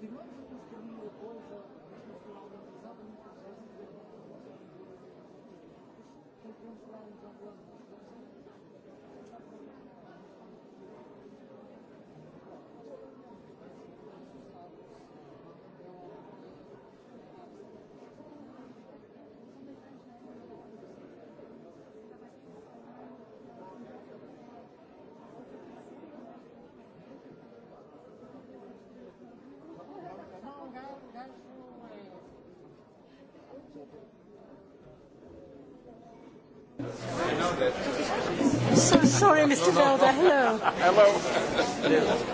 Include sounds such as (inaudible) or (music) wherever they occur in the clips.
Thank you. sorry, Mr. Felder. Hello. Hello.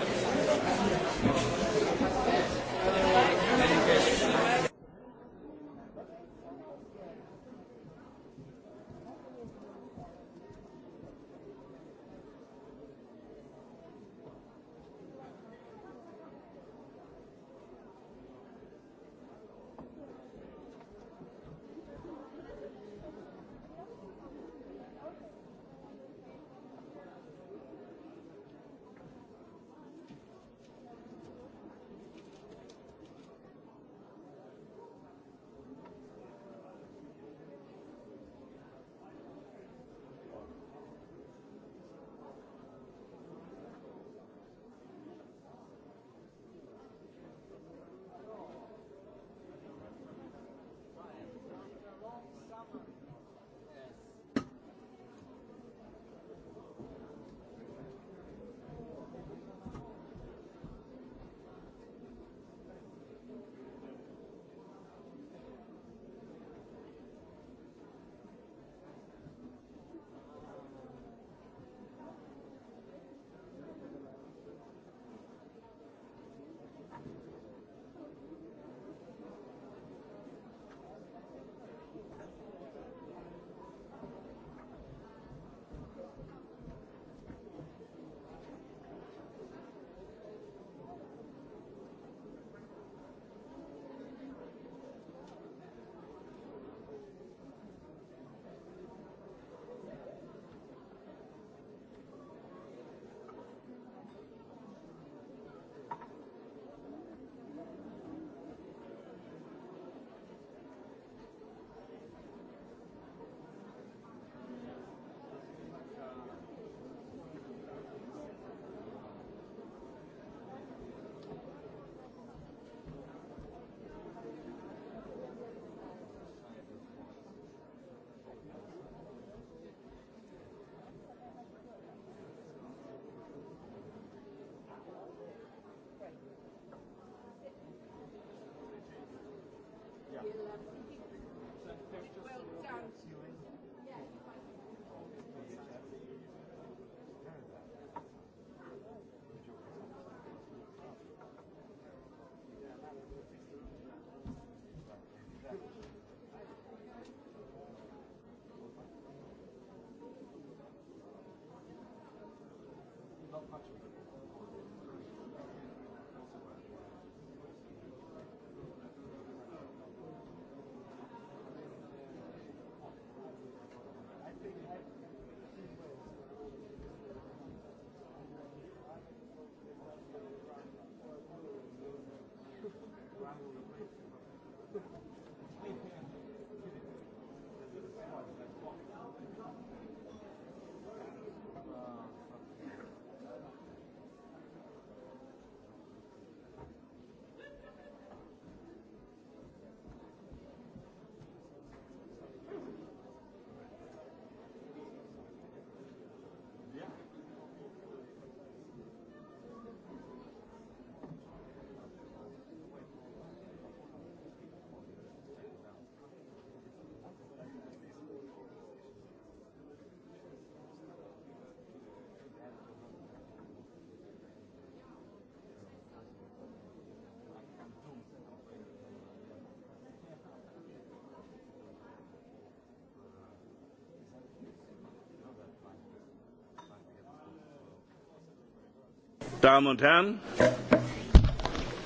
Damen und Herren,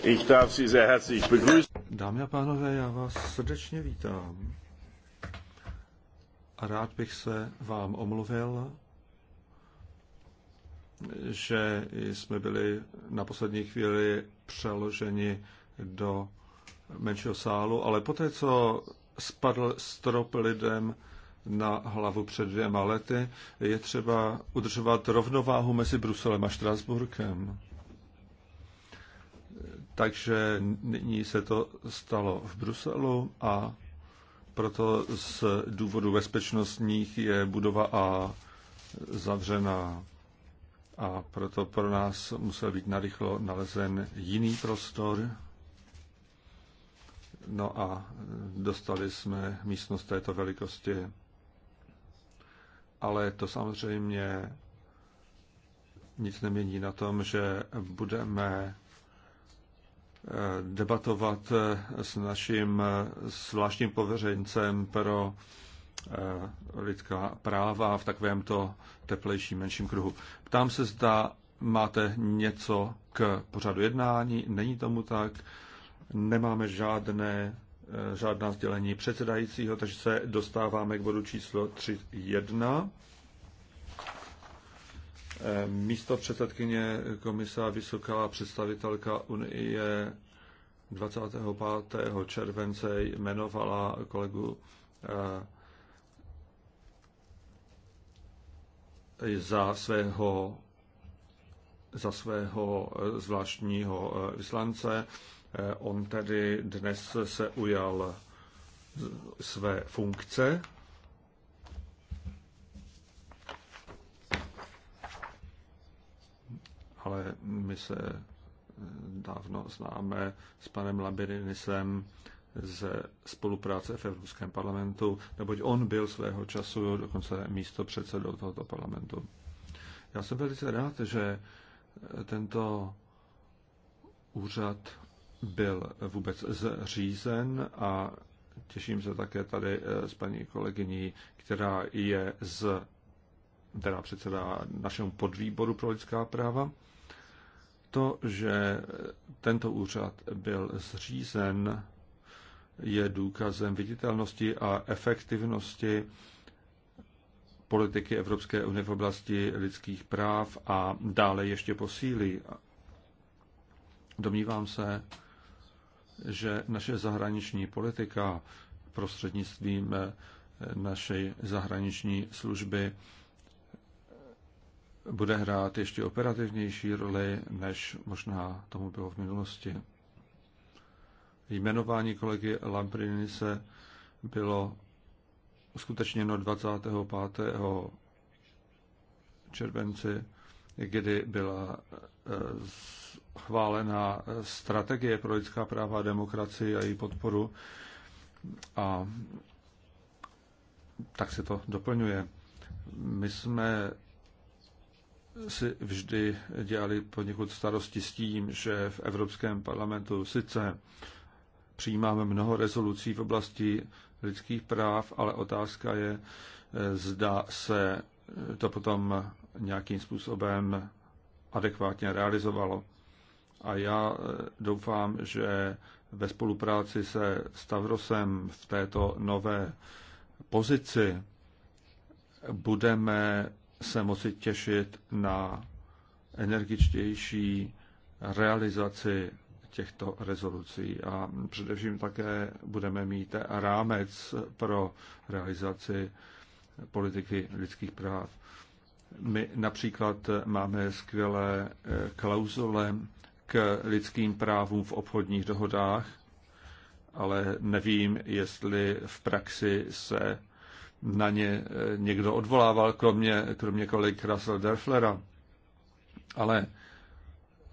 ich darf Sie sehr herzlich begrüßen. Dámy a pánové, já vás srdečně vítám. A rád bych se vám omluvil, že jsme byli na poslední chvíli přeloženi do menšího sálu, ale poté, co spadl strop lidem, na hlavu před dvěma lety, je třeba udržovat rovnováhu mezi Bruselem a Štrasburkem. Takže nyní se to stalo v Bruselu a proto z důvodu bezpečnostních je budova A zavřená a proto pro nás musel být narychlo nalezen jiný prostor. No a dostali jsme místnost této velikosti ale to samozřejmě nic nemění na tom, že budeme eh, debatovat eh, s naším eh, zvláštním pověřencem pro lidská práva v takovémto teplejším, menším kruhu. Ptám se, zda máte něco k pořadu jednání. Není tomu tak. Nemáme žádné Eh, žádná sdělení předsedajícího, takže se dostáváme k bodu číslo 3.1. Eh, místo předsedkyně komisa Vysoká představitelka Unie 25. července jmenovala kolegu eh, za svého, za svého zvláštního vyslance Eh, on tedy dnes se ujal své funkce. Ale my se dávno známe s panem Labirinisem ze spolupráce v Evropském parlamentu, neboť on byl svého času dokonce místo předsedou tohoto parlamentu. Já jsem velice rád, že tento úřad byl vůbec zřízen a těším se také tady eh, s paní kolegyní, která je z která předsedá našemu podvýboru pro lidská práva, to, že tento úřad byl zřízen, je důkazem viditelnosti a efektivnosti politiky Evropské unie v oblasti lidských práv a dále ještě posílí. Domnívám se, že naše zahraniční politika prostřednictvím eh, naší zahraniční služby bude hrát ještě operativnější roli, než možná tomu bylo v minulosti. Jmenování kolegy Lamprinise bylo uskutečněno 25. července kdy byla eh, chválena strategie pro lidská práva a demokracii a její podporu. A tak se to doplňuje. My jsme si vždy dělali poněkud starosti s tím, že v Evropském parlamentu sice přijímáme mnoho rezolucí v oblasti lidských práv, ale otázka je, eh, zda se to potom nějakým způsobem adekvátně realizovalo. A já e, doufám, že ve spolupráci se Stavrosem v této nové pozici budeme se moci těšit na energičtější realizaci těchto rezolucí a především také budeme mít rámec pro realizaci politiky lidských práv. My například máme skvělé eh, klauzule k lidským právům v obchodních dohodách, ale nevím, jestli v praxi se na ně eh, někdo odvolával, kromě, kromě kolik Russell Derflera. Ale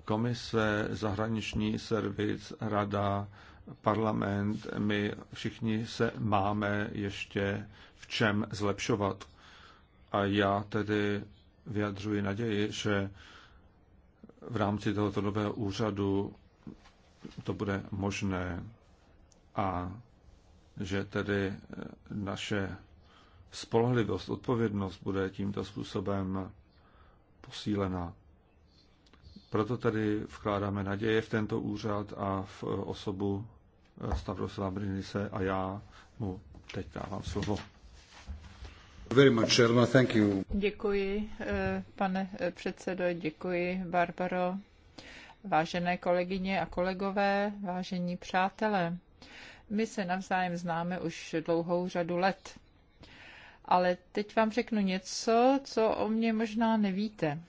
komise, zahraniční servis, rada, parlament, my všichni se máme ještě v čem zlepšovat. A já tedy vyjadřuji naději, že v rámci tohoto nového úřadu to bude možné a že tedy eh, naše spolehlivost, odpovědnost bude tímto způsobem posílena. Proto tedy vkládáme naděje v tento úřad a v eh, osobu eh, Stavrosa Brinise a já mu teď dávám slovo. Děkuji, eh, pane eh, předsedo, děkuji, Barbaro. Vážené kolegyně a kolegové, vážení přátelé, my se navzájem známe už dlouhou řadu let. Ale teď vám řeknu něco, co o mě možná nevíte.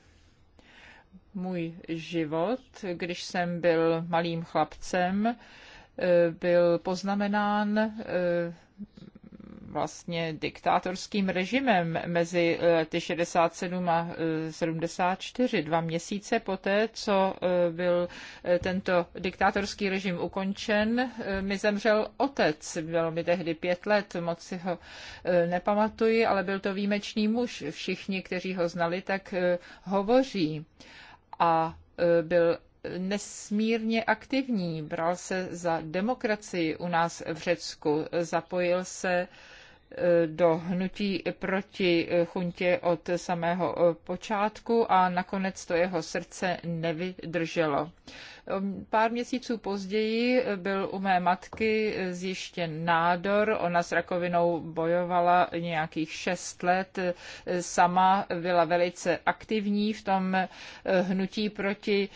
Můj život, když jsem byl malým chlapcem, eh, byl poznamenán vlastně diktátorským režimem mezi lety eh, 67 a 74, eh, dva měsíce poté, co eh, byl tento diktátorský režim ukončen, mi zemřel otec. Bylo mi tehdy pět let, moc si ho nepamatuji, ale byl to výjimečný muž. Všichni, kteří ho znali, tak hovoří. A byl nesmírně aktivní, bral se za demokracii u nás v Řecku, zapojil se do hnutí proti chuntě od samého eh, počátku a nakonec to jeho srdce nevydrželo. Pár měsíců později eh, byl u mé matky eh, zjištěn nádor. Ona s rakovinou bojovala nějakých šest let. Eh, sama byla velice aktivní v tom hnutí proti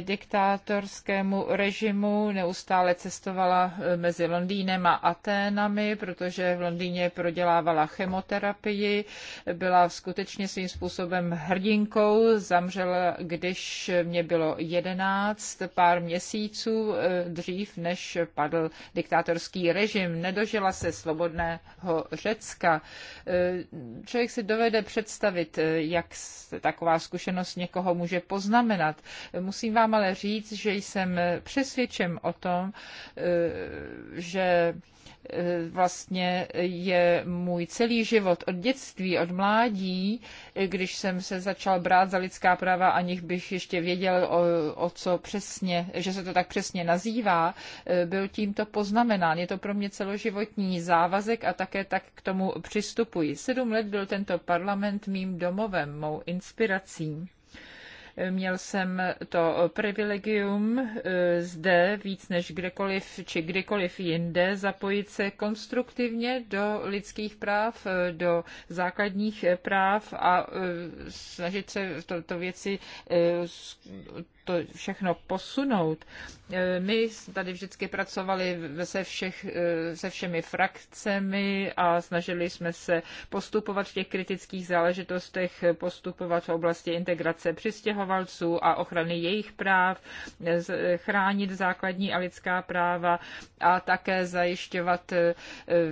diktátorskému režimu. Neustále cestovala mezi Londýnem a Aténami, protože v Londýně prodělávala chemoterapii. Byla skutečně svým způsobem hrdinkou. Zamřela, když mě bylo jedenáct text pár měsíců eh, dřív, než padl diktátorský režim. Nedožila se svobodného Řecka. Eh, člověk si dovede představit, eh, jak taková zkušenost někoho může poznamenat. Musím vám ale říct, že jsem přesvědčen o tom, že Eh, vlastně je můj celý život od dětství, od mládí, eh, když jsem se začal brát za lidská práva, aniž bych ještě věděl, o, o co přesně, že se to tak přesně nazývá, eh, byl tímto poznamenán. Je to pro mě celoživotní závazek a také tak k tomu přistupuji. Sedm let byl tento parlament mým domovem, mou inspirací. Měl jsem to privilegium eh, zde víc než kdekoliv či kdykoliv jinde zapojit se konstruktivně do lidských práv, eh, do základních práv a eh, snažit se to, to věci to všechno posunout. E, my tady vždycky pracovali se, všech, e, se všemi frakcemi a snažili jsme se postupovat v těch kritických záležitostech, postupovat v oblasti integrace přistěhovalců a ochrany jejich práv, e, chránit základní a lidská práva a také zajišťovat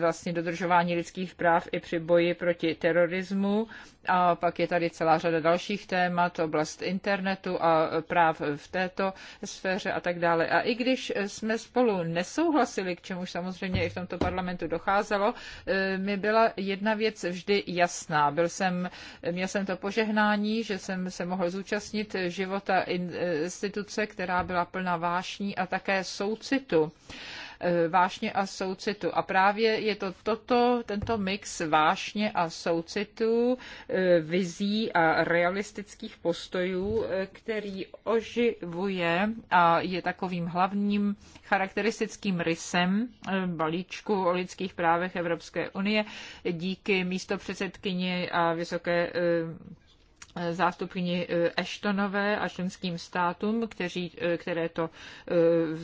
vlastně dodržování lidských práv i při boji proti terorismu a pak je tady celá řada dalších témat, oblast internetu a práv v této sféře a tak dále. A i když jsme spolu nesouhlasili, k čemu samozřejmě i v tomto parlamentu docházelo, eh, mi byla jedna věc vždy jasná. Byl jsem, měl jsem to požehnání, že jsem se mohl zúčastnit života instituce, která byla plná vášní a také soucitu. E, vášně a soucitu. A právě je to toto, tento mix vášně a soucitu, e, vizí a realistických postojů, e, který oživuje a je takovým hlavním charakteristickým rysem balíčku o lidských právech Evropské unie díky místopředsedkyni a vysoké zástupkyni eh, Eštonové a členským státům, kteří, eh, které to eh,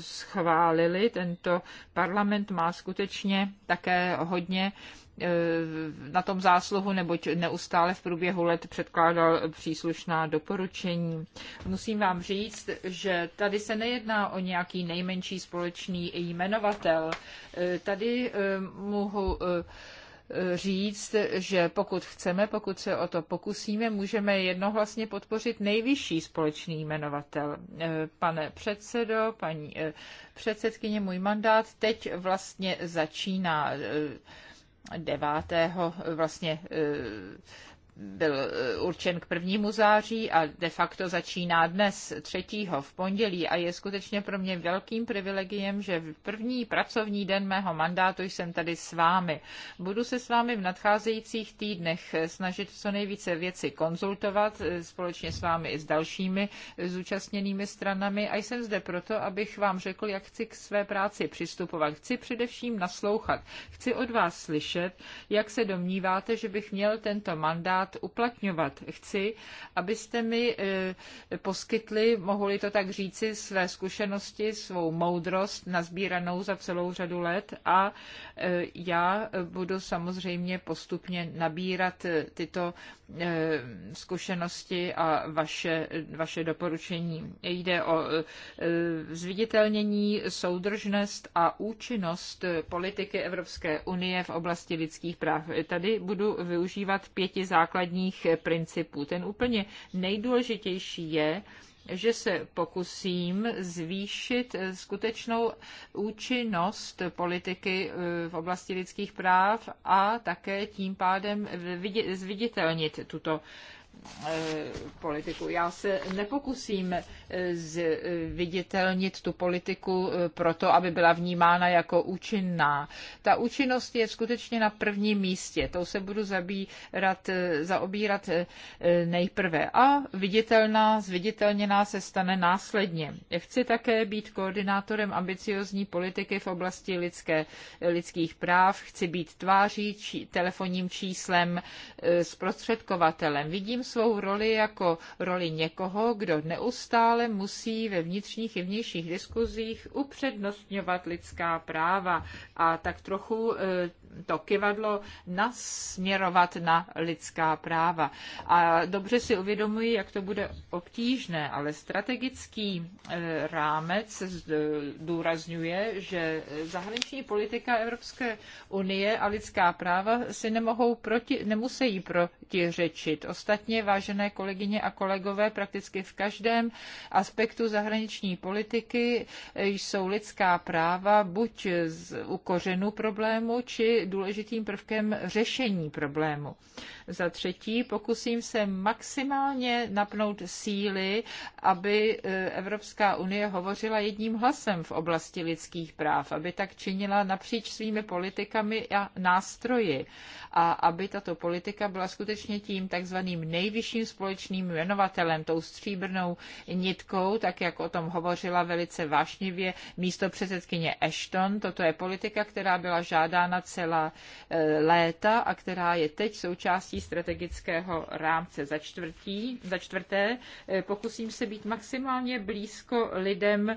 schválili. Tento parlament má skutečně také hodně na tom zásluhu, neboť neustále v průběhu let předkládal příslušná doporučení. Musím vám říct, že tady se nejedná o nějaký nejmenší společný jmenovatel. Tady mohu říct, že pokud chceme, pokud se o to pokusíme, můžeme jednohlasně podpořit nejvyšší společný jmenovatel. Eh, Pane předsedo, paní eh, předsedkyně, můj mandát teď vlastně začíná 9. Eh, vlastně byl eh, určen k prvnímu září a de facto začíná dnes třetího v pondělí a je skutečně pro mě velkým privilegiem, že v první pracovní den mého mandátu jsem tady s vámi. Budu se s vámi v nadcházejících týdnech eh, snažit co nejvíce věci konzultovat eh, společně s vámi i s dalšími zúčastněnými stranami a jsem zde proto, abych vám řekl, jak chci k své práci přistupovat. Chci především naslouchat. Chci od vás slyšet, jak se domníváte, že bych měl tento mandát mandát uplatňovat. Chci, abyste mi eh, poskytli, mohli to tak říci, své zkušenosti, svou moudrost nazbíranou za celou řadu let a eh, já budu samozřejmě postupně nabírat eh, tyto zkušenosti a vaše, vaše doporučení. Jde o zviditelnění, soudržnost a účinnost politiky Evropské unie v oblasti lidských práv. Tady budu využívat pěti základů základních eh, principů. Ten úplně nejdůležitější je, že se pokusím zvýšit eh, skutečnou účinnost politiky eh, v oblasti lidských práv a také tím pádem zviditelnit tuto Eh, politiku. Já se nepokusím eh, zviditelnit tu politiku eh, proto, aby byla vnímána jako účinná. Ta účinnost je skutečně na prvním místě. Tou se budu zabírat, zaobírat nejprve. A viditelná, zviditelněná se stane následně. Chci také být koordinátorem ambiciozní politiky v oblasti lidské, lidských práv. Chci být tváří, či, telefonním číslem, zprostředkovatelem. Vidím vidím svou roli jako roli někoho, kdo neustále musí ve vnitřních i vnějších diskuzích upřednostňovat lidská práva a tak trochu eh, to kivadlo nasměrovat na lidská práva. A dobře si uvědomuji, jak to bude obtížné, ale strategický eh, rámec eh, důrazňuje, že zahraniční politika Evropské unie a lidská práva si nemohou proti, nemusí protiřečit. Ostatně ostatně, vážené kolegyně a kolegové, prakticky v každém aspektu zahraniční politiky jsou lidská práva buď z, u kořenu problému, či důležitým prvkem řešení problému. Za třetí, pokusím se maximálně napnout síly, aby e, Evropská unie hovořila jedním hlasem v oblasti lidských práv, aby tak činila napříč svými politikami a nástroji a aby tato politika byla skutečně tím takzvaným nej nejvyšším společným jmenovatelem, tou stříbrnou nitkou, tak jak o tom hovořila velice vášnivě místo předsedkyně Ashton. Toto je politika, která byla žádána celá e, léta a která je teď součástí strategického rámce. Za, čtvrtí, za čtvrté e, pokusím se být maximálně blízko lidem e,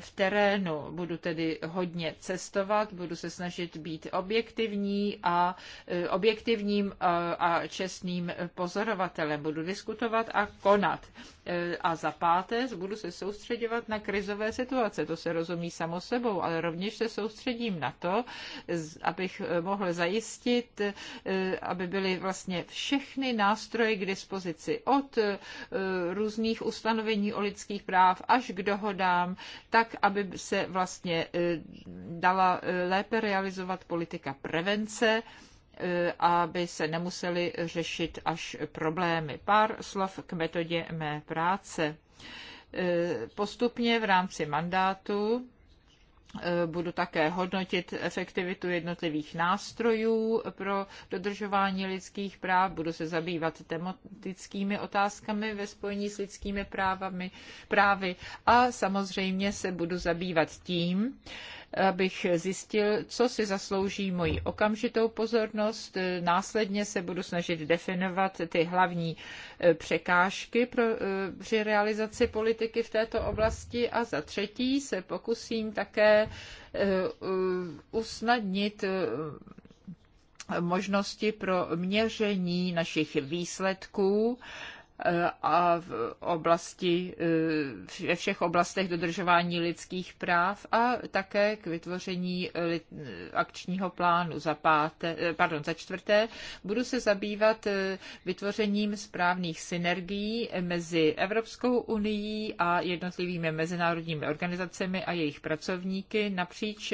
v terénu. Budu tedy hodně cestovat, budu se snažit být objektivní a objektivním a čestným pozorem pozorovatelem, budu diskutovat a konat. E, a za páté budu se soustředovat na krizové situace. To se rozumí samo sebou, ale rovněž se soustředím na to, abych e, mohl zajistit, e, aby byly vlastně všechny nástroje k dispozici od různých ustanovení o lidských práv až k dohodám, tak, aby se vlastně dala lépe realizovat politika prevence, E, aby se nemuseli řešit až problémy. Pár slov k metodě mé práce. E, postupně v rámci mandátu e, Budu také hodnotit efektivitu jednotlivých nástrojů pro dodržování lidských práv, budu se zabývat tematickými otázkami ve spojení s lidskými právami, právy a samozřejmě se budu zabývat tím, abych zjistil, co si zaslouží moji okamžitou pozornost. Následně se budu snažit definovat ty hlavní eh, překážky pro, eh, při realizaci politiky v této oblasti a za třetí se pokusím také eh, usnadnit možnosti pro měření našich výsledků a v oblasti, e, ve všech oblastech dodržování lidských práv a také k vytvoření akčního plánu za, páté, e, pardon, za čtvrté. Budu se zabývat e, vytvořením správných synergií mezi Evropskou unii a jednotlivými mezinárodními organizacemi a jejich pracovníky napříč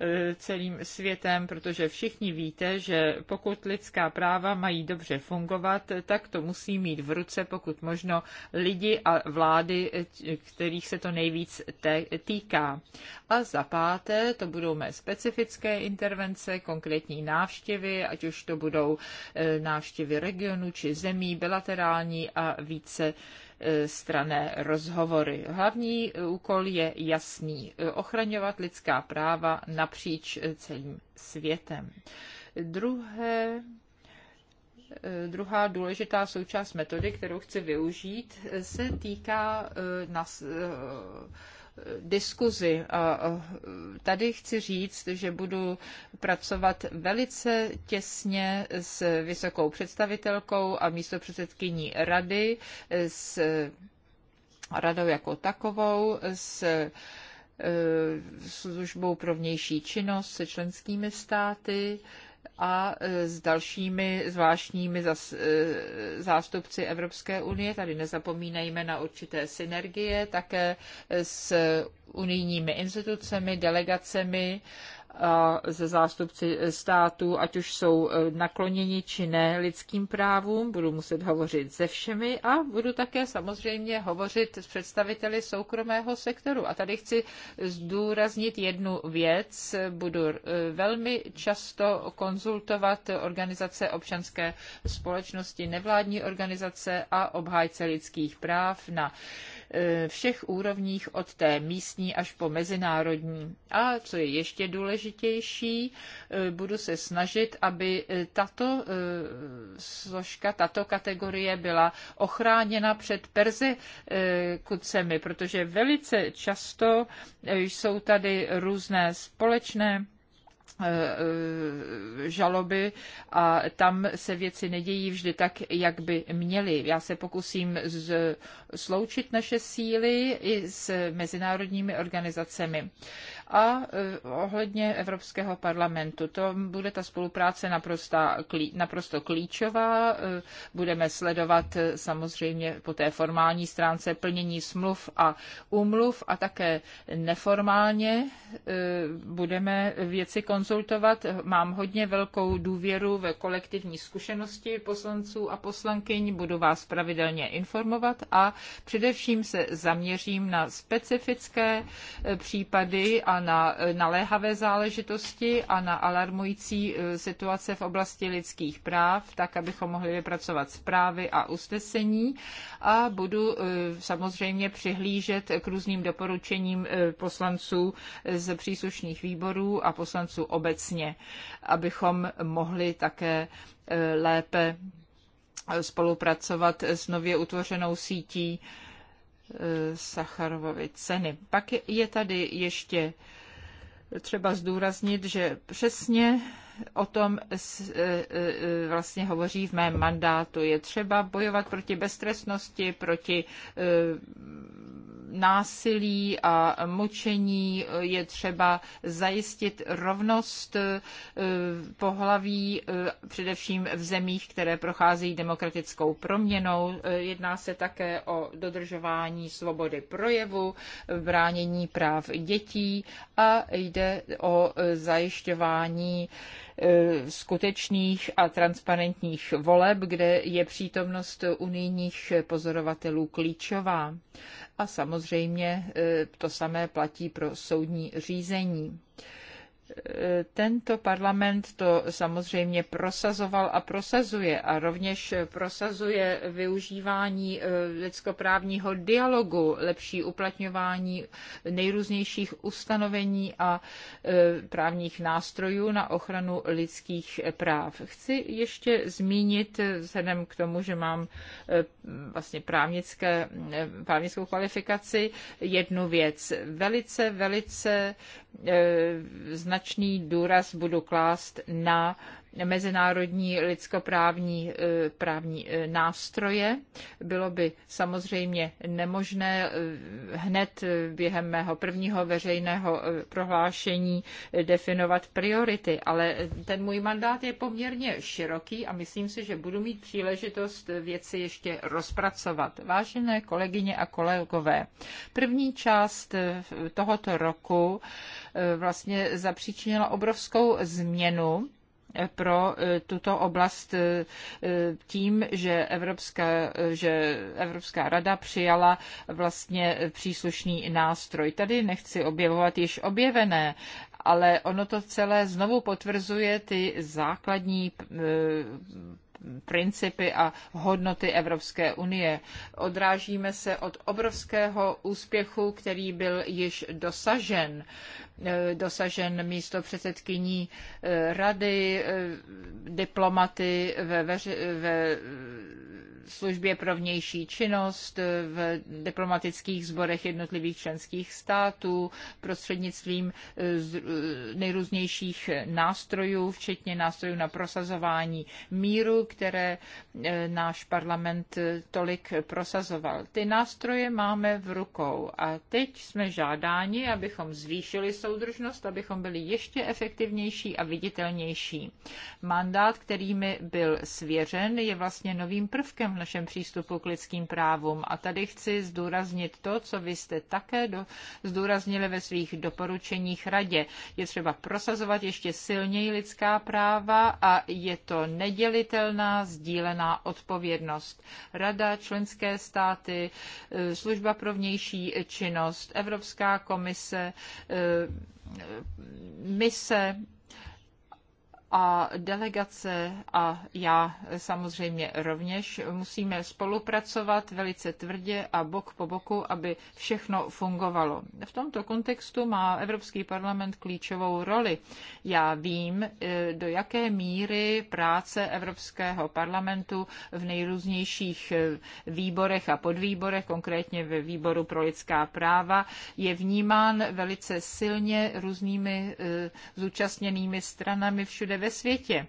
E, celým světem, protože všichni víte, že pokud lidská práva mají dobře fungovat, tak to musí mít v ruce pokud možno lidi a vlády, e, kterých se to nejvíc týká. A za páté, to budou mé specifické intervence, konkrétní návštěvy, ať už to budou e, návštěvy regionu či zemí, bilaterální a více E, strané rozhovory. Hlavní e, úkol je jasný. E, ochraňovat lidská práva napříč celým světem. Druhé Druhá důležitá součást metody, kterou chci využít, se týká nas, diskuzi. A tady chci říct, že budu pracovat velice těsně s vysokou představitelkou a místopředsedkyní rady, s radou jako takovou, s e, službou pro vnější činnost, se členskými státy, a e, s dalšími zvláštními e, zástupci Evropské unie. Tady nezapomínejme na určité synergie také s unijními institucemi, delegacemi ze zástupci států, ať už jsou e, nakloněni či ne lidským právům. Budu muset hovořit se všemi a budu také samozřejmě hovořit s představiteli soukromého sektoru. A tady chci zdůraznit jednu věc. Budu e, velmi často konzultovat organizace občanské společnosti, nevládní organizace a obhájce lidských práv na e, všech úrovních od té místní až po mezinárodní. A co je ještě důležité, důležitější. E, budu se snažit, aby e, tato e, složka, tato kategorie byla ochráněna před perze kucemi, protože velice často jsou tady různé společné žaloby a tam se věci nedějí vždy tak, jak by měly. Já se pokusím z, sloučit naše síly i s mezinárodními organizacemi a e, ohledně Evropského parlamentu. To bude ta spolupráce naprosta, naprosto klíčová. E, budeme sledovat e, samozřejmě po té formální stránce plnění smluv a úmluv a také neformálně budeme věci konzultovat. Mám hodně velkou důvěru ve kolektivní zkušenosti poslanců a poslankyň, budu vás pravidelně informovat a především se zaměřím na specifické případy a na naléhavé záležitosti a na alarmující eh, situace v oblasti lidských práv, tak abychom mohli vypracovat zprávy a usnesení. A budu eh, samozřejmě přihlížet k různým doporučením eh, poslanců z příslušných výborů a poslanců obecně, abychom mohli také lépe spolupracovat s nově utvořenou sítí Eh, Sacharovovi ceny. Pak je tady ještě třeba zdůraznit, že přesně o tom e, e, vlastně hovoří v mém mandátu. Je třeba bojovat proti beztrestnosti, proti e, násilí a mučení, je třeba zajistit rovnost pohlaví, především v zemích, které procházejí demokratickou proměnou. Jedná se také o dodržování svobody projevu, bránění práv dětí a jde o zajišťování E, skutečných a transparentních voleb, kde je přítomnost unijních pozorovatelů klíčová. A samozřejmě e, to samé platí pro soudní řízení. Tento parlament to samozřejmě prosazoval a prosazuje a rovněž prosazuje využívání eh, lidskoprávního dialogu, lepší uplatňování nejrůznějších ustanovení a eh, právních nástrojů na ochranu lidských práv. Chci ještě zmínit, eh, vzhledem k tomu, že mám vlastně právnické, právnickou kvalifikaci, jednu věc. Velice, velice značně značný důraz budu klást na mezinárodní lidskoprávní eh, právní eh, nástroje. Bylo by samozřejmě nemožné eh, hned během mého prvního veřejného prohlášení definovat priority, ale ten můj mandát je poměrně široký a myslím si, že budu mít příležitost věci ještě rozpracovat. Vážené kolegyně a kolegové, první část tohoto roku vlastně zapříčinila obrovskou změnu pro e, tuto oblast e, e, tím, že Evropská, že Evropská rada přijala vlastně příslušný nástroj. Tady nechci objevovat již objevené, ale ono to celé znovu potvrzuje ty základní principy a hodnoty Evropské unie. Odrážíme se od obrovského úspěchu, který byl již dosažen E, dosažen místo předsedkyní e, rady, e, diplomaty ve, veři, ve službě pro vnější činnost, v diplomatických sborech jednotlivých členských států, prostřednictvím nejrůznějších nástrojů, včetně nástrojů na prosazování míru, které náš parlament tolik prosazoval. Ty nástroje máme v rukou a teď jsme žádáni, abychom zvýšili soudržnost, abychom byli ještě efektivnější a viditelnější. Mandát, který mi byl svěřen, je vlastně novým prvkem v našem přístupu k lidským právům. A tady chci zdůraznit to, co vy jste také do, zdůraznili ve svých doporučeních radě. Je třeba prosazovat ještě silněji lidská práva a je to nedělitelná sdílená odpovědnost. Rada, členské státy, e, služba pro vnější činnost, Evropská komise, e, mise a delegace a já samozřejmě rovněž musíme spolupracovat velice tvrdě a bok po boku, aby všechno fungovalo. V tomto kontextu má Evropský parlament klíčovou roli. Já vím, eh, do jaké míry práce Evropského parlamentu v nejrůznějších eh, výborech a podvýborech, konkrétně ve výboru pro lidská práva, je vnímán velice silně různými eh, zúčastněnými stranami všude ve ve světě.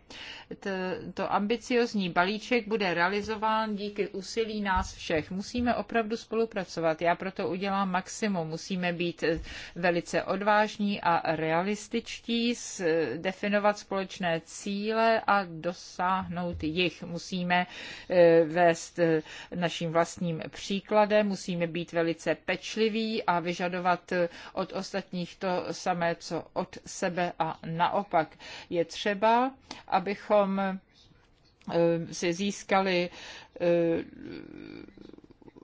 To ambiciozní balíček bude realizován díky úsilí nás všech. Musíme opravdu spolupracovat. Já proto udělám maximum. Musíme být eh, velice odvážní a realističtí, eh, definovat společné cíle a dosáhnout jich. Musíme eh, vést naším vlastním příkladem, musíme být velice pečliví a vyžadovat od ostatních to samé, co od sebe a naopak. Je třeba třeba, abychom eh, si získali eh,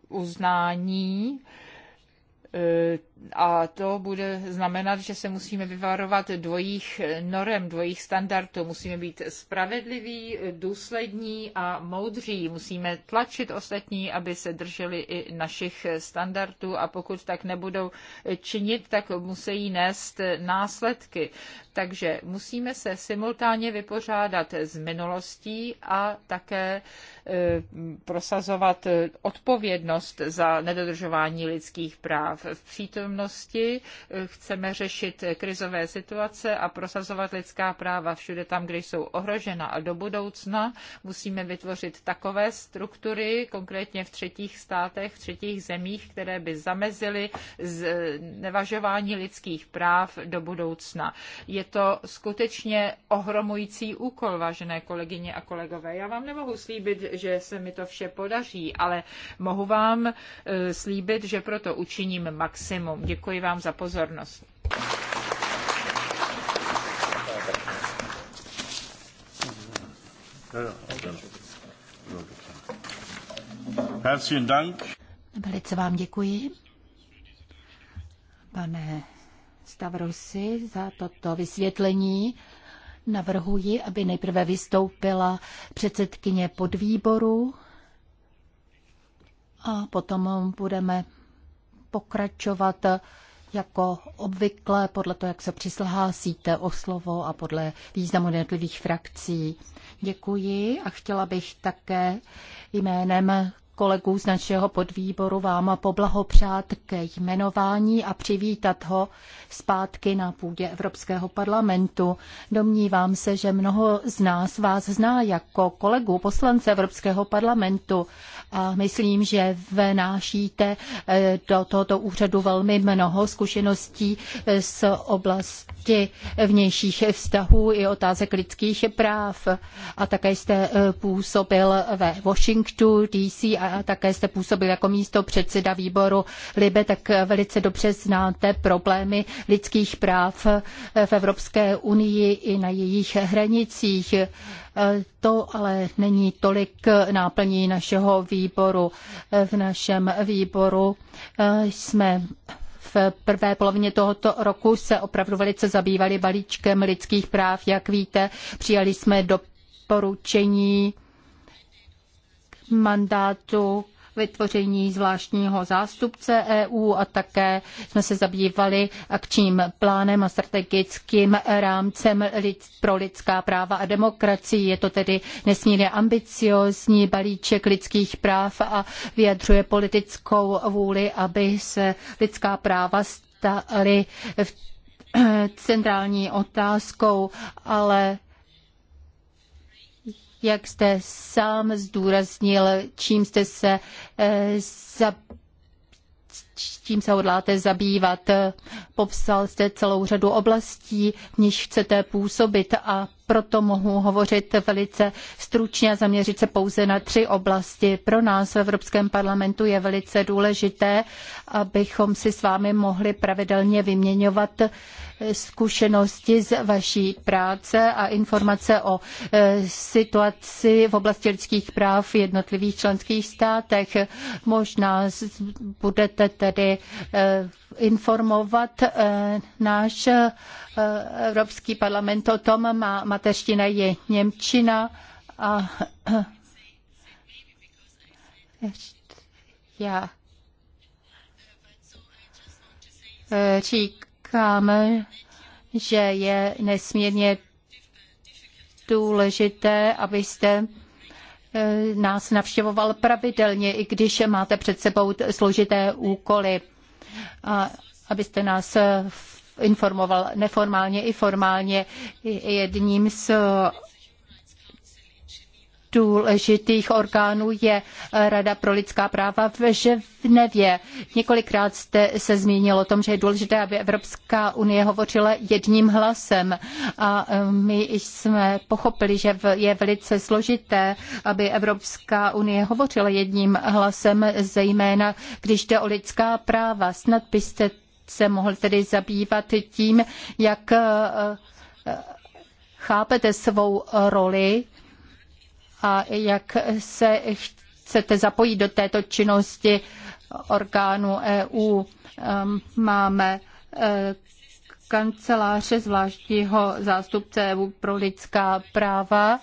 uznání eh, a to bude znamenat, že se musíme vyvarovat dvojích norem, dvojích standardů. Musíme být spravedliví, důslední a moudří. Musíme tlačit ostatní, aby se drželi i našich standardů a pokud tak nebudou činit, tak musí nést následky. Takže musíme se simultánně vypořádat s minulostí a také e, prosazovat odpovědnost za nedodržování lidských práv. V přítom přítomnosti. Chceme řešit krizové situace a prosazovat lidská práva všude tam, kde jsou ohrožena. A do budoucna musíme vytvořit takové struktury, konkrétně v třetích státech, v třetích zemích, které by zamezily eh, nevažování lidských práv do budoucna. Je to skutečně ohromující úkol, vážené kolegyně a kolegové. Já vám nemohu slíbit, že se mi to vše podaří, ale mohu vám eh, slíbit, že proto učiním maximum. Děkuji vám za pozornost. Dank. Velice vám děkuji, pane Stavrosi, za toto vysvětlení. Navrhuji, aby nejprve vystoupila předsedkyně podvýboru a potom budeme pokračovat jako obvykle podle toho, jak se přislhásíte o slovo a podle významu jednotlivých frakcí. Děkuji a chtěla bych také jménem kolegů z našeho podvýboru vám poblahopřát ke jmenování a přivítat ho zpátky na půdě Evropského parlamentu. Domnívám se, že mnoho z nás vás zná jako kolegu poslance Evropského parlamentu a myslím, že vnášíte eh, do tohoto úřadu velmi mnoho zkušeností z oblasti oblasti vnějších vztahů i otázek lidských práv. A také jste eh, působil ve Washingtonu, DC a také jste působil jako místo předseda výboru Libe, tak eh, velice dobře znáte problémy lidských práv eh, v Evropské unii i na jejich hranicích. To ale není tolik náplní našeho výboru. V našem výboru jsme v prvé polovině tohoto roku se opravdu velice zabývali balíčkem lidských práv. Jak víte, přijali jsme doporučení mandátu vytvoření zvláštního zástupce EU a také jsme se zabývali akčním plánem a strategickým rámcem pro lidská práva a demokracii. Je to tedy nesmírně ambiciózní balíček lidských práv a vyjadřuje politickou vůli, aby se lidská práva staly v (clears throat) centrální otázkou, ale jak jste sám zdůraznil, čím jste se eh, za čím se hodláte zabývat. Popsal jste celou řadu oblastí, v níž chcete působit a proto mohu hovořit velice stručně a zaměřit se pouze na tři oblasti. Pro nás v Evropském parlamentu je velice důležité, abychom si s vámi mohli pravidelně vyměňovat eh, zkušenosti z vaší práce a informace o eh, situaci v oblasti lidských práv v jednotlivých členských státech. Možná budete tedy eh, informovat eh, náš eh, Evropský parlament o tom. Má mateřština je Němčina a eh, já říkám, že je nesmírně důležité, abyste nás navštěvoval pravidelně, i když máte před sebou složité úkoly a abyste nás eh, informoval neformálně i formálně. Jedním z důležitých orgánů je Rada pro lidská práva v Ženevě. Několikrát jste se zmínil o tom, že je důležité, aby Evropská unie hovořila jedním hlasem. A um, my jsme pochopili, že je velice složité, aby Evropská unie hovořila jedním hlasem, zejména když jde o lidská práva. Snad byste se mohl tedy zabývat tím, jak uh, uh, chápete svou roli a jak se chcete zapojit do této činnosti orgánu e EU. Máme e, kanceláře zvláštního zástupce EU pro lidská práva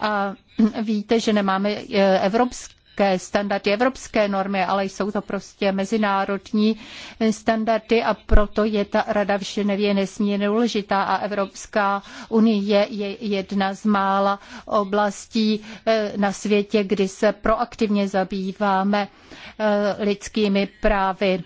a víte, že nemáme e, evropský nějaké standardy, evropské normy, ale jsou to prostě mezinárodní standardy a proto je ta rada v Ženevě nesmírně důležitá a Evropská unie je jedna z mála oblastí eh, na světě, kdy se proaktivně zabýváme eh, lidskými právy.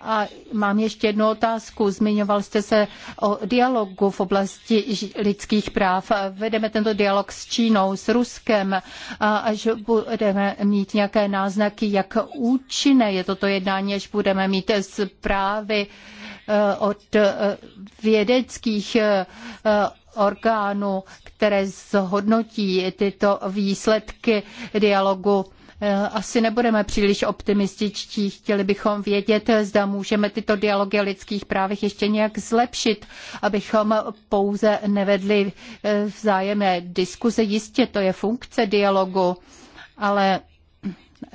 A mám ještě jednu otázku. Zmiňoval jste se o dialogu v oblasti lidských práv. Vedeme tento dialog s Čínou, s Ruskem, a až budeme mít nějaké náznaky, jak účinné je toto jednání, až budeme mít zprávy e, od e, vědeckých e, orgánů, které zhodnotí tyto výsledky dialogu Eh, asi nebudeme příliš optimističtí. Chtěli bychom vědět, zda můžeme tyto dialogy o lidských právech ještě nějak zlepšit, abychom pouze nevedli eh, vzájemné diskuze. Jistě to je funkce dialogu, ale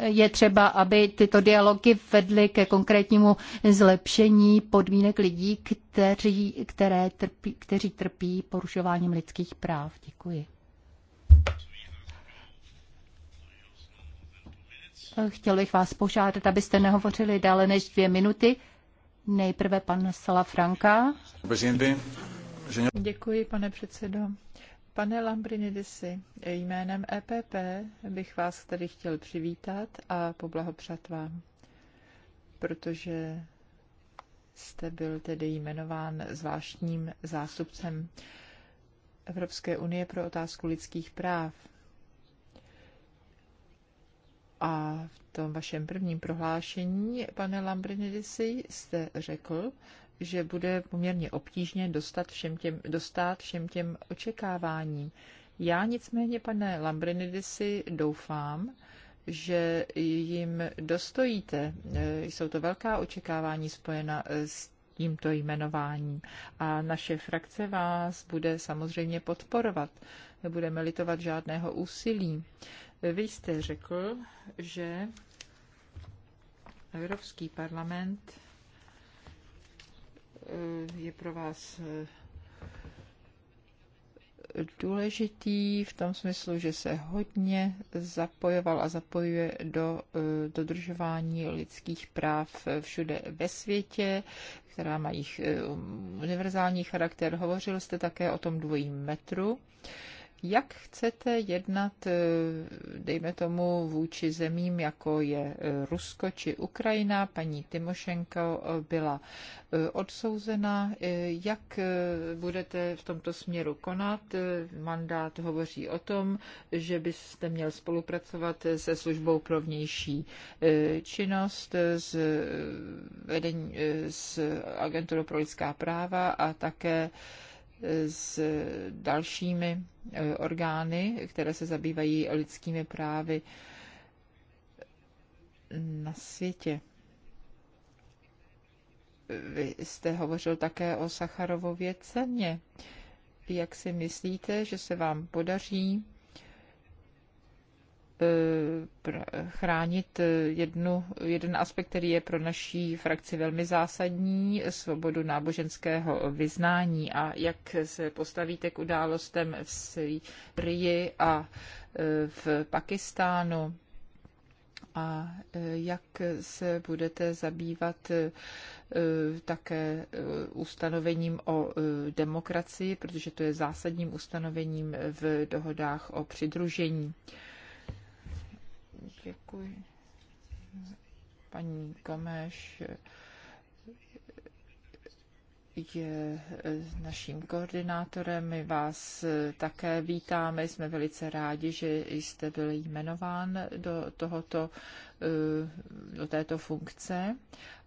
je třeba, aby tyto dialogy vedly ke konkrétnímu zlepšení podmínek lidí, kteří, které trpí, kteří trpí porušováním lidských práv. Děkuji. Chtěl bych vás požádat, abyste nehovořili dále než dvě minuty. Nejprve pan Salafranka. Děkuji, pane předsedo. Pane Lambrinidisi, jménem EPP bych vás tady chtěl přivítat a poblahopřát vám, protože jste byl tedy jmenován zvláštním zástupcem Evropské unie pro otázku lidských práv. A v tom vašem prvním prohlášení, pane Lambrinidisi, jste řekl, že bude poměrně obtížně dostat všem těm, dostat všem těm očekáváním. Já nicméně, pane Lambrinidisi, doufám, že jim dostojíte. Jsou to velká očekávání spojena s tímto jmenováním. A naše frakce vás bude samozřejmě podporovat. Nebudeme litovat žádného úsilí. Vy jste řekl, že Evropský parlament eh, je pro vás eh, důležitý v tom smyslu, že se hodně zapojoval a zapojuje do eh, dodržování lidských práv všude ve světě, která mají univerzální charakter. Hovořil jste také o tom dvojím metru. Jak chcete jednat, eh, dejme tomu, vůči zemím, jako je eh, Rusko či Ukrajina? Paní Timošenko eh, byla odsouzena. Jak budete v tomto směru konat? Mandát hovoří o tom, že byste měl spolupracovat se službou pro vnější činnost, s, vedení, s agenturou pro lidská práva a také s dalšími eh, orgány, které se zabývají lidskými právy na světě. Vy jste hovořil také o Sacharovově ceně. Jak si myslíte, že se vám podaří Eh, chránit eh, jednu, jeden aspekt, který je pro naší frakci velmi zásadní, svobodu náboženského vyznání a jak se postavíte k událostem v Syrii a eh, v Pakistánu a jak se budete zabývat také ustanovením o demokracii, protože to je zásadním ustanovením v dohodách o přidružení. Děkuji. Paní Kameš je naším koordinátorem. My vás také vítáme. Jsme velice rádi, že jste byl jmenován do, tohoto, eh, do této funkce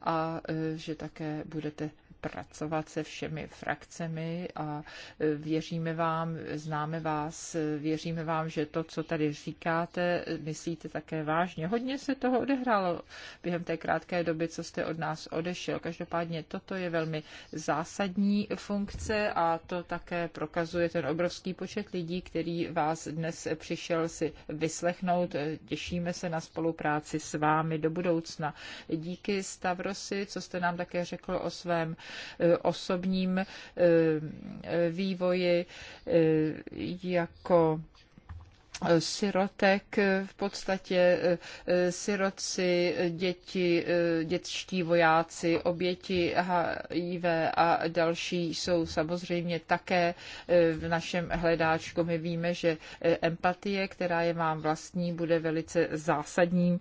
a eh, že také budete pracovat se všemi frakcemi a e, věříme vám, známe vás, e, věříme vám, že to, co tady říkáte, myslíte také vážně. Hodně se toho odehrálo během té krátké doby, co jste od nás odešel. Každopádně toto je velmi zásadní funkce a to také prokazuje ten obrovský počet lidí, který vás dnes přišel si vyslechnout. Těšíme se na spolupráci s vámi do budoucna. Díky Stavrosi, co jste nám také řekl o svém Eh, osobním eh, eh, vývoji, jako sirotek, v podstatě eh, eh, siroci, děti, eh, dětští vojáci, oběti HIV a další jsou samozřejmě také v našem hledáčku. My víme, že empatie, která je vám vlastní, bude velice zásadním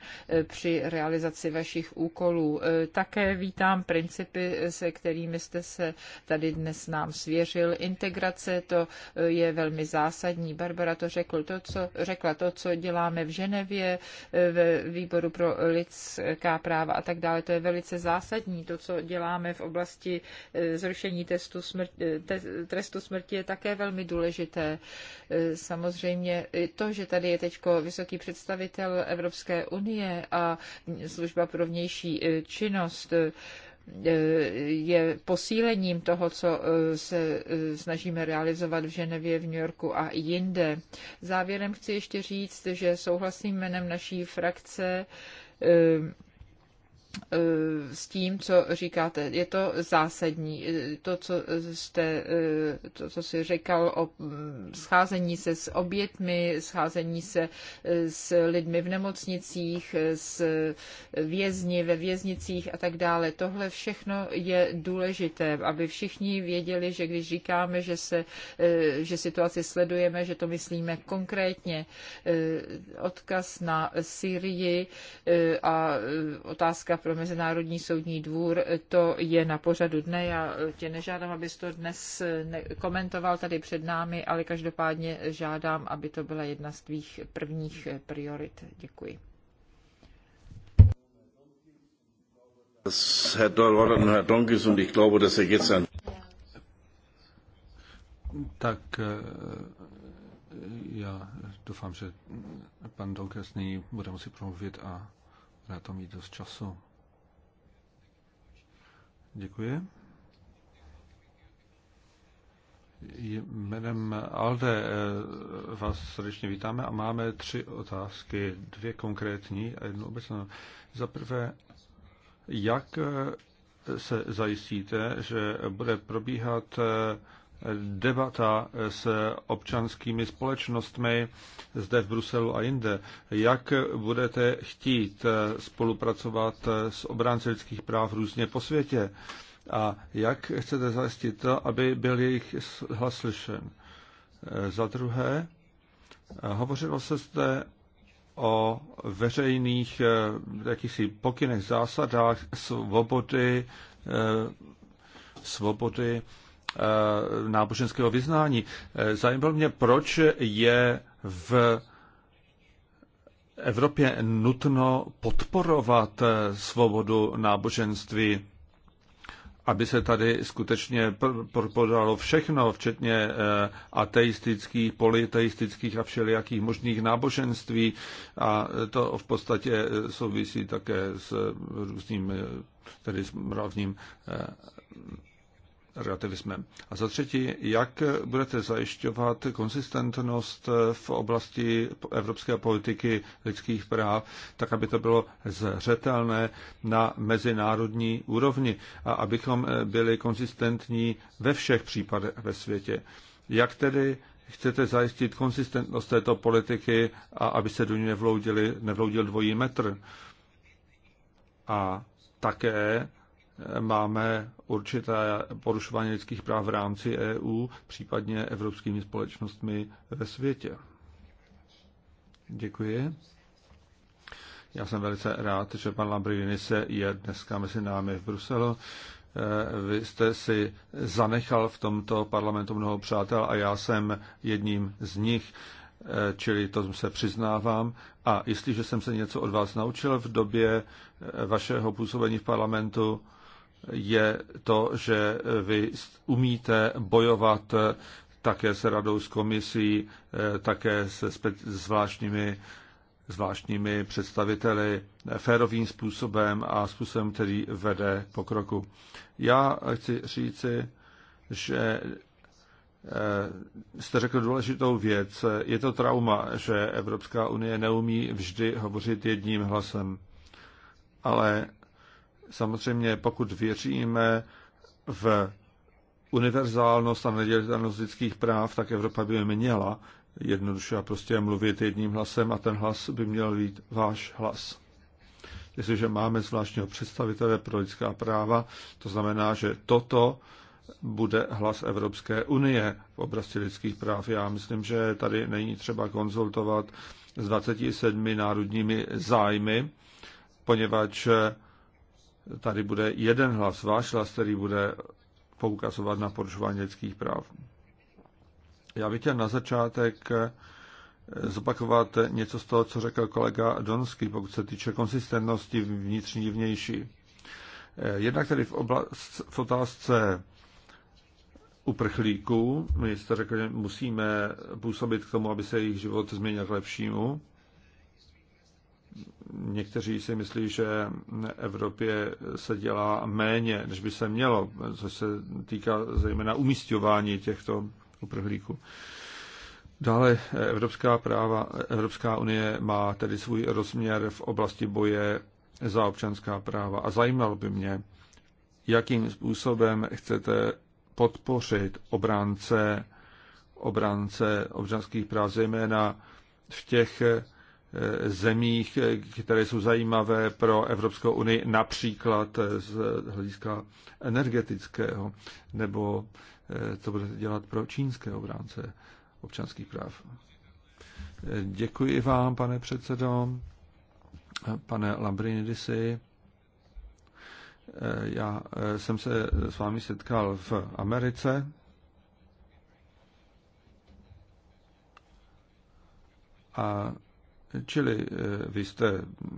při realizaci vašich úkolů. Také vítám principy, se kterými jste se tady dnes nám svěřil. Integrace, to je velmi zásadní. Barbara to řekl, to, co řekla, to, co děláme v Ženevě, e, ve výboru pro lidská práva a tak dále, to je velice zásadní. To, co děláme v oblasti e, zrušení testu smrti, e, te, trestu smrti, je také velmi důležité. Samozřejmě to, že tady je teď vysoký představitel Evropské unie a služba pro vnější činnost, je posílením toho, co eh, se eh, snažíme realizovat v Ženevě, v New Yorku a jinde. Závěrem chci ještě říct, že souhlasím jménem naší frakce eh, Eh, s tím, co říkáte. Je to zásadní. Eh, to, co jste, eh, to, co jsi říkal o mm, scházení se s obětmi, scházení se s lidmi v nemocnicích, s vězni ve věznicích a tak dále. Tohle všechno je důležité, aby všichni věděli, že když říkáme, že, se, že situaci sledujeme, že to myslíme konkrétně. Odkaz na Syrii a otázka pro Mezinárodní soudní dvůr, to je na pořadu dne. Já eh, tě nežádám, abys to dnes eh, komentoval tady před námi, ale každopádně žádám, aby to byla jedna z tvých prvních eh, priorit. Děkuji. Er tak já doufám, že pan Donkes nyní bude muset promluvit a bude to mít dost času. Děkuji. Jménem Alde eh, vás srdečně vítáme a máme tři otázky, dvě konkrétní a jednu obecnou. Za prvé, jak eh, se zajistíte, že bude probíhat eh, debata s občanskými společnostmi zde v Bruselu a jinde. Jak budete chtít spolupracovat s obránci lidských práv různě po světě? A jak chcete zajistit to, aby byl jejich hlas slyšen? Za druhé, hovořilo se zde o veřejných eh, jakýchsi pokynech, zásadách svobody, eh, svobody Eh, náboženského vyznání. Eh, zajímalo mě, proč je v Evropě nutno podporovat eh, svobodu náboženství, aby se tady skutečně podalo všechno, včetně ateistických, politeistických a všelijakých možných náboženství. A to v podstatě souvisí také s různým, tedy s mravním relativismem. A za třetí, jak budete zajišťovat konsistentnost v oblasti evropské politiky lidských práv, tak aby to bylo zřetelné na mezinárodní úrovni a abychom byli konsistentní ve všech případech ve světě. Jak tedy chcete zajistit konsistentnost této politiky a aby se do ní nevloudil dvojí metr? A také máme určité porušování lidských práv v rámci EU, případně evropskými společnostmi ve světě. Děkuji. Já jsem velice rád, že pan se je dneska mezi námi v Bruselu. Eh, vy jste si zanechal v tomto parlamentu mnoho přátel a já jsem jedním z nich, eh, čili to se přiznávám. A jestliže jsem se něco od vás naučil v době eh, vašeho působení v parlamentu, je to, že vy umíte bojovat také se radou s komisí, eh, také se zvláštními, zvláštními představiteli eh, férovým způsobem a způsobem, který vede pokroku. Já chci říci, že eh, jste řekl důležitou věc. Je to trauma, že Evropská unie neumí vždy hovořit jedním hlasem. Ale samozřejmě pokud věříme v univerzálnost a nedělitelnost lidských práv, tak Evropa by měla jednoduše a prostě mluvit jedním hlasem a ten hlas by měl být váš hlas. Jestliže máme zvláštního představitele pro lidská práva, to znamená, že toto bude hlas Evropské unie v oblasti lidských práv. Já myslím, že tady není třeba konzultovat s 27 národními zájmy, poněvadž tady bude jeden hlas, váš hlas, který bude poukazovat na porušování lidských práv. Já bych chtěl na začátek eh, zopakovat něco z toho, co řekl kolega Donsky, pokud se týče konsistentnosti vnitřní vnější. Eh, jednak tedy v, oblast, v otázce uprchlíků, my jste řekli, že musíme působit k tomu, aby se jejich život změnil k lepšímu. Někteří si myslí, že v Evropě se dělá méně, než by se mělo, což se týká zejména umístování těchto uprhlíků. Dále Evropská, práva, Evropská unie má tedy svůj rozměr v oblasti boje za občanská práva. A zajímalo by mě, jakým způsobem chcete podpořit obránce, obránce občanských práv, zejména v těch Eh, zemích, eh, které jsou zajímavé pro Evropskou unii, například eh, z hlediska energetického, nebo co budete dělat pro čínské obránce občanských práv. Děkuji vám, pane předsedo, pane Lambrinidisi. Já jsem se s vámi setkal v Americe. A Čili eh, vy jste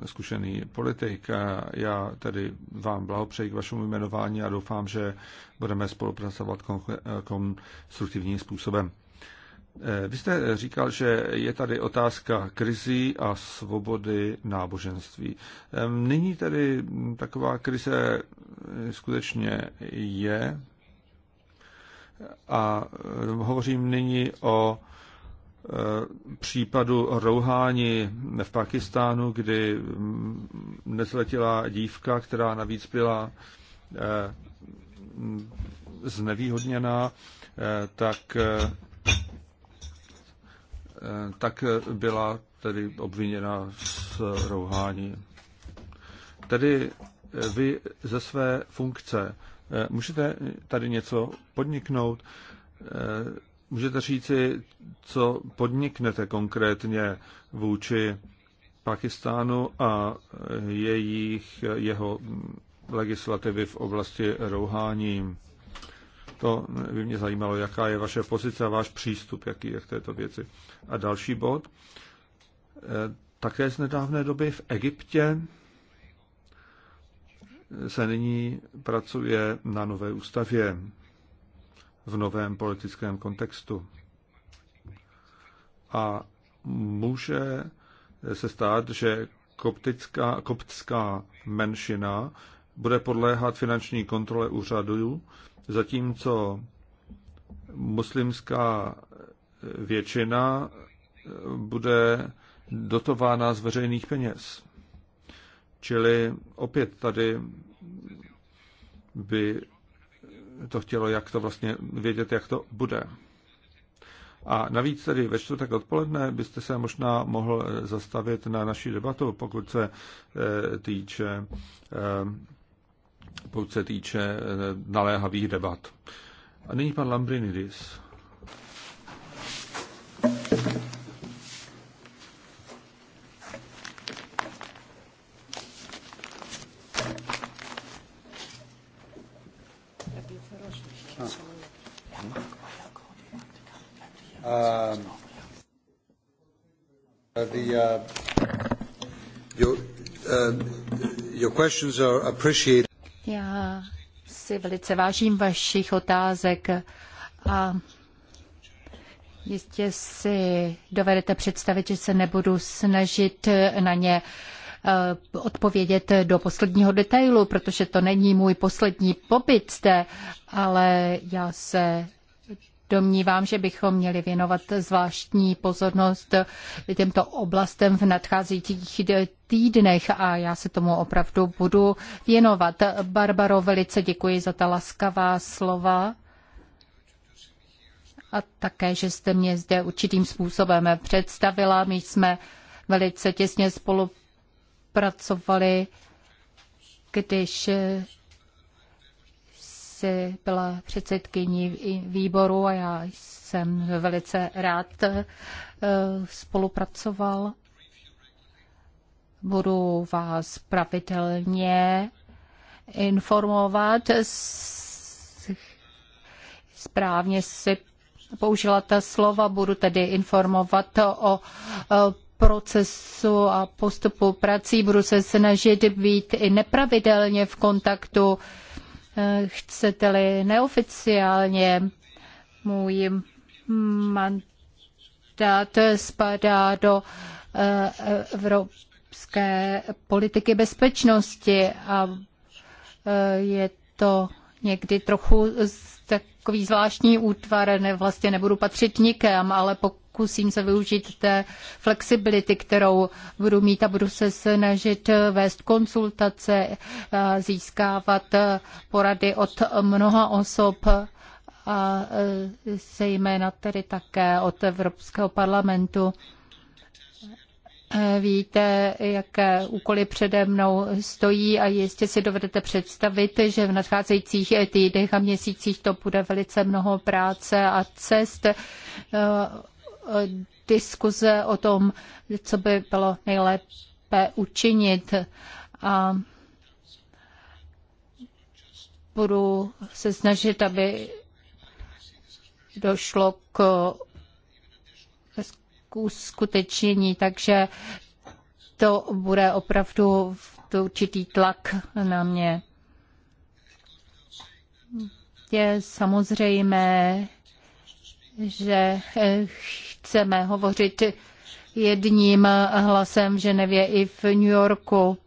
zkušený politik a já tedy vám blahopřeji k vašemu jmenování a doufám, že budeme spolupracovat eh, konstruktivním způsobem. Eh, vy jste říkal, že je tady otázka krizí a svobody náboženství. Nyní tedy taková krize skutečně je a hovořím nyní o Eh, případu rouhání v Pakistánu, kdy mm, nezletila dívka, která navíc byla eh, znevýhodněná, eh, tak, tak byla tedy obviněna z rouhání. Tedy vy ze své funkce můžete tady něco podniknout, Můžete říci, co podniknete konkrétně vůči Pakistánu a jejich, jeho legislativy v oblasti rouhání. To by mě zajímalo, jaká je vaše pozice a váš přístup, jaký je k této věci. A další bod. Eh, také z nedávné doby v Egyptě se nyní pracuje na nové ústavě v novém politickém kontextu. A může se stát, že koptická, koptská menšina bude podléhat finanční kontrole úřadů, zatímco muslimská většina bude dotována z veřejných peněz. Čili opět tady by to chtělo, jak to vlastně vědět, jak to bude. A navíc tedy ve čtvrtek odpoledne byste se možná mohl eh, zastavit na naší debatu, pokud se eh, týče, eh, pokud se týče naléhavých debat. A nyní pan Lambrinidis. Já si velice vážím vašich otázek a jistě si dovedete představit, že se nebudu snažit na ně eh, odpovědět do posledního detailu, protože to není můj poslední pobyt zde, ale já se domnívám, že bychom měli věnovat zvláštní pozornost těmto oblastem v nadcházejících týdnech a já se tomu opravdu budu věnovat. Barbaro, velice děkuji za ta laskavá slova a také, že jste mě zde určitým způsobem představila. My jsme velice těsně spolupracovali, když jsi byla předsedkyní výboru a já jsem velice rád eh, spolupracoval. Budu vás pravidelně informovat. Správně si použila ta slova, budu tedy informovat o procesu a postupu prací. Budu se snažit být i nepravidelně v kontaktu chcete-li neoficiálně. Můj mandát spadá do eh, evropské politiky bezpečnosti a eh, je to někdy trochu takový zvláštní útvar, ne, vlastně nebudu patřit nikam, ale pokud pokusím se využít té flexibility, kterou budu mít a budu se snažit vést konsultace, získávat porady od mnoha osob a zejména tedy také od Evropského parlamentu. Víte, jaké úkoly přede mnou stojí a jistě si dovedete představit, že v nadcházejících týdnech a měsících to bude velice mnoho práce a cest. Eh, diskuze o tom, co by bylo nejlépe učinit. A budu se snažit, aby došlo k uskutečnění, takže to bude opravdu to určitý tlak na mě. Je samozřejmé, že chceme hovořit jedním hlasem v Ženevě i v New Yorku.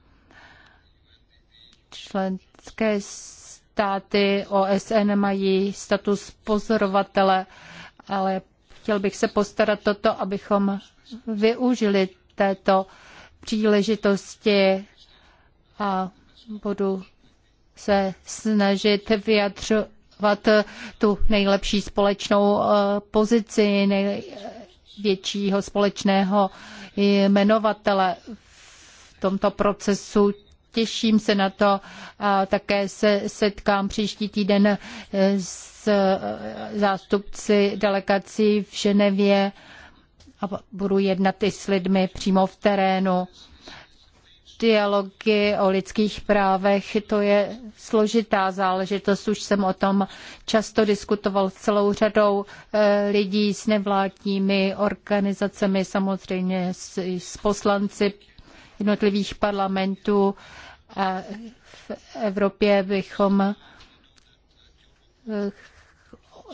Členské státy OSN mají status pozorovatele, ale chtěl bych se postarat o to, abychom využili této příležitosti a budu se snažit vyjadřovat tu nejlepší společnou eh, pozici, nej, Většího společného jmenovatele v tomto procesu. Těším se na to a také se setkám příští týden s eh, zástupci delegací v Ženevě a budu jednat i s lidmi přímo v terénu dialogy o lidských právech, to je složitá záležitost. Už jsem o tom často diskutoval s celou řadou eh, lidí, s nevládními organizacemi, samozřejmě s, s poslanci jednotlivých parlamentů. A v Evropě bychom eh,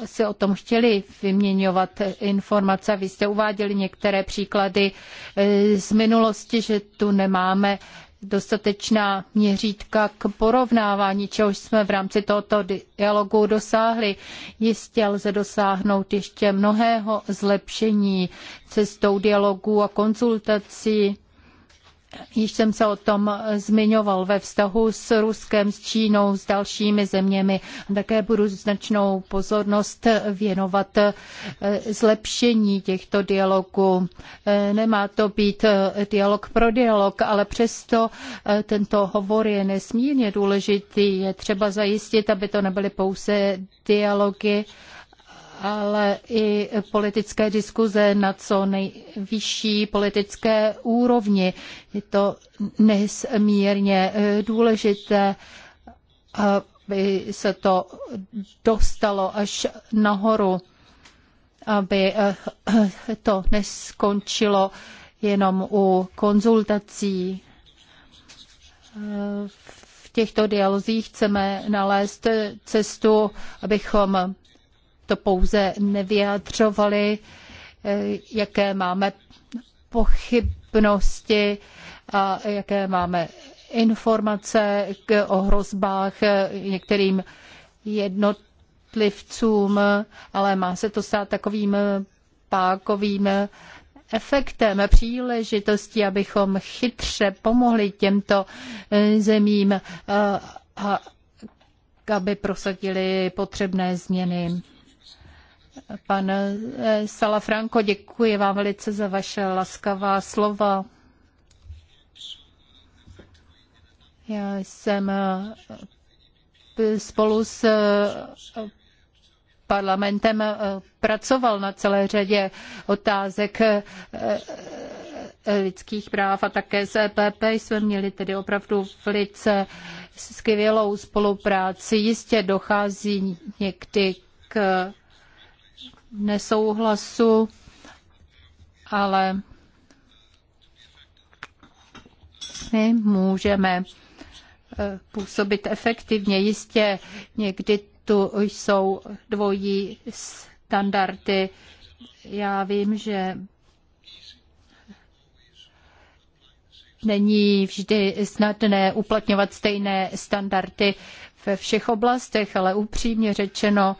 se o tom chtěli vyměňovat informace. Vy jste uváděli některé příklady e, z minulosti, že tu nemáme dostatečná měřítka k porovnávání, čehož jsme v rámci tohoto dialogu dosáhli. Jistě lze dosáhnout ještě mnohého zlepšení cestou dialogu a konzultací Již jsem se o tom zmiňoval ve vztahu s Ruskem, s Čínou, s dalšími zeměmi. Také budu značnou pozornost věnovat eh, zlepšení těchto dialogů. Eh, nemá to být eh, dialog pro dialog, ale přesto tento hovor je nesmírně důležitý. Je třeba zajistit, aby to nebyly pouze dialogy, ale i politické diskuze na co nejvyšší politické úrovni. Je to nesmírně eh, důležité, aby se to dostalo až nahoru, aby eh, to neskončilo jenom u konzultací. Eh, v těchto dialozích chceme nalézt cestu, abychom to pouze nevyjadřovali, eh, jaké máme pochybnosti a jaké máme informace k, o hrozbách eh, některým jednotlivcům, ale má se to stát takovým eh, pákovým efektem, příležitostí, abychom chytře pomohli těmto zemím, a, aby prosadili potřebné změny. Pan eh, Salafranco, děkuji vám velice za vaše laskavá slova. Já jsem eh, spolu s eh, parlamentem pracoval na celé řadě otázek lidských práv a také s EPP jsme měli tedy opravdu velice skvělou spolupráci. Jistě dochází někdy k nesouhlasu, ale my můžeme eh, působit efektivně. Jistě někdy tu jsou dvojí standardy. Já vím, že není vždy snadné uplatňovat stejné standardy ve všech oblastech, ale upřímně řečeno,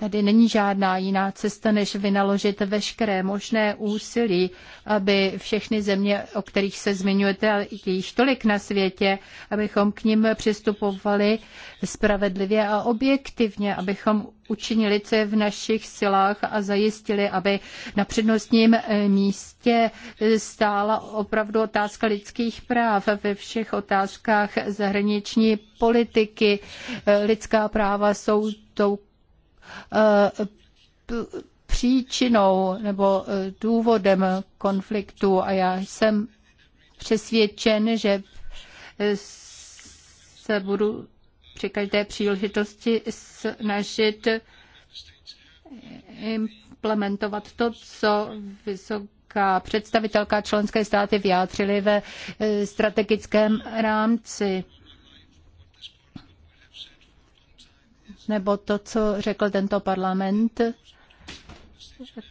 Tady není žádná jiná cesta, než vynaložit veškeré možné úsilí, aby všechny země, o kterých se zmiňujete, i jejich tolik na světě, abychom k ním přistupovali spravedlivě a objektivně, abychom učinili, co je v našich silách a zajistili, aby na přednostním eh, místě stála opravdu otázka lidských práv ve všech otázkách zahraniční politiky. Eh, lidská práva jsou tou Eh, příčinou nebo eh, důvodem konfliktu a já jsem přesvědčen, že eh, se budu při každé příležitosti snažit implementovat to, co vysoká představitelka členské státy vyjádřily ve strategickém rámci. nebo to, co řekl tento parlament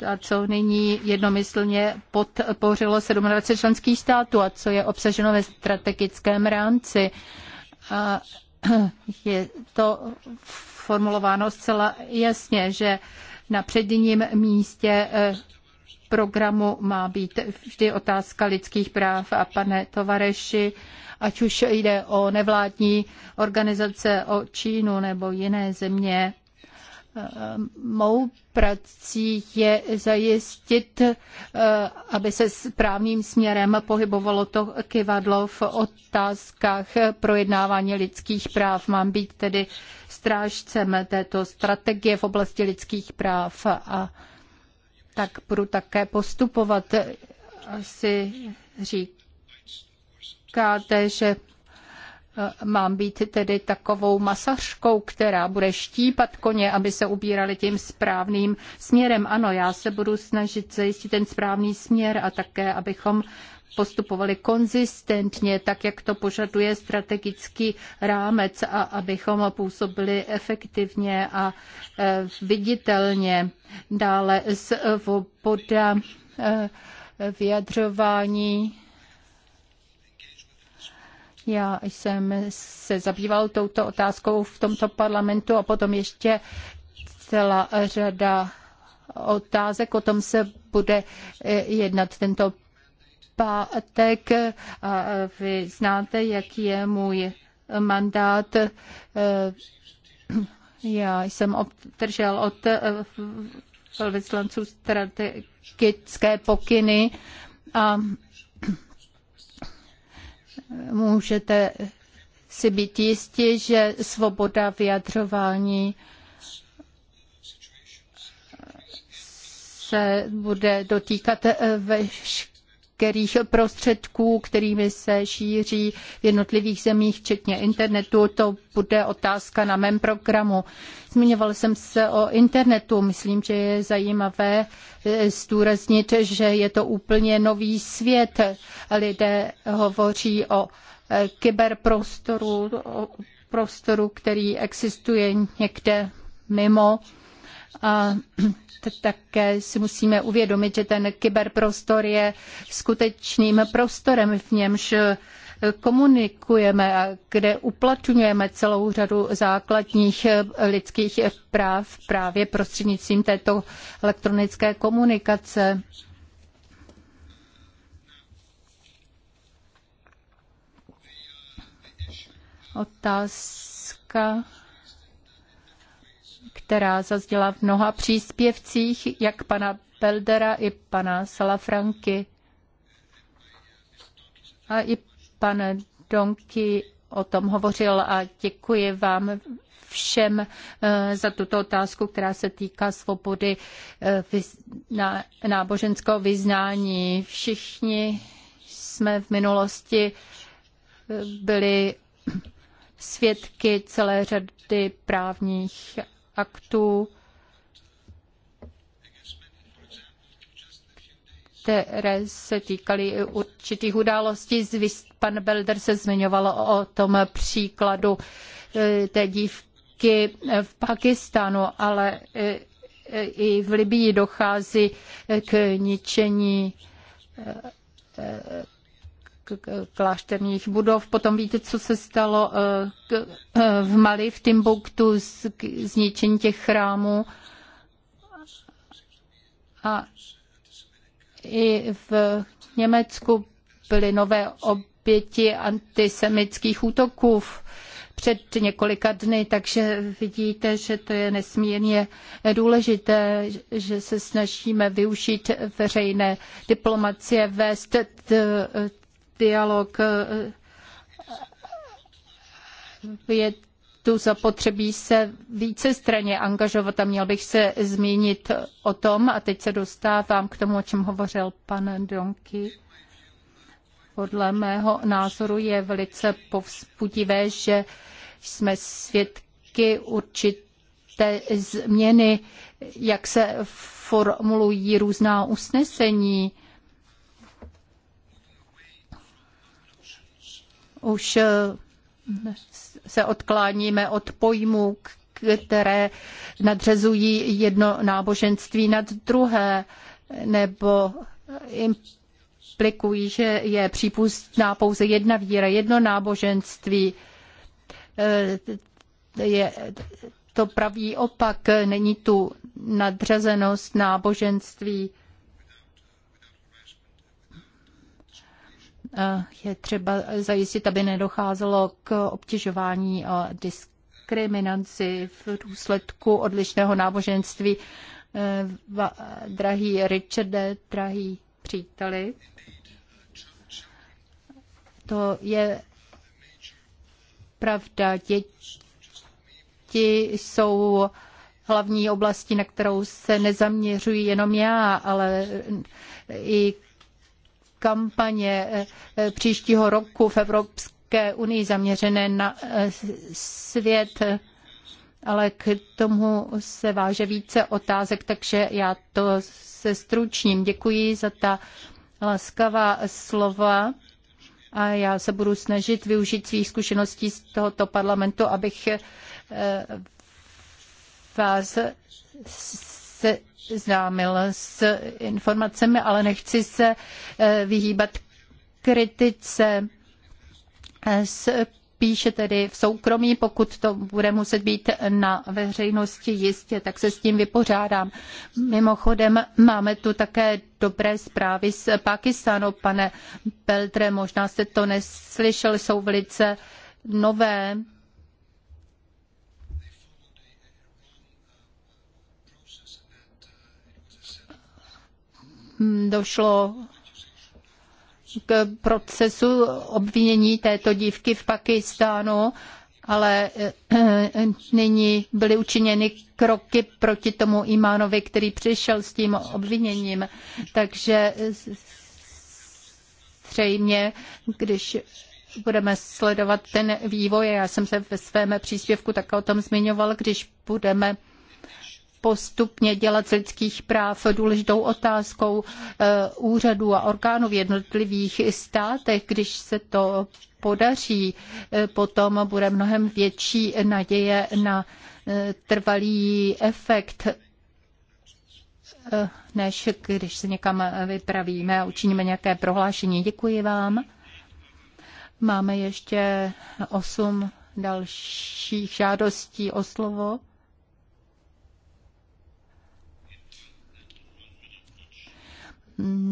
a co nyní jednomyslně podpořilo 27 členských států a co je obsaženo ve strategickém rámci. A je to formulováno zcela jasně, že na předním místě programu má být vždy otázka lidských práv a pane Tovareši, ať už jde o nevládní organizace, o Čínu nebo jiné země, eh, mou prací je zajistit, eh, aby se správným směrem pohybovalo to kivadlo v otázkách projednávání lidských práv. Mám být tedy strážcem této strategie v oblasti lidských práv a tak budu také postupovat. Asi říkáte, že eh, mám být tedy takovou masařkou, která bude štípat koně, aby se ubírali tím správným směrem. Ano, já se budu snažit zajistit ten správný směr a také, abychom postupovali konzistentně, tak jak to požaduje strategický rámec a abychom působili efektivně a e, viditelně. Dále voda e, vyjadřování. Já jsem se zabýval touto otázkou v tomto parlamentu a potom ještě celá řada otázek, o tom se bude e, jednat tento pátek. A vy znáte, jaký je můj mandát. E, já jsem obdržel od e, velvyslanců strategické pokyny a můžete si být jistí, že svoboda vyjadřování se bude dotýkat veškerých veškerých prostředků, kterými se šíří v jednotlivých zemích, včetně internetu. To bude otázka na mém programu. Zmiňoval jsem se o internetu. Myslím, že je zajímavé eh, zdůraznit, že je to úplně nový svět. Lidé hovoří o eh, kyberprostoru, o prostoru, který existuje někde mimo a také si musíme uvědomit, že ten kyberprostor je skutečným prostorem, v němž komunikujeme a kde uplatňujeme celou řadu základních lidských práv právě prostřednictvím této elektronické komunikace. Otázka která zazněla v mnoha příspěvcích, jak pana Peldera i pana Salafranky. A i pan Donky o tom hovořil a děkuji vám všem eh, za tuto otázku, která se týká svobody eh, náboženského vyznání. Všichni jsme v minulosti eh, byli svědky celé řady právních aktů, které se týkaly určitých událostí. Pan Belder se zmiňoval o tom příkladu e, té dívky v Pakistánu, ale e, e, i v Libii dochází k ničení klášterních budov. Potom víte, co se stalo eh, eh, v Mali, v Timbuktu, zničení těch chrámů. A i v Německu byly nové oběti antisemických útoků před několika dny, takže vidíte, že to je nesmírně důležité, že se snažíme využít veřejné diplomacie, vést dialog. Eh, eh, je tu zapotřebí se více straně angažovat a měl bych se zmínit o tom, a teď se dostávám k tomu, o čem hovořil pan Donky. Podle mého názoru je velice povzbudivé, že jsme svědky určité změny, jak se formulují různá usnesení. už eh, se odkláníme od pojmů, které nadřezují jedno náboženství nad druhé, nebo implikují, že je přípustná pouze jedna víra, jedno náboženství. Eh, je to pravý opak, není tu nadřazenost náboženství je třeba zajistit, aby nedocházelo k obtěžování a diskriminaci v důsledku odlišného náboženství. Eh, drahý Richarde, drahý příteli, to je pravda. Děti jsou hlavní oblasti, na kterou se nezaměřuji jenom já, ale i kampaně eh, eh, příštího roku v Evropské unii zaměřené na eh, svět, ale k tomu se váže více otázek, takže já to se stručním. Děkuji za ta laskavá slova a já se budu snažit využít svých zkušeností z tohoto parlamentu, abych vás seznámil s informacemi, ale nechci se eh, vyhýbat kritice eh, píše tedy v soukromí, pokud to bude muset být na veřejnosti jistě, tak se s tím vypořádám. Mimochodem máme tu také dobré zprávy z Pakistánu, pane Peltre, možná jste to neslyšel, jsou velice nové Mm, došlo k procesu obvinění této dívky v Pakistánu, ale eh, nyní byly učiněny kroky proti tomu imánovi, který přišel s tím obviněním. Takže zřejmě, když budeme sledovat ten vývoj, já jsem se ve svém příspěvku také o tom zmiňoval, když budeme postupně dělat z lidských práv důležitou otázkou eh, úřadů a orgánů v jednotlivých státech. Když se to podaří, eh, potom bude mnohem větší naděje na eh, trvalý efekt než když se někam vypravíme a učiníme nějaké prohlášení. Děkuji vám. Máme ještě osm dalších žádostí o slovo.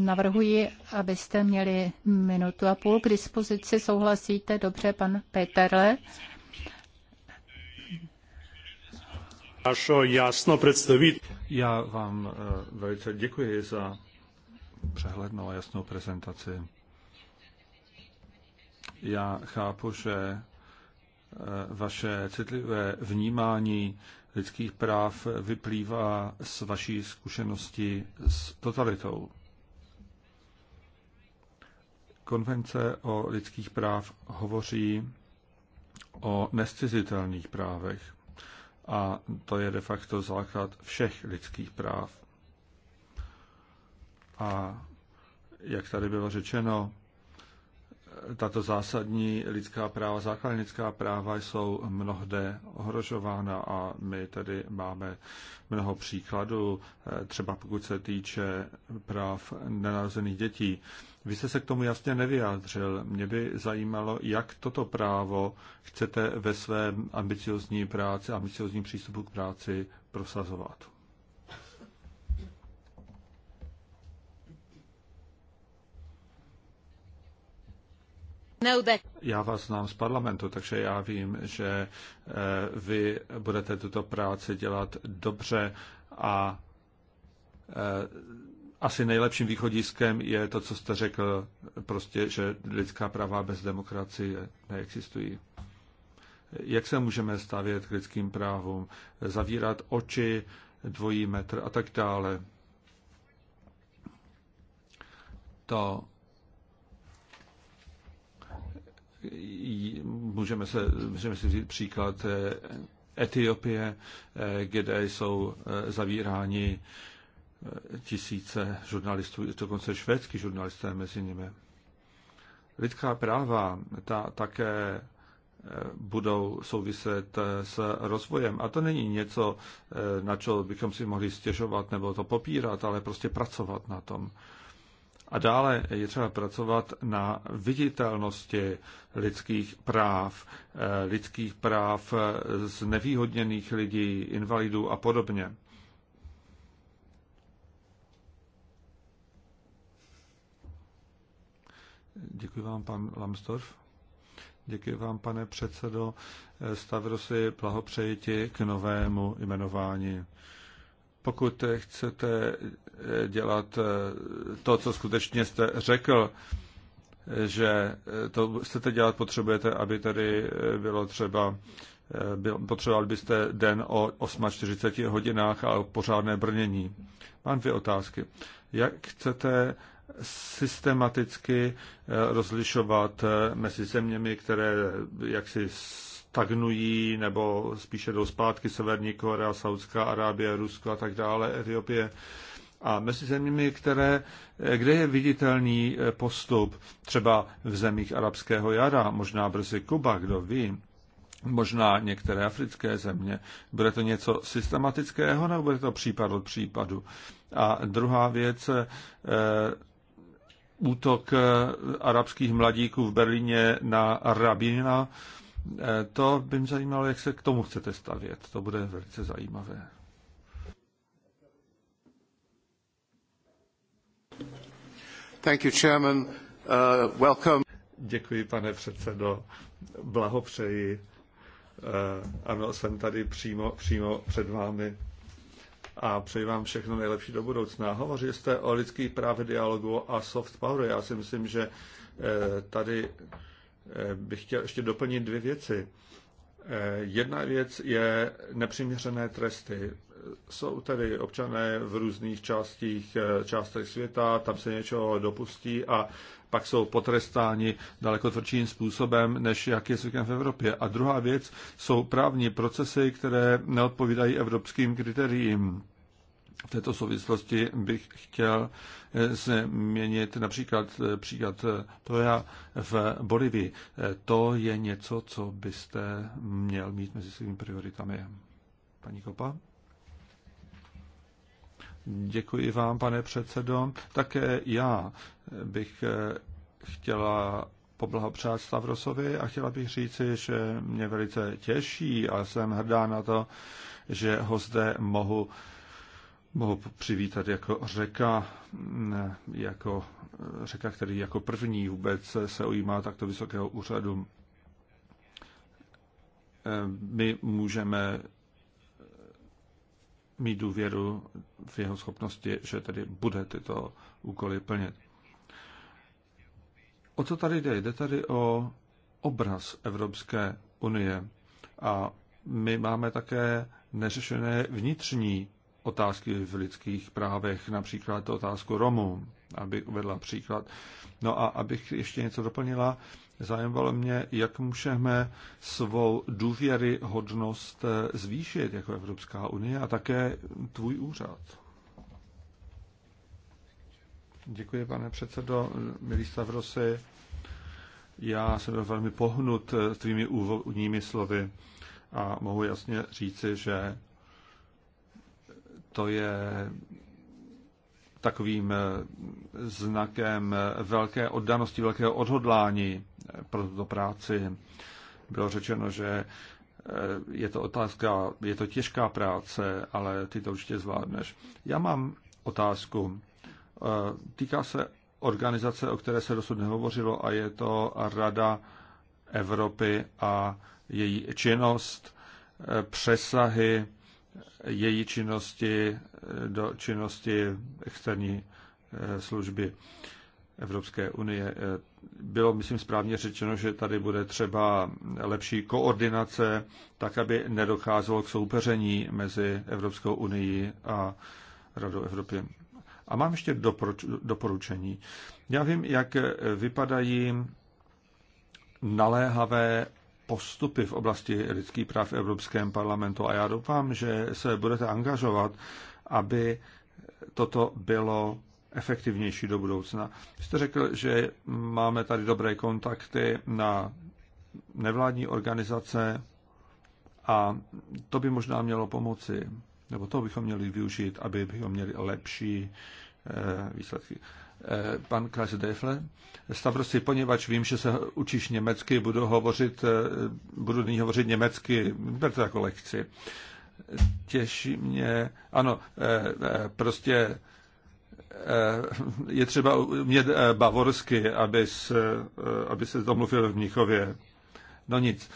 Navrhuji, abyste měli minutu a půl k dispozici. Souhlasíte? Dobře, pan Peterle. Našo jasno představit. Já vám eh, velice děkuji za přehlednou a jasnou prezentaci. Já chápu, že eh, vaše citlivé vnímání lidských práv vyplývá z vaší zkušenosti s totalitou. Konvence o lidských práv hovoří o nescizitelných právech a to je de facto základ všech lidských práv. A jak tady bylo řečeno, tato zásadní lidská práva, základní lidská práva jsou mnohde ohrožována a my tedy máme mnoho příkladů, eh, třeba pokud se týče práv nenarozených dětí. Vy jste se k tomu jasně nevyjádřil. Mě by zajímalo, jak toto právo chcete ve svém ambiciozní práci, ambiciozním přístupu k práci prosazovat. Já vás znám z parlamentu, takže já vím, že eh, vy budete tuto práci dělat dobře a eh, asi nejlepším východiskem je to, co jste řekl, prostě, že lidská práva bez demokracie neexistují. Jak se můžeme stavět k lidským právům? Zavírat oči, dvojí metr a tak dále. To můžeme, se, můžeme si vzít příklad eh, Etiopie, eh, kde jsou eh, zavíráni tisíce žurnalistů, dokonce švédský žurnalisté mezi nimi. Lidská práva ta také eh, budou souviset eh, s rozvojem. A to není něco, eh, na co bychom si mohli stěžovat nebo to popírat, ale prostě pracovat na tom. A dále je třeba pracovat na viditelnosti lidských práv, lidských práv znevýhodněných lidí, invalidů a podobně. Děkuji vám, pan Lambsdorff. Děkuji vám, pane předsedo. Stavrosi, blahopřeji ti k novému jmenování. Pokud chcete eh, dělat eh, to, co skutečně jste řekl, eh, že to chcete dělat, potřebujete, aby tady bylo třeba potřebovali byste den o 8.40 hodinách a pořádné brnění. Mám dvě otázky. Jak chcete systematicky eh, rozlišovat eh, mezi zeměmi, které eh, jaksi stagnují nebo spíše jdou zpátky, Severní Korea, Saudská Arábie, Rusko a tak dále, Etiopie, a mezi zeměmi, které, kde je viditelný postup, třeba v zemích arabského jara, možná brzy Kuba, kdo ví, možná některé africké země. Bude to něco systematického nebo bude to případ od případu? A druhá věc, útok eh, arabských mladíků v Berlíně na rabína. Eh, to by mě zajímalo, jak se k tomu chcete stavět. To bude velice zajímavé. Thank you, Chairman. Uh, welcome. Děkuji, pane předsedo. Blahopřeji. Uh, ano, jsem tady přímo, přímo před vámi a přeji vám všechno nejlepší do budoucna. Hovořili jste o lidských právech dialogu a soft power. Já si myslím, že eh, tady eh, bych chtěl ještě doplnit dvě věci. Eh, jedna věc je nepřiměřené tresty. Jsou tedy občané v různých částích, částech světa, tam se něčeho dopustí a pak jsou potrestáni daleko tvrdším způsobem, než jak je zvykem v Evropě. A druhá věc jsou právní procesy, které neodpovídají evropským kritériím. V této souvislosti bych chtěl eh, změnit například eh, příklad eh, Toja v Bolivii. To je něco, co byste měl mít mezi svými prioritami. Paní Kopa? Děkuji vám, pane předsedo. Také já bych eh, chtěla poblahopřát Stavrosovi a chtěla bych říci, že mě velice těší a jsem hrdá na to, že ho zde mohu, mohu přivítat jako řeka, mm, jako eh, řeka, který jako první vůbec se ujímá takto vysokého úřadu. Eh, my můžeme mít důvěru v jeho schopnosti, že tedy bude tyto úkoly plnit. O co tady jde? Jde tady o obraz Evropské unie a my máme také neřešené vnitřní otázky v lidských právech, například otázku Romů, aby uvedla příklad. No a abych ještě něco doplnila, Zajímalo mě, jak můžeme svou důvěryhodnost eh, zvýšit jako Evropská unie a také tvůj úřad. Děkuji, pane předsedo, milí Stavrosy. Já jsem byl velmi pohnut eh, tvými úvodními slovy a mohu jasně říci, že to je takovým eh, znakem eh, velké oddanosti, velkého odhodlání eh, pro tuto práci. Bylo řečeno, že je to otázka, je to těžká práce, ale ty to určitě zvládneš. Já mám otázku. Týká se organizace, o které se dosud nehovořilo, a je to Rada Evropy a její činnost, přesahy její činnosti eh, do činnosti externí eh, služby Evropské unie. Eh, bylo, myslím, správně řečeno, že tady bude třeba lepší koordinace, tak aby nedocházelo k soupeření mezi Evropskou unii a Radou Evropy. A mám ještě doporučení. Já vím, jak vypadají naléhavé postupy v oblasti lidských práv v Evropském parlamentu a já doufám, že se budete angažovat, aby toto bylo efektivnější do budoucna. Jste řekl, že máme tady dobré kontakty na nevládní organizace a to by možná mělo pomoci, nebo to bychom měli využít, aby bychom měli lepší eh, výsledky. Eh, pan Klaus Defle. Stavrosti, poněvadž vím, že se učíš německy, budu, hovořit, eh, budu nyní hovořit německy, ber to jako lekci. Těší mě, ano, eh, prostě je třeba umět bavorsky, aby se domluvil v Mnichově. No nic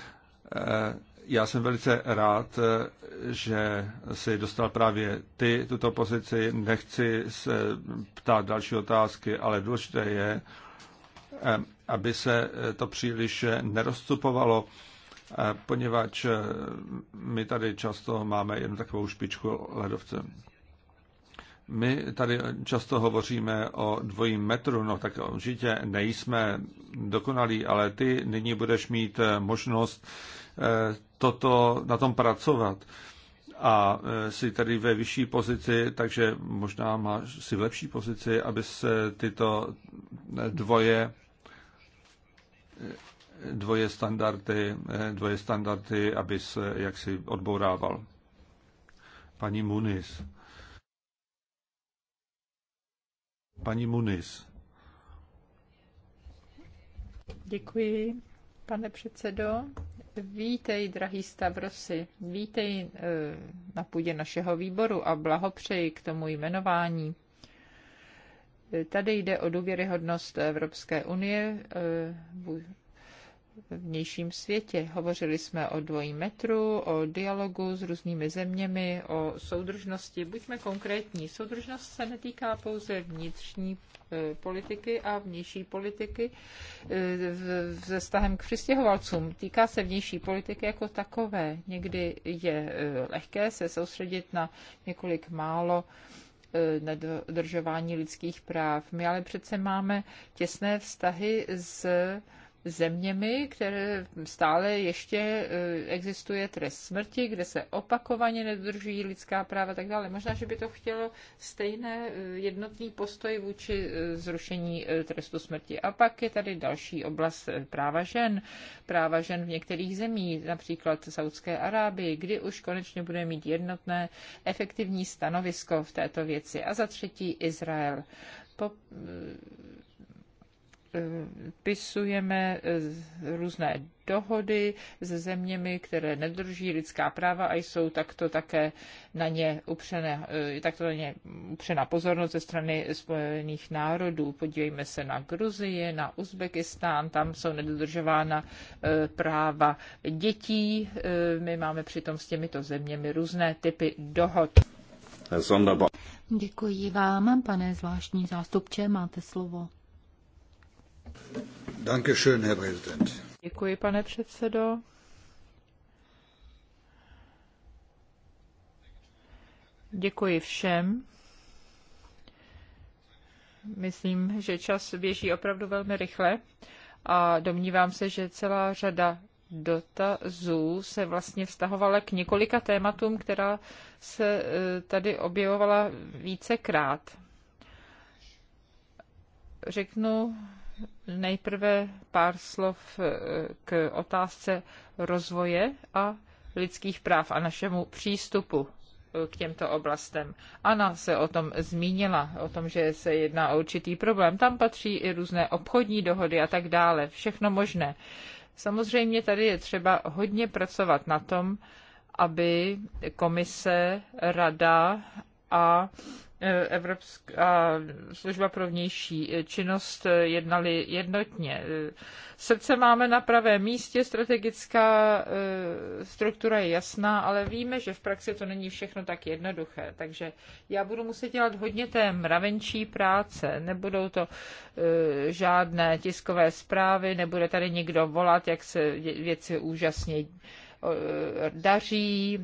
já jsem velice rád, eh, že si dostal právě ty tuto pozici. Nechci se ptát další otázky, ale důležité je, eh, aby se eh, to příliš nerozcupovalo, poněvadž my tady často máme jednu takovou špičku ledovce. My tady často hovoříme o dvojím metru, no tak určitě nejsme dokonalí, ale ty nyní budeš mít možnost Eh, toto, na tom pracovat a eh, si tady ve vyšší pozici, takže možná máš si v lepší pozici, aby se tyto eh, dvoje dvoje standardy, dvoje standardy, aby se jaksi odbourával. Paní Muniz. Paní Muniz. Děkuji, pane předsedo. Vítej, drahý Stavrosi, vítej eh, na půdě našeho výboru a blahopřeji k tomu jmenování. Eh, tady jde o důvěryhodnost Evropské unie eh, vnějším světě. Hovořili jsme o dvojím metru, o dialogu s různými zeměmi, o soudržnosti. Buďme konkrétní. Soudržnost se netýká pouze vnitřní e, politiky a vnější politiky e, se vztahem k přistěhovalcům. Týká se vnější politiky jako takové. Někdy je e, lehké se soustředit na několik málo nedodržování lidských práv. My ale přece máme těsné vztahy s zeměmi, které stále ještě e, existuje trest smrti, kde se opakovaně nedrží lidská práva a tak dále. Možná, že by to chtělo stejné e, jednotný postoj vůči e, zrušení trestu smrti. A pak je tady další oblast práva žen. Práva žen v některých zemích, například Saudské Arábii, kdy už konečně bude mít jednotné efektivní stanovisko v této věci. A za třetí Izrael. Po, podepisujeme eh, různé dohody se zeměmi, které nedrží lidská práva a jsou takto také na ně, upřené, eh, takto na ně upřená pozornost ze strany Spojených národů. Podívejme se na Gruzii, na Uzbekistán, tam jsou nedodržována eh, práva dětí. My máme přitom s těmito zeměmi různé typy dohod. Děkuji vám, pane zvláštní zástupče, máte slovo. Děkuji, pane předsedo. Děkuji všem. Myslím, že čas běží opravdu velmi rychle a domnívám se, že celá řada dotazů se vlastně vztahovala k několika tématům, která se eh, tady objevovala vícekrát. Řeknu Nejprve pár slov eh, k otázce rozvoje a lidských práv a našemu přístupu eh, k těmto oblastem. Ana se o tom zmínila, o tom, že se jedná o určitý problém. Tam patří i různé obchodní dohody a tak dále, všechno možné. Samozřejmě tady je třeba hodně pracovat na tom, aby komise, rada a Evropská služba pro vnější eh, činnost eh, jednali jednotně. Eh, srdce máme na pravém místě, strategická struktura je jasná, ale víme, že v praxi to není všechno tak jednoduché. Takže já budu muset dělat hodně té mravenčí práce. Nebudou to žádné tiskové zprávy, nebude tady někdo volat, jak se věci úžasně daří,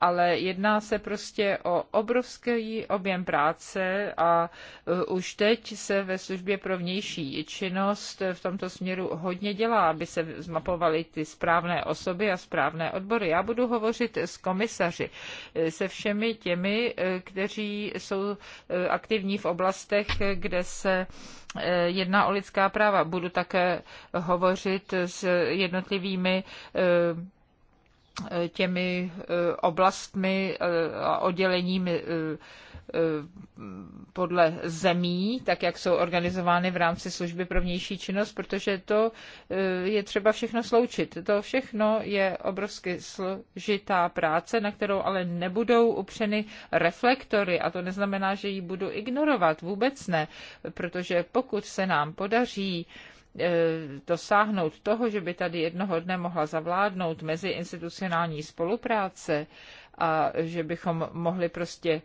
ale jedná se prostě o obrovský objem práce a e, už teď se ve službě pro vnější činnost v tomto směru hodně dělá, aby se zmapovaly ty správné osoby a správné odbory. Já budu hovořit s komisaři, e, se všemi těmi, e, kteří jsou aktivní v oblastech, kde se jedná o lidská práva. Budu také hovořit s jednotlivými Eh, těmi eh, oblastmi eh, a odděleními podle zemí, tak jak jsou organizovány v rámci služby pro vnější činnost, protože to je třeba všechno sloučit. To všechno je obrovsky složitá práce, na kterou ale nebudou upřeny reflektory a to neznamená, že ji budu ignorovat, vůbec ne, protože pokud se nám podaří E, dosáhnout toho, že by tady jednoho dne mohla zavládnout meziinstitucionální spolupráce a že bychom mohli prostě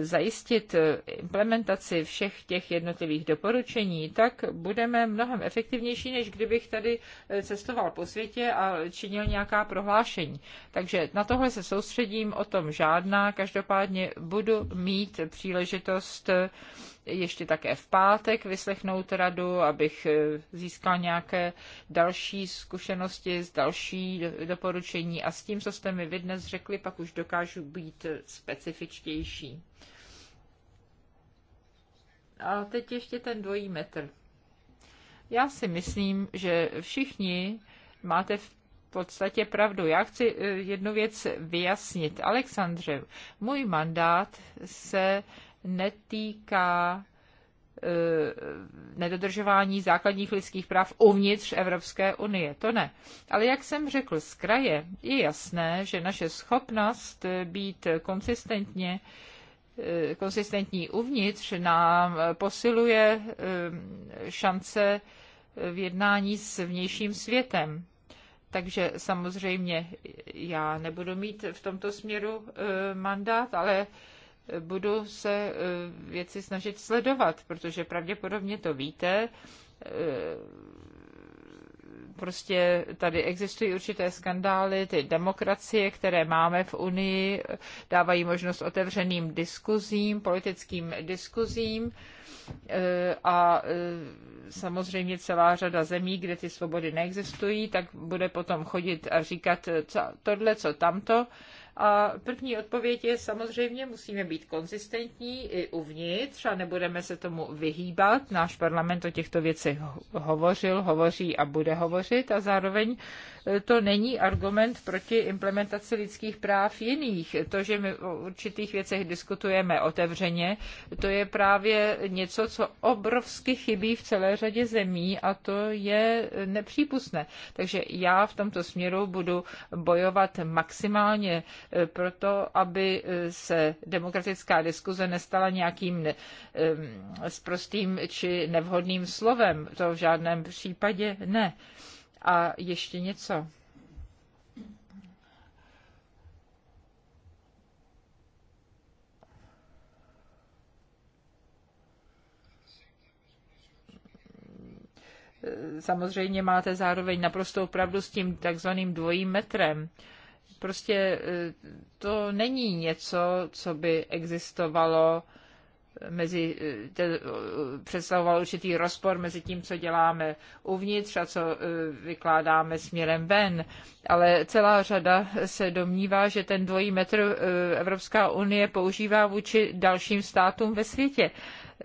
zajistit implementaci všech těch jednotlivých doporučení, tak budeme mnohem efektivnější, než kdybych tady cestoval po světě a činil nějaká prohlášení. Takže na tohle se soustředím, o tom žádná. Každopádně budu mít příležitost ještě také v pátek vyslechnout radu, abych eh, získal nějaké další zkušenosti, z další doporučení a s tím, co jste mi vy dnes řekli, pak už dokážu být eh, specifičtější. A teď ještě ten dvojí metr. Já si myslím, že všichni máte v podstatě pravdu. Já chci eh, jednu věc vyjasnit. Alexandře, můj mandát se netýká eh, nedodržování základních lidských práv uvnitř Evropské unie. To ne. Ale jak jsem řekl z kraje, je jasné, že naše schopnost být konsistentně eh, konsistentní uvnitř nám posiluje eh, šance v jednání s vnějším světem. Takže samozřejmě já nebudu mít v tomto směru mandát, ale budu se eh, věci snažit sledovat, protože pravděpodobně to víte, eh, prostě tady existují určité skandály, ty demokracie, které máme v Unii, dávají možnost otevřeným diskuzím, politickým diskuzím eh, a samozřejmě celá řada zemí, kde ty svobody neexistují, tak bude potom chodit a říkat co, tohle, co tamto a první odpověď je samozřejmě, musíme být konzistentní i uvnitř a nebudeme se tomu vyhýbat. Náš parlament o těchto věcech hovořil, hovoří a bude hovořit a zároveň to není argument proti implementaci lidských práv jiných. To, že my o určitých věcech diskutujeme otevřeně, to je právě něco, co obrovsky chybí v celé řadě zemí a to je nepřípustné. Takže já v tomto směru budu bojovat maximálně eh, proto, aby eh, se demokratická diskuze nestala nějakým eh, sprostým či nevhodným slovem. To v žádném případě ne. A ještě něco. Samozřejmě máte zároveň naprostou pravdu s tím takzvaným dvojím metrem. Prostě eh, to není něco, co by existovalo mezi, eh, te, eh, představoval určitý rozpor mezi tím, co děláme uvnitř a co eh, vykládáme směrem ven. Ale celá řada se domnívá, že ten dvojí metr Evropská unie používá vůči dalším státům ve světě.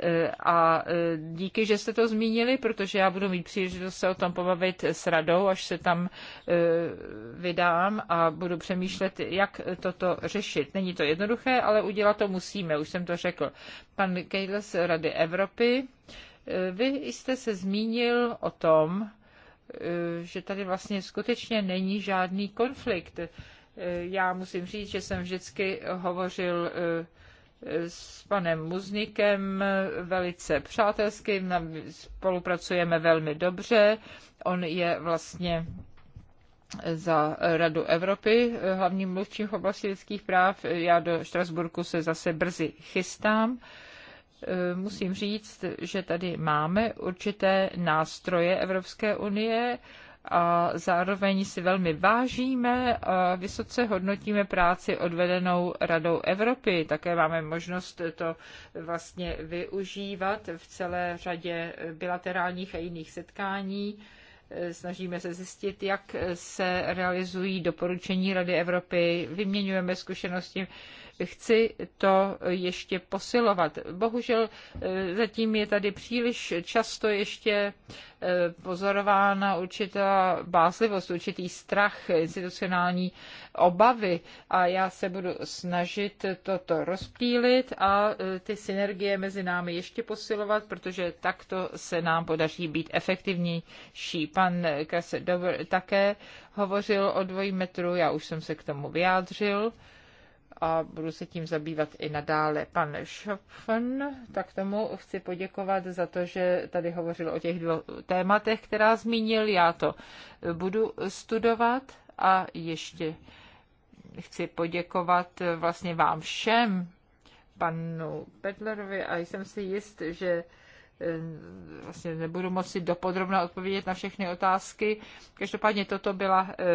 E, a e, díky, že jste to zmínili, protože já budu mít příležitost se o tom pobavit s radou, až se tam e, vydám a budu přemýšlet, jak toto řešit. Není to jednoduché, ale udělat to musíme, už jsem to řekl. Pan Kejle z Rady Evropy, vy jste se zmínil o tom, že tady vlastně skutečně není žádný konflikt. Já musím říct, že jsem vždycky hovořil s panem Muznikem velice přátelsky, spolupracujeme velmi dobře. On je vlastně za Radu Evropy, hlavním mluvčím v oblasti lidských práv. Já do Štrasburku se zase brzy chystám. E, musím říct, že tady máme určité nástroje Evropské unie, a zároveň si velmi vážíme a vysoce hodnotíme práci odvedenou Radou Evropy. Také máme možnost to vlastně využívat v celé řadě bilaterálních a jiných setkání. Snažíme se zjistit, jak se realizují doporučení Rady Evropy, vyměňujeme zkušenosti chci to ještě posilovat. Bohužel eh, zatím je tady příliš často ještě eh, pozorována určitá bázlivost, určitý strach, institucionální obavy a já se budu snažit toto rozptýlit a eh, ty synergie mezi námi ještě posilovat, protože takto se nám podaří být efektivnější. Pan Kase také hovořil o dvojí metru, já už jsem se k tomu vyjádřil a budu se tím zabývat i nadále. Pan Schopfen, tak tomu chci poděkovat za to, že tady hovořil o těch dvou tématech, která zmínil. Já to budu studovat a ještě chci poděkovat vlastně vám všem, panu Petlerovi a jsem si jist, že Eh, vlastně nebudu moci dopodrobna odpovědět na všechny otázky. Každopádně toto byla eh,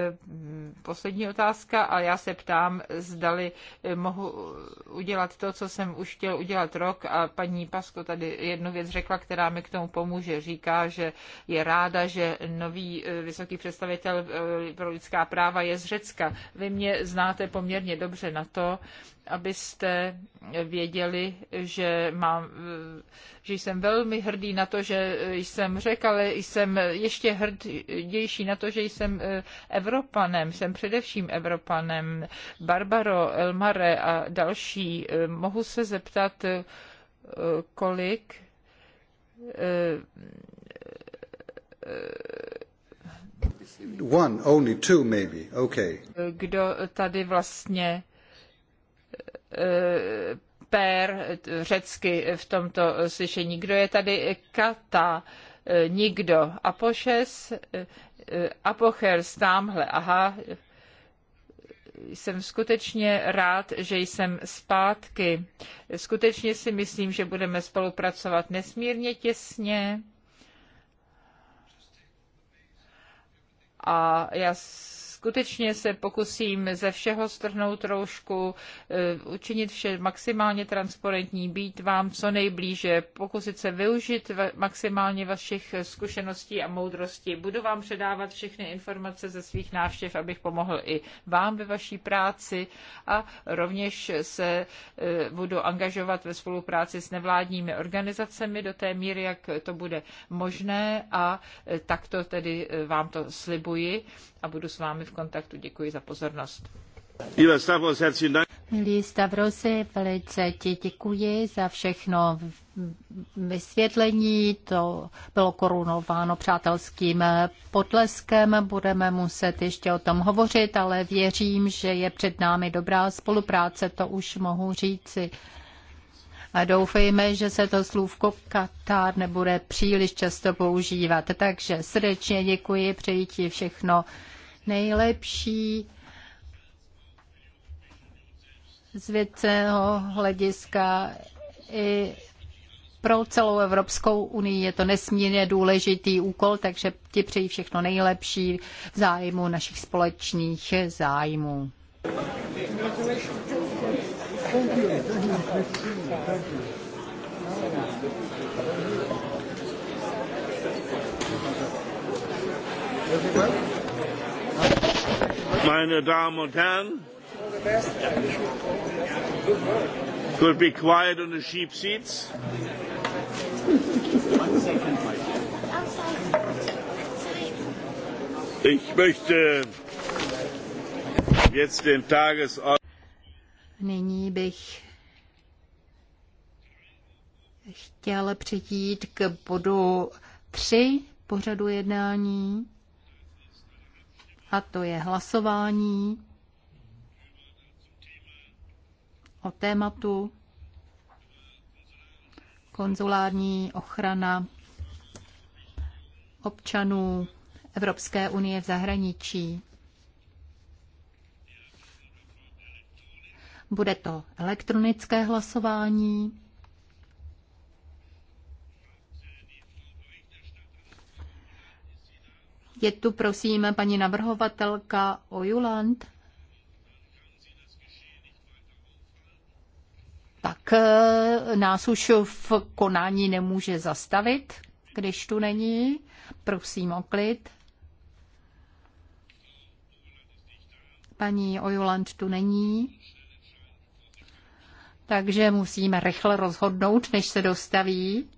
poslední otázka a já se ptám, zdali eh, mohu udělat to, co jsem už chtěl udělat rok a paní Pasko tady jednu věc řekla, která mi k tomu pomůže. Říká, že je ráda, že nový vysoký představitel pro lidská práva je z Řecka. Vy mě znáte poměrně dobře na to, abyste věděli, že, mám, že jsem velmi hrdý na to, že jsem řekl, ale jsem ještě hrdější na to, že jsem Evropanem, jsem především Evropanem. Barbaro, Elmare a další, mohu se zeptat, kolik One, only two maybe. Okay. Kdo tady vlastně Eh, per řecky v tomto slyšení. Kdo je tady? Kata. Eh, nikdo. Apošes. Eh, Apochers. Tamhle. Aha. Jsem skutečně rád, že jsem zpátky. Skutečně si myslím, že budeme spolupracovat nesmírně těsně. A já Skutečně se pokusím ze všeho strhnout trošku, eh, učinit vše maximálně transparentní, být vám co nejblíže, pokusit se využít maximálně vašich zkušeností a moudrosti. Budu vám předávat všechny informace ze svých návštěv, abych pomohl i vám ve vaší práci a rovněž se eh, budu angažovat ve spolupráci s nevládními organizacemi do té míry, jak to bude možné a eh, takto tedy vám to slibuji a budu s vámi v kontaktu. Děkuji za pozornost. Milí Stavrosi, velice ti děkuji za všechno vysvětlení. To bylo korunováno přátelským potleskem. Budeme muset ještě o tom hovořit, ale věřím, že je před námi dobrá spolupráce, to už mohu říci. A doufejme, že se to slůvko Katar nebude příliš často používat. Takže srdečně děkuji, přeji ti všechno nejlepší z věcného hlediska i pro celou Evropskou unii je to nesmírně důležitý úkol, takže ti přeji všechno nejlepší v zájmu našich společných zájmů. Thank you. Meine Damen und Herren, could be quiet on the sheep seats. Ich möchte jetzt den Tagesordnung. Nyní bych chtěl přijít k bodu 3 pořadu jednání a to je hlasování o tématu konzulární ochrana občanů Evropské unie v zahraničí. Bude to elektronické hlasování. Je tu prosím paní navrhovatelka Ojuland. Tak eh, nás už v konání nemůže zastavit, když tu není. Prosím o klid. Paní Ojuland tu není takže musíme rychle rozhodnout, než se dostaví.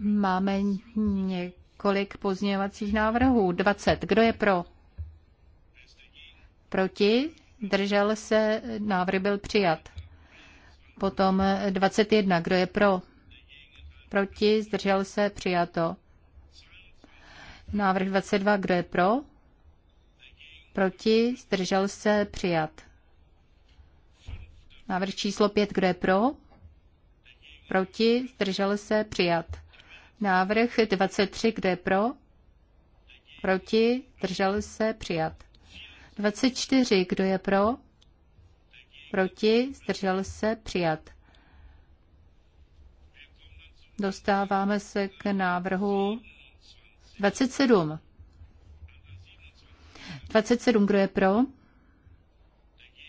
Máme několik pozměňovacích návrhů. 20. Kdo je pro? Proti? Držel se? Návrh byl přijat. Potom 21. Kdo je pro? Proti? Zdržel se? Přijato. Návrh 22. Kdo je pro? Proti? Zdržel se? Přijat. Návrh číslo 5. Kdo je pro? Proti? Zdržel se? Přijat. Návrh 23, kde pro? Proti? Držel se? Přijat. 24, kdo je pro? Proti? Zdržel se? Přijat. Dostáváme se k návrhu 27. 27, kdo je pro?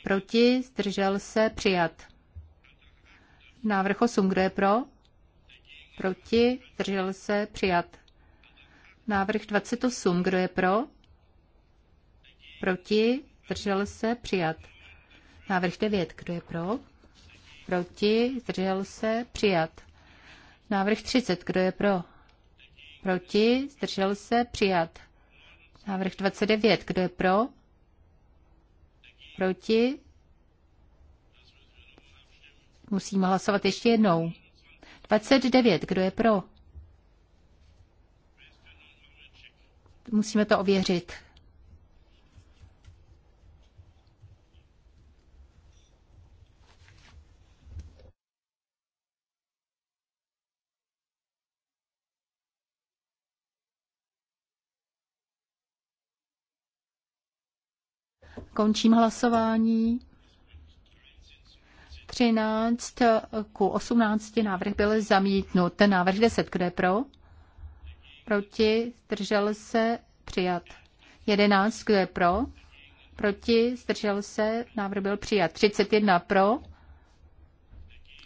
Proti? Zdržel se? Přijat. Návrh 8, kdo je pro? Proti? Zdržel se? Přijat. Návrh 28. Kdo je pro? Proti? Zdržel se? Přijat. Návrh 9. Kdo je pro? Proti? Zdržel se? Přijat. Návrh 30. Kdo je pro? Proti? Zdržel se? Přijat. Návrh 29. Kdo je pro? Proti? Musíme hlasovat ještě jednou. 29. Kdo je pro? Musíme to ověřit. Končím hlasování. 13 ku 18 návrh byl zamítnut. Ten návrh 10, kde pro? Proti, zdržel se, přijat. 11, kdo je pro? Proti, zdržel se, návrh byl přijat. 31 pro,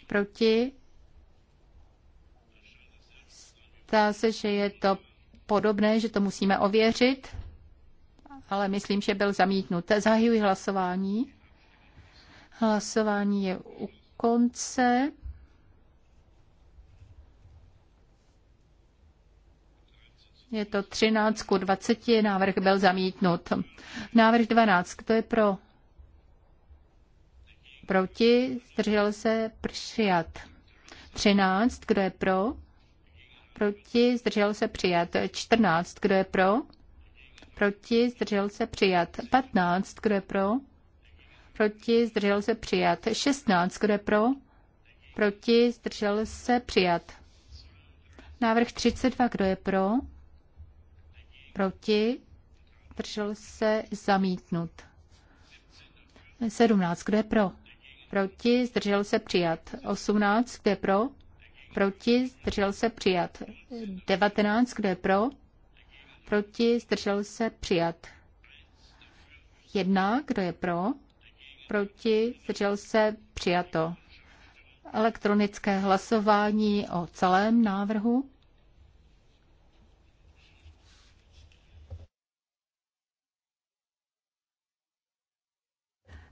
proti. Zdá se, že je to podobné, že to musíme ověřit, ale myslím, že byl zamítnut. Zahajuji hlasování. Hlasování je u konce. Je to 13 ku 20, návrh byl zamítnut. Návrh 12, kdo je pro? Proti, zdržel se, přijat. 13, kdo je pro? Proti, zdržel se, přijat. 14, kdo je pro? Proti, zdržel se, přijat. 15, kdo je pro? proti, zdržel se přijat. 16, kdo je pro, proti, zdržel se přijat. Návrh 32, kdo je pro, proti, zdržel se zamítnut. 17, kdo je pro, proti, zdržel se přijat. 18, kdo je pro, proti, zdržel se přijat. 19, kdo je pro, proti, zdržel se přijat. 1, kdo je pro, proti, zdržel se, přijato. Elektronické hlasování o celém návrhu.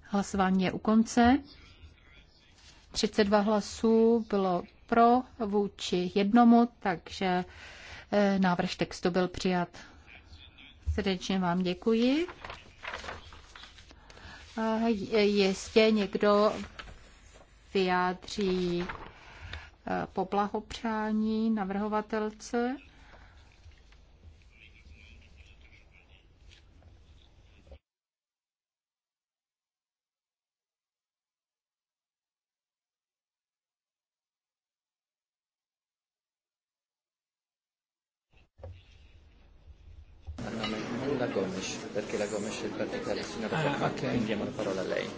Hlasování je u konce. 32 hlasů bylo pro vůči jednomu, takže eh, návrh textu byl přijat. Srdečně vám děkuji. Eh, jistě někdo vyjádří eh, poblahopřání navrhovatelce. perché la Gomes è praticamente signora ah, Permani, okay. quindi diamo la parola a lei.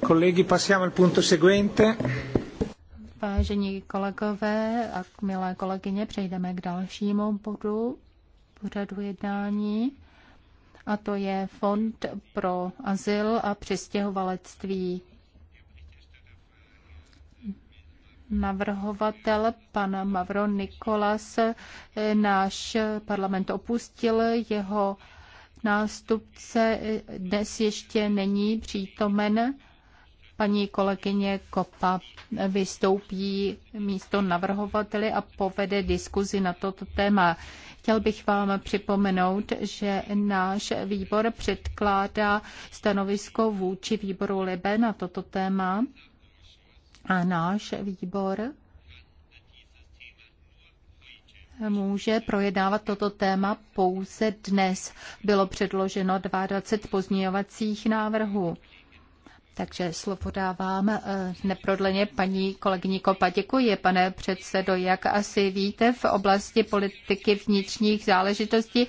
Colleghi, passiamo al punto seguente. Vážení kolegové a milé kolegyně, přejdeme k dalšímu bodu pořadu jednání a to je Fond pro azyl a přistěhovalectví. navrhovatel, pan Mavro Nikolas, náš parlament opustil. Jeho nástupce dnes ještě není přítomen. Paní kolegyně Kopa vystoupí místo navrhovateli a povede diskuzi na toto téma. Chtěl bych vám připomenout, že náš výbor předkládá stanovisko vůči výboru Libe na toto téma. A náš výbor může projednávat toto téma pouze dnes. Bylo předloženo 22 pozměňovacích návrhů. Takže slovo dávám eh, neprodleně paní kolegyni Kopa. Děkuji, pane předsedo. Jak asi víte, v oblasti politiky vnitřních záležitostí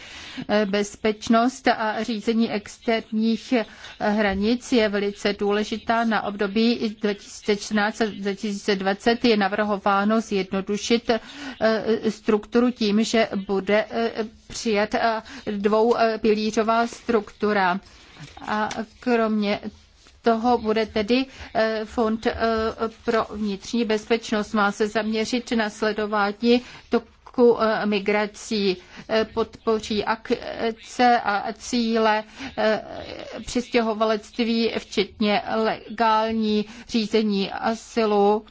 eh, bezpečnost a řízení externích eh, hranic je velice důležitá. Na období 2014-2020 je navrhováno zjednodušit strukturu tím, že bude přijat dvoupilířová struktura. A kromě toho bude tedy eh, Fond eh, pro vnitřní bezpečnost. Má se zaměřit na sledování toku eh, migrací, podpoří akce a cíle přistěhovalectví, včetně legální řízení asilu,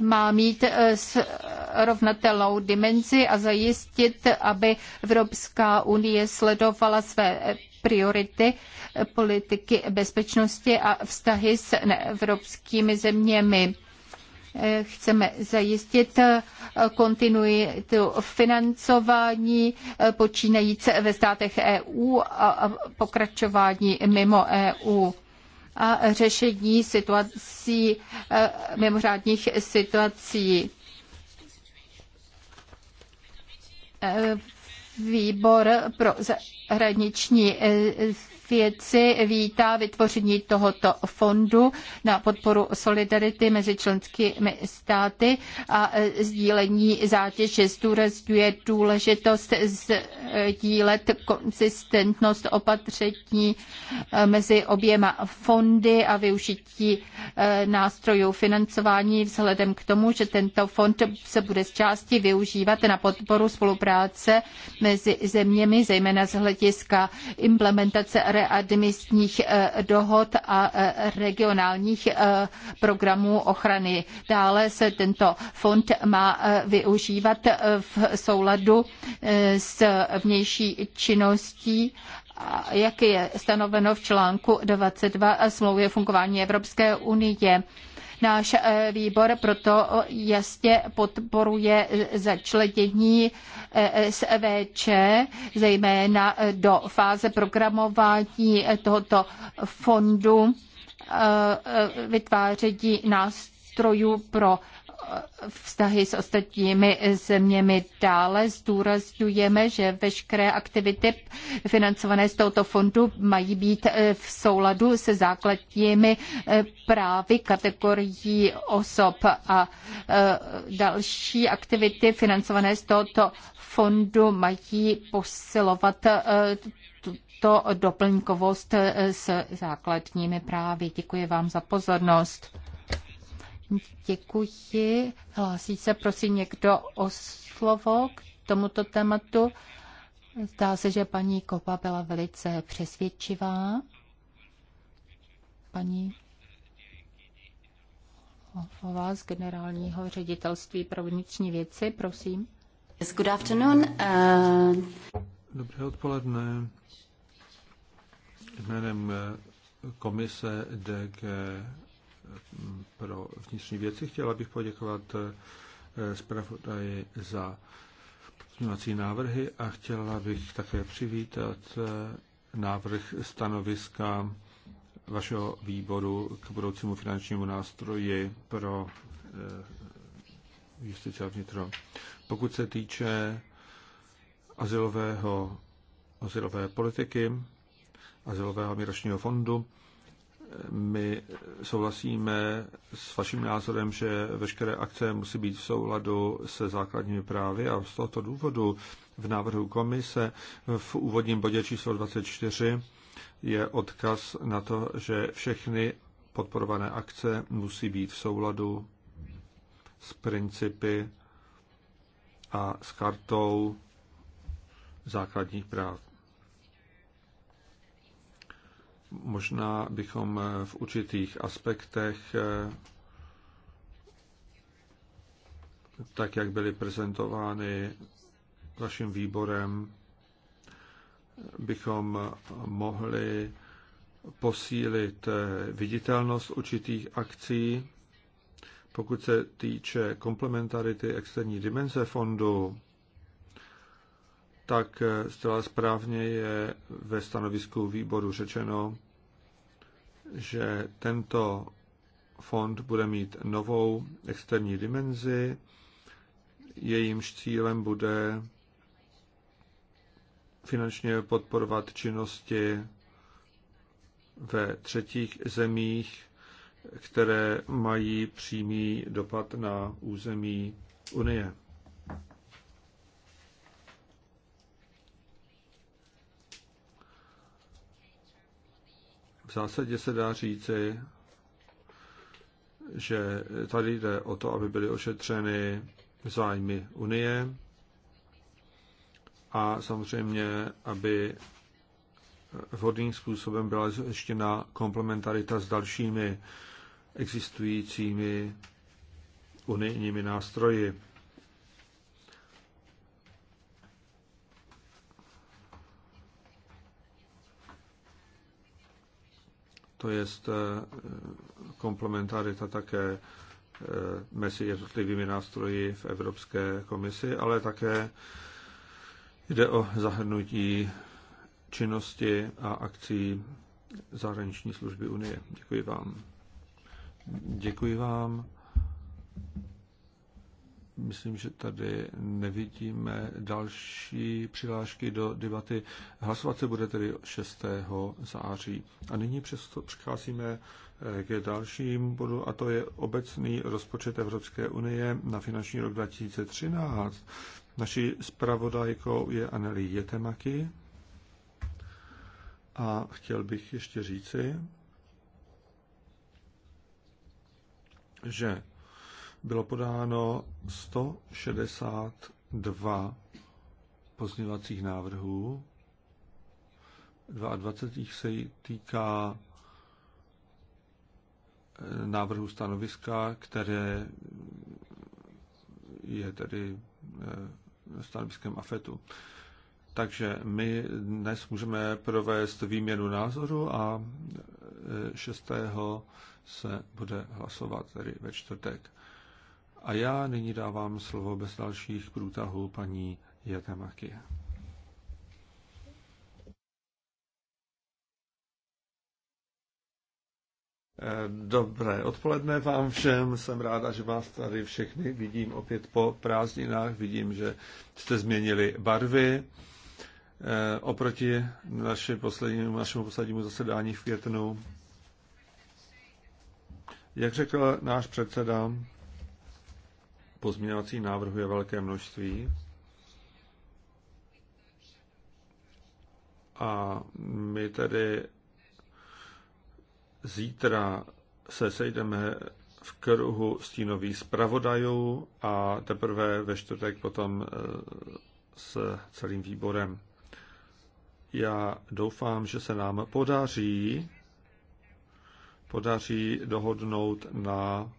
má mít eh, srovnatelnou dimenzi a zajistit, aby Evropská unie sledovala své priority eh, politiky bezpečnosti a vztahy s evropskými zeměmi. Eh, chceme zajistit kontinuitu financování počínající ve státech EU a pokračování mimo EU a řešení situací, eh, mimořádních situací. Eh, Výbor pro zahraniční eh, věci vítá vytvoření tohoto fondu na podporu solidarity mezi členskými státy a sdílení zátěže zdůrazňuje důležitost sdílet konzistentnost opatření mezi oběma fondy a využití eh, nástrojů financování vzhledem k tomu, že tento fond se bude z části využívat na podporu spolupráce mezi zeměmi, zejména z hlediska implementace re readmisních eh, dohod a eh, regionálních eh, programů ochrany. Dále se tento fond má využívat v souladu s vnější činností jak je stanoveno v článku 22 smlouvy o fungování Evropské unie. Náš eh, výbor proto eh, jasně podporuje eh, začlenění SVČ, e zejména do fáze programování tohoto fondu vytváření nástrojů pro vztahy s ostatními zeměmi. Dále zdůrazňujeme, že veškeré aktivity financované z tohoto fondu mají být eh, v souladu se základními eh, právy kategorií osob a eh, další aktivity financované z tohoto fondu mají posilovat tuto doplňkovost s základními právy. Děkuji vám za pozornost. Děkuji. Hlásí se prosím někdo o slovo k tomuto tématu. Zdá se, že paní Kopa byla velice přesvědčivá. Paní o vás, generálního ředitelství pro vnitřní věci, prosím. Yes, good afternoon. Uh... Dobré odpoledne. Jménem eh, komise DG pro vnitřní věci. Chtěla bych poděkovat eh, zpravodaji za pozměňovací návrhy a chtěla bych také přivítat eh, návrh stanoviska vašeho výboru k budoucímu finančnímu nástroji pro eh, justici a vnitro. Pokud se týče azylového, azylové politiky, azylového migračního fondu, my souhlasíme s vaším názorem, že veškeré akce musí být v souladu se základními právy a z tohoto důvodu v návrhu komise v úvodním bodě číslo 24 je odkaz na to, že všechny podporované akce musí být v souladu s principy a s kartou základních práv. Možná bychom eh, v určitých aspektech, eh, tak jak byly prezentovány vaším výborem, bychom mohli posílit eh, viditelnost určitých akcí. Pokud se týče komplementarity externí dimenze fondu, tak eh, zcela správně je ve stanovisku výboru řečeno, že tento fond bude mít novou externí dimenzi, jejímž cílem bude finančně podporovat činnosti ve třetích zemích, které mají přímý dopad na území Unie. zásadě se dá říci, že tady jde o to, aby byly ošetřeny zájmy Unie a samozřejmě, aby vhodným způsobem byla zjištěna komplementarita s dalšími existujícími unijními nástroji. to je e, komplementarita také e, mezi jednotlivými nástroji v Evropské komisi, ale také jde o zahrnutí činnosti a akcí zahraniční služby Unie. Děkuji vám. Děkuji vám. Myslím, že tady nevidíme další přihlášky do debaty. Hlasovat se bude tedy 6. září. A nyní přesto přicházíme eh, k dalším bodu, a to je obecný rozpočet Evropské unie na finanční rok 2013. Naší zpravodajkou je Anneli Jetemaky. A chtěl bych ještě říci, že bylo podáno 162 pozměňovacích návrhů. 22 se týká eh, návrhu stanoviska, které je tedy eh, stanoviskem AFETu. Takže my dnes můžeme provést výměnu názoru a 6. Eh, se bude hlasovat, tedy ve čtvrtek. A já nyní dávám slovo bez dalších průtahů paní Jetemaky. Dobré odpoledne vám všem. Jsem ráda, že vás tady všechny vidím opět po prázdninách. Vidím, že jste změnili barvy. Eh, oproti naši poslednímu, našemu poslednímu zasedání v květnu, jak řekl náš předseda, Pozměňovací návrhu je velké množství. A my tedy zítra se sejdeme v kruhu stínových zpravodajů a teprve ve čtvrtek potom eh, s celým výborem. Já doufám, že se nám podaří podaří dohodnout na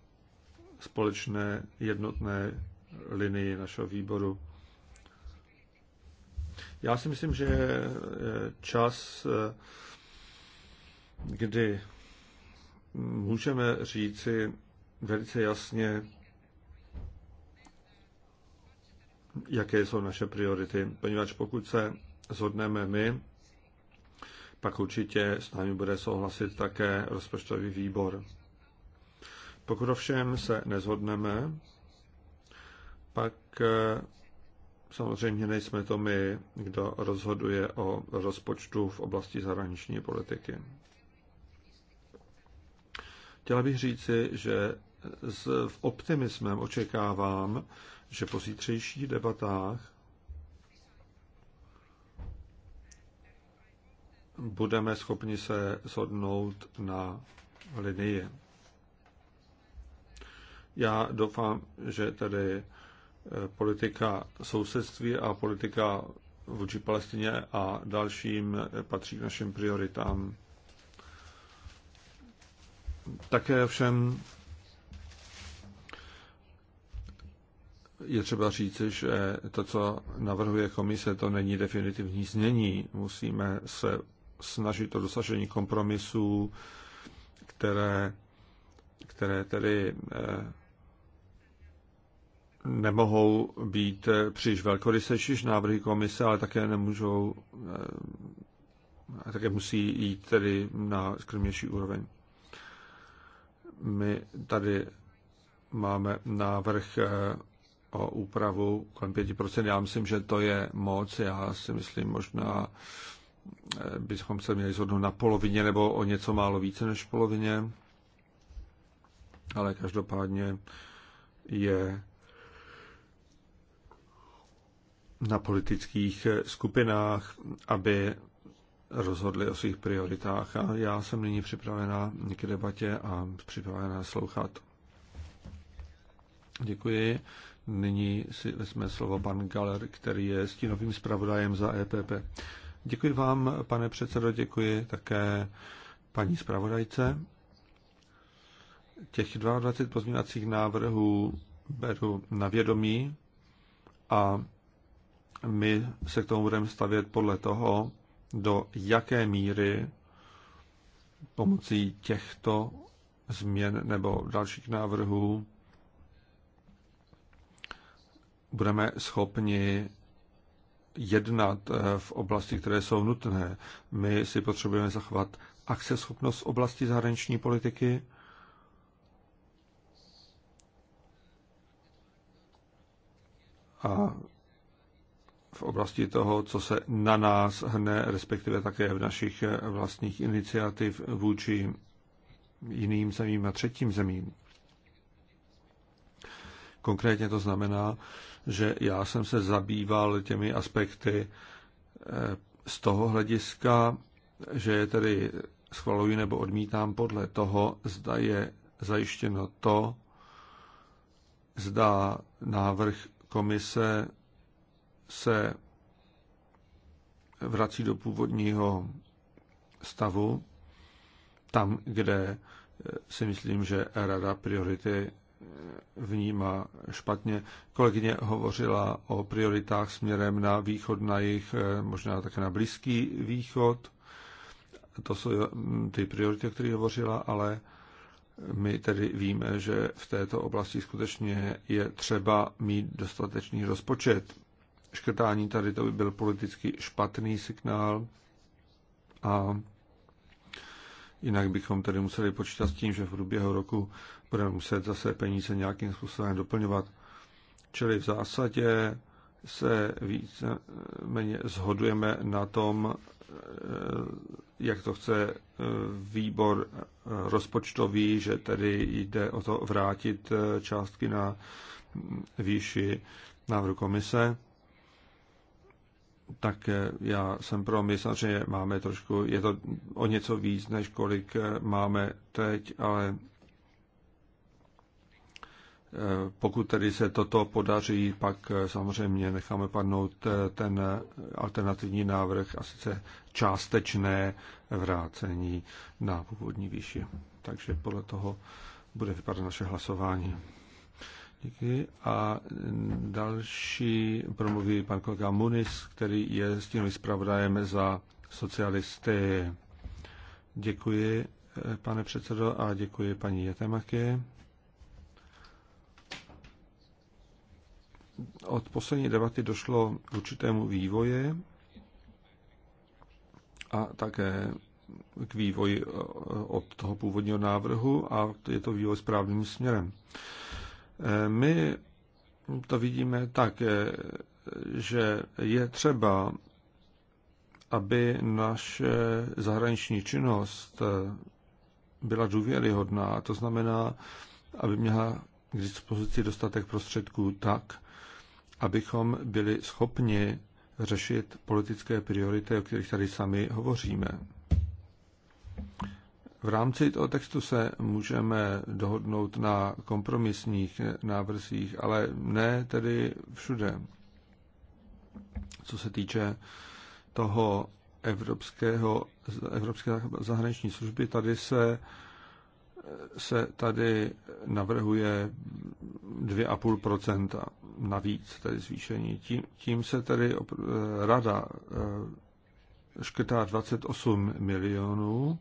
společné jednotné linii našeho výboru. Já si myslím, že je eh, čas, eh, kdy můžeme říci velice jasně, jaké jsou naše priority, poněvadž pokud se zhodneme my, pak určitě s námi bude souhlasit také rozpočtový výbor. Pokud ovšem se nezhodneme, pak eh, samozřejmě nejsme to my, kdo rozhoduje o rozpočtu v oblasti zahraniční politiky. Chtěla bych říci, že s optimismem očekávám, že po zítřejších debatách budeme schopni se shodnout na linii. Já doufám, že tedy eh, politika sousedství a politika vůči Palestině a dalším eh, patří k našim prioritám. Také všem je třeba říci, že to, co navrhuje komise, to není definitivní znění. Musíme se snažit o dosažení kompromisů, které, které tedy eh, nemohou být eh, příliš velkorysejší než návrhy komise, ale také nemůžou eh, a také musí jít tedy na skromnější úroveň. My tady máme návrh eh, o úpravu kolem 5%. Já myslím, že to je moc. Já si myslím, možná bychom se měli zhodnout na polovině nebo o něco málo více než polovině. Ale každopádně je na politických skupinách, aby rozhodli o svých prioritách. A já jsem nyní připravená k debatě a připravená slouchat. Děkuji. Nyní si vezme slovo pan Galer, který je stínovým zpravodajem za EPP. Děkuji vám, pane předsedo, děkuji také paní zpravodajce. Těch 22 pozměňovacích návrhů beru na vědomí a my se k tomu budeme stavět podle toho, do jaké míry pomocí těchto změn nebo dalších návrhů budeme schopni jednat eh, v oblasti, které jsou nutné. My si potřebujeme zachovat akceschopnost v oblasti zahraniční politiky, a v oblasti toho, co se na nás hne, respektive také v našich vlastních iniciativ vůči jiným zemím a třetím zemím. Konkrétně to znamená, že já jsem se zabýval těmi aspekty eh, z toho hlediska, že je tedy schvaluji nebo odmítám podle toho, zda je zajištěno to, zda návrh komise se vrací do původního stavu, tam, kde eh, si myslím, že rada priority eh, vnímá špatně. Kolegyně hovořila o prioritách směrem na východ, na jich, eh, možná také na blízký východ. To jsou ty priority, o kterých hovořila, ale my tedy víme, že v této oblasti skutečně je třeba mít dostatečný rozpočet škrtání tady to by byl politicky špatný signál a jinak bychom tady museli počítat s tím, že v průběhu roku budeme muset zase peníze nějakým způsobem doplňovat. Čili v zásadě se více méně zhodujeme na tom, eh, jak to chce eh, výbor rozpočtový, že tedy jde o to vrátit eh, částky na mm, výši návrhu komise tak eh, já jsem pro, my samozřejmě máme trošku, je to o něco víc, než kolik eh, máme teď, ale eh, pokud tedy se toto podaří, pak samozřejmě necháme padnout ten alternativní návrh a sice částečné vrácení na původní výši. Takže podle toho bude vypadat naše hlasování. Díky. A další promluví pan kolega Munis, který je stínový zpravodajem za socialisty. Děkuji, pane předsedo, a děkuji paní Jetemaky. Od poslední debaty došlo k určitému vývoji a také k vývoji eh, od toho původního návrhu a je to vývoj správným směrem. Eh, my to vidíme tak, eh, že je třeba, aby naše zahraniční činnost eh, byla důvěryhodná. To znamená, aby měla k dispozici dostatek prostředků tak, abychom byli schopni řešit politické priority, o kterých tady sami hovoříme. V rámci toho textu se můžeme dohodnout na kompromisních návrzích, ale ne tedy všude. Co se týče toho evropského, evropské zahraniční služby, tady se, se tady navrhuje 2,5% navíc, tedy zvýšení. Tím, tím se tedy rada eh, škrtá 28 milionů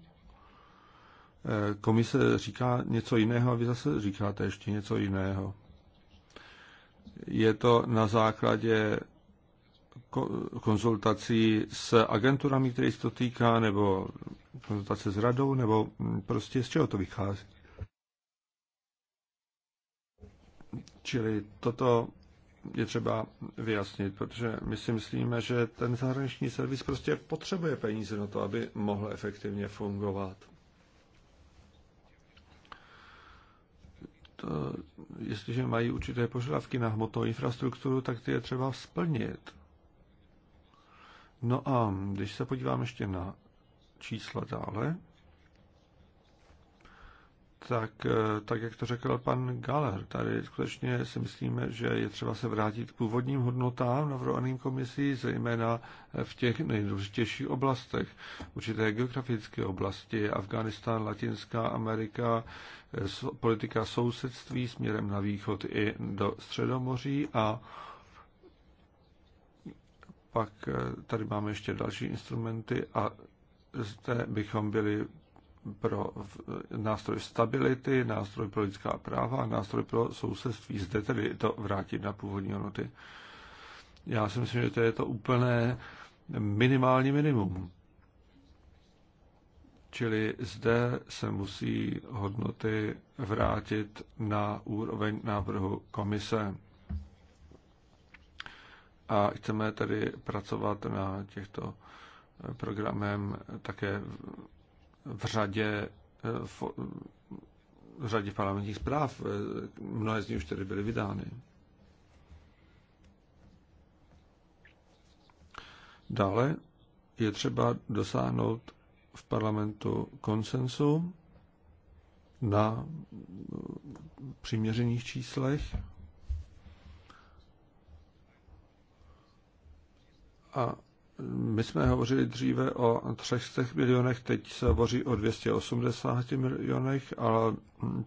komise říká něco jiného a vy zase říkáte ještě něco jiného. Je to na základě konzultací s agenturami, které se to týká, nebo konzultace s radou, nebo prostě z čeho to vychází? Čili toto je třeba vyjasnit, protože my si myslíme, že ten zahraniční servis prostě potřebuje peníze na to, aby mohl efektivně fungovat. to, eh, jestliže mají určité požadavky na hmotnou infrastrukturu, tak ty je třeba splnit. No a když se podívám ještě na čísla dále, tak, eh, tak jak to řekl pan Galer, tady skutečně si myslíme, že je třeba se vrátit k původním hodnotám navrhovaným komisí, zejména eh, v těch nejdůležitějších oblastech. Určité geografické oblasti, Afganistán, Latinská Amerika, eh, politika sousedství směrem na východ i do Středomoří a pak tady máme ještě další instrumenty a zde bychom byli pro nástroj stability, nástroj pro lidská práva a nástroj pro sousedství. Zde tedy to vrátit na původní hodnoty. Já si myslím, že to je to úplné minimální minimum. Čili zde se musí hodnoty vrátit na úroveň návrhu komise. A chceme tedy pracovat na těchto programem také v řadě v, eh, v řadě parlamentních zpráv. Eh, mnohé z nich už tedy byly vydány. Dále je třeba dosáhnout v parlamentu konsensu na eh, přiměřených číslech a my jsme hovořili dříve o 300 milionech, teď se hovoří o 280 milionech, ale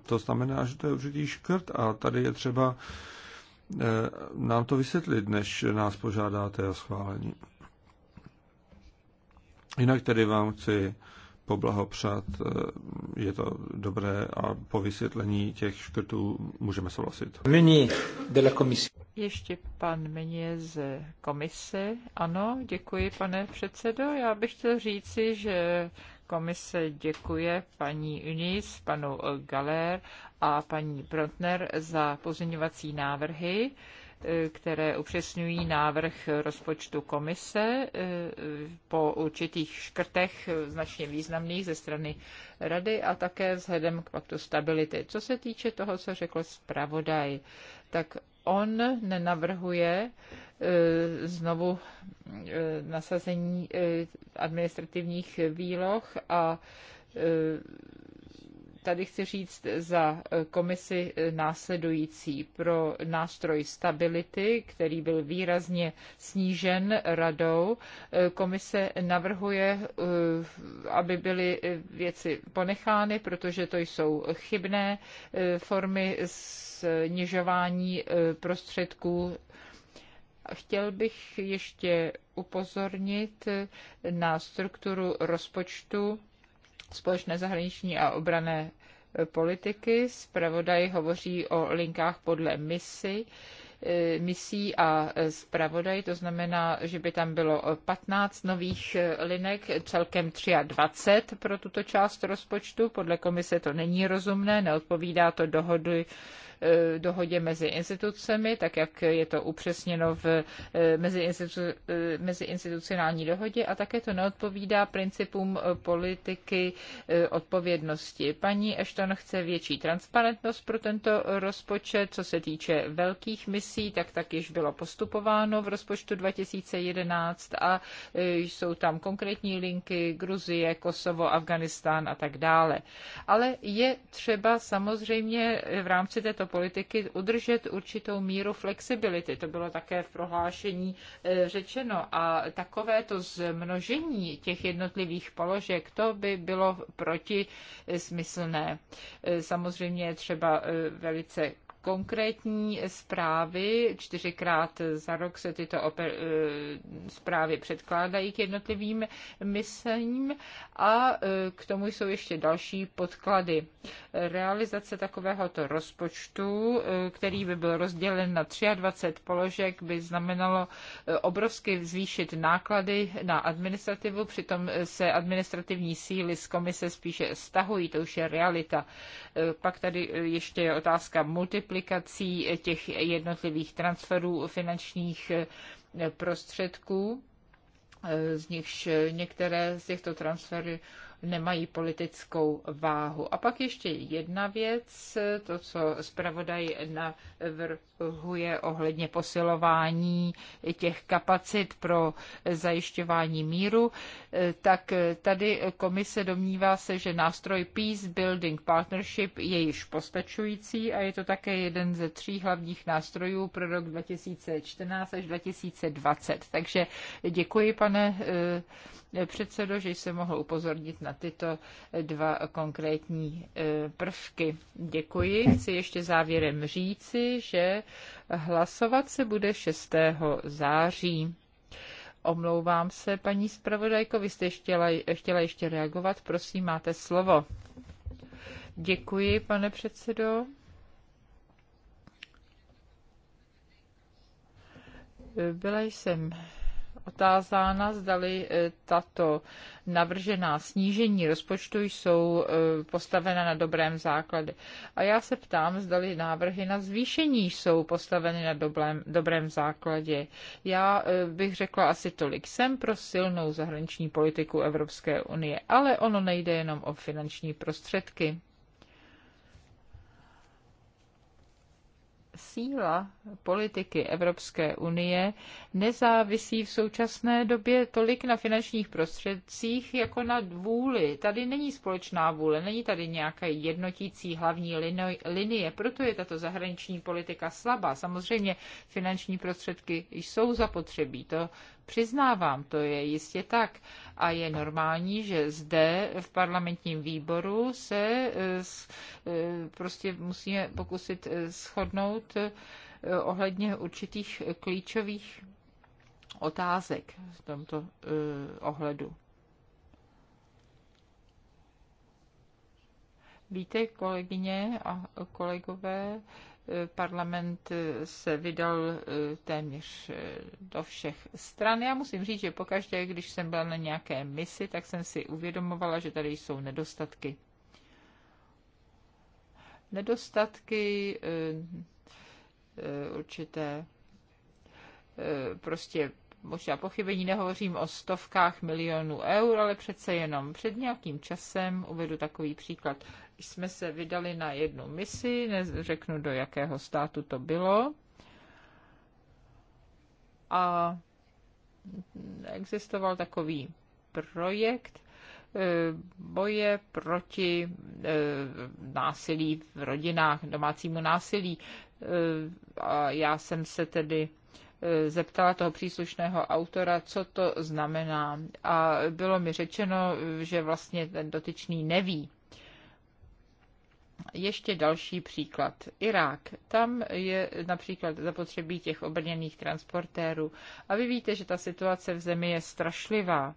to znamená, že to je určitý škrt a tady je třeba eh, nám to vysvětlit, než nás požádáte o schválení. Jinak tedy vám chci poblahopřát. Eh, je to dobré a po vysvětlení těch škrtů můžeme souhlasit. Mini de la komisi. Ještě pan Mini z komise. Ano, děkuji, pane předsedo. Já bych chtěl říci, že komise děkuje paní Unis, panu Galer a paní Brontner za pozměňovací návrhy které upřesňují návrh rozpočtu komise eh, po určitých škrtech značně významných ze strany rady a také vzhledem k paktu stability. Co se týče toho, co řekl zpravodaj, tak on nenavrhuje eh, znovu eh, nasazení administrativních výloh a tady chci říct za eh, komisi eh, následující pro nástroj stability, který byl výrazně snížen radou. Eh, komise navrhuje, aby byly věci ponechány, protože to jsou chybné formy snižování prostředků Chtěl bych ještě upozornit na strukturu rozpočtu společné zahraniční a obrané e, politiky. zpravodaj hovoří o linkách podle misi, e, misí a zpravodaj, e, to znamená, že by tam bylo 15 nových linek, celkem 23 pro tuto část rozpočtu. Podle komise to není rozumné, neodpovídá to dohody E, dohodě mezi institucemi, tak jak je to upřesněno v e, meziinstitucionální e, dohodě a také to neodpovídá principům politiky odpovědnosti. Paní Ashton chce větší transparentnost pro tento rozpočet, co se týče velkých misí, tak tak již bylo postupováno v rozpočtu 2011 a jsou tam konkrétní linky Gruzie, Kosovo, Afganistán a tak dále. Ale je třeba samozřejmě v rámci této politiky udržet určitou míru flexibility. To bylo také v prohlášení e, řečeno. A takové to zmnožení těch jednotlivých položek, to by bylo proti smyslné. E, samozřejmě je třeba e, velice konkrétní zprávy. Čtyřikrát za rok se tyto oper, eh, zprávy předkládají k jednotlivým misím a eh, k tomu jsou ještě další podklady. Realizace takovéhoto rozpočtu, eh, který by byl rozdělen na 23 položek, by znamenalo obrovsky zvýšit náklady na administrativu, přitom se administrativní síly z komise spíše stahují, to už je realita. Pak tady ještě je otázka multiplikace aplikací těch jednotlivých transferů finančních eh, prostředků, eh, z nichž eh, některé z těchto transferů nemají politickou váhu. A pak ještě jedna věc, to, co zpravodaj navrhuje ohledně posilování těch kapacit pro zajišťování míru, tak tady komise domnívá se, že nástroj Peace Building Partnership je již postačující a je to také jeden ze tří hlavních nástrojů pro rok 2014 až 2020. Takže děkuji, pane eh, předsedo, že jsem mohl upozornit na tyto dva konkrétní e, prvky. Děkuji. Chci ještě závěrem říci, že hlasovat se bude 6. září. Omlouvám se, paní zpravodajko, vy jste chtěla, chtěla ještě reagovat. Prosím, máte slovo. Děkuji, pane předsedo. Byla jsem otázána, zdali e, tato navržená snížení rozpočtu jsou e, postavena na dobrém základě. A já se ptám, zdali návrhy na zvýšení jsou postaveny na dobrém, dobrém základě. Já e, bych řekla asi tolik. Jsem pro silnou zahraniční politiku Evropské unie, ale ono nejde jenom o finanční prostředky. síla politiky Evropské unie nezávisí v současné době tolik na finančních prostředcích, jako na vůli. Tady není společná vůle, není tady nějaká jednotící hlavní linie, proto je tato zahraniční politika slabá. Samozřejmě finanční prostředky jsou zapotřebí, to Přiznávám, to je jistě tak. A je normální, že zde v parlamentním výboru se eh, eh, prostě musíme pokusit eh, shodnout ohledně určitých klíčových otázek v tomto ohledu. Víte, kolegyně a kolegové, parlament eh, se vydal eh, téměř eh, do všech stran. Já musím říct, že pokaždé, když jsem byla na nějaké misi, tak jsem si uvědomovala, že tady jsou nedostatky. Nedostatky určité prostě možná pochybení, nehovořím o stovkách milionů eur, ale přece jenom před nějakým časem, uvedu takový příklad, jsme se vydali na jednu misi, neřeknu do jakého státu to bylo, a existoval takový projekt eh, boje proti eh, násilí v rodinách, domácímu násilí. Eh, a já jsem se tedy Eh, zeptala toho příslušného autora, co to znamená. A bylo mi řečeno, že vlastně ten dotyčný neví. Ještě další příklad. Irák. Tam je například zapotřebí těch obrněných transportérů. A vy víte, že ta situace v zemi je strašlivá.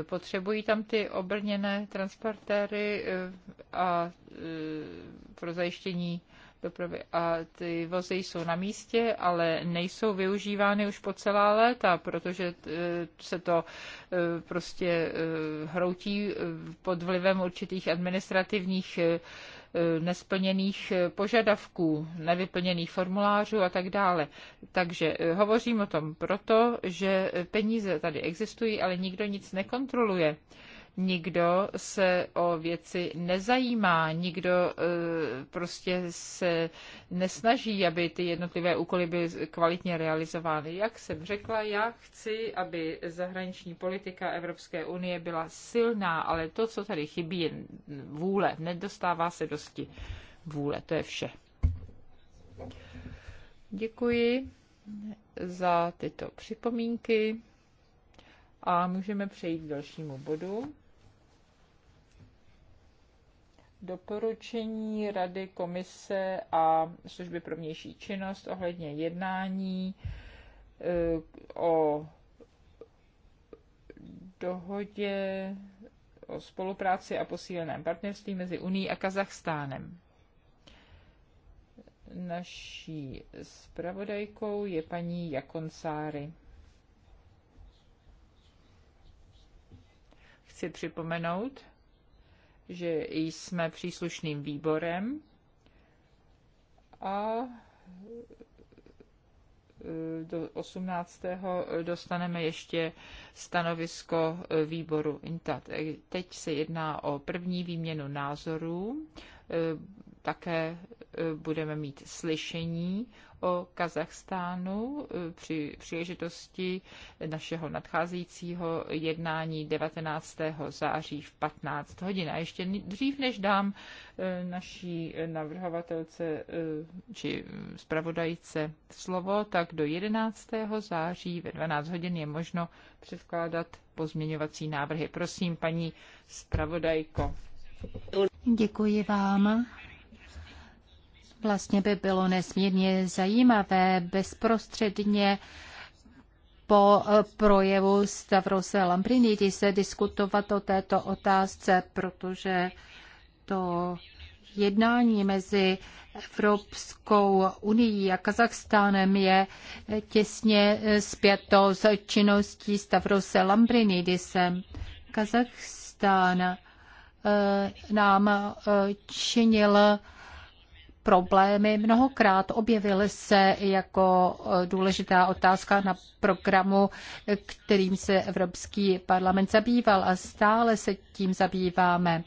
Eh, potřebují tam ty obrněné transportéry eh, a pro zajištění dopravy a ty vozy jsou na místě, ale nejsou využívány už po celá léta, protože e, se to e, prostě e, hroutí pod vlivem určitých administrativních nesplněných požadavků, nevyplněných formulářů a tak dále. Takže hovořím o tom proto, že peníze tady existují, ale nikdo nic nekontroluje nikdo se o věci nezajímá, nikdo eh, prostě se nesnaží, aby ty jednotlivé úkoly byly kvalitně realizovány. Jak jsem řekla, já chci, aby zahraniční politika Evropské unie byla silná, ale to, co tady chybí, je vůle. Nedostává se dosti vůle. To je vše. Děkuji za tyto připomínky a můžeme přejít k dalšímu bodu doporučení Rady komise a služby pro vnější činnost ohledně jednání eh, o dohodě o spolupráci a posíleném partnerství mezi Unii a Kazachstánem. Naší zpravodajkou je paní Jakoncáry. Chci připomenout, že jsme příslušným výborem a e, do 18. dostaneme ještě stanovisko e, výboru INTAT. Teď se jedná o první výměnu názorů. E, také e, budeme mít slyšení o Kazachstánu e, při příležitosti našeho nadcházejícího jednání 19. září v 15 hodin. A ještě dřív, než dám e, naší navrhovatelce či zpravodajce slovo, tak do 11. září ve 12 hodin je možno předkládat pozměňovací návrhy. Prosím, paní zpravodajko. Děkuji vám. Vlastně by bylo nesmírně zajímavé bezprostředně po projevu Stavrose se diskutovat o této otázce, protože to jednání mezi Evropskou unii a Kazachstánem je těsně zpěto s činností Stavrose Lambrinidisem. Kazachstán eh, nám eh, činil problémy mnohokrát objevily se jako eh, důležitá otázka na programu, kterým se Evropský parlament zabýval a stále se tím zabýváme.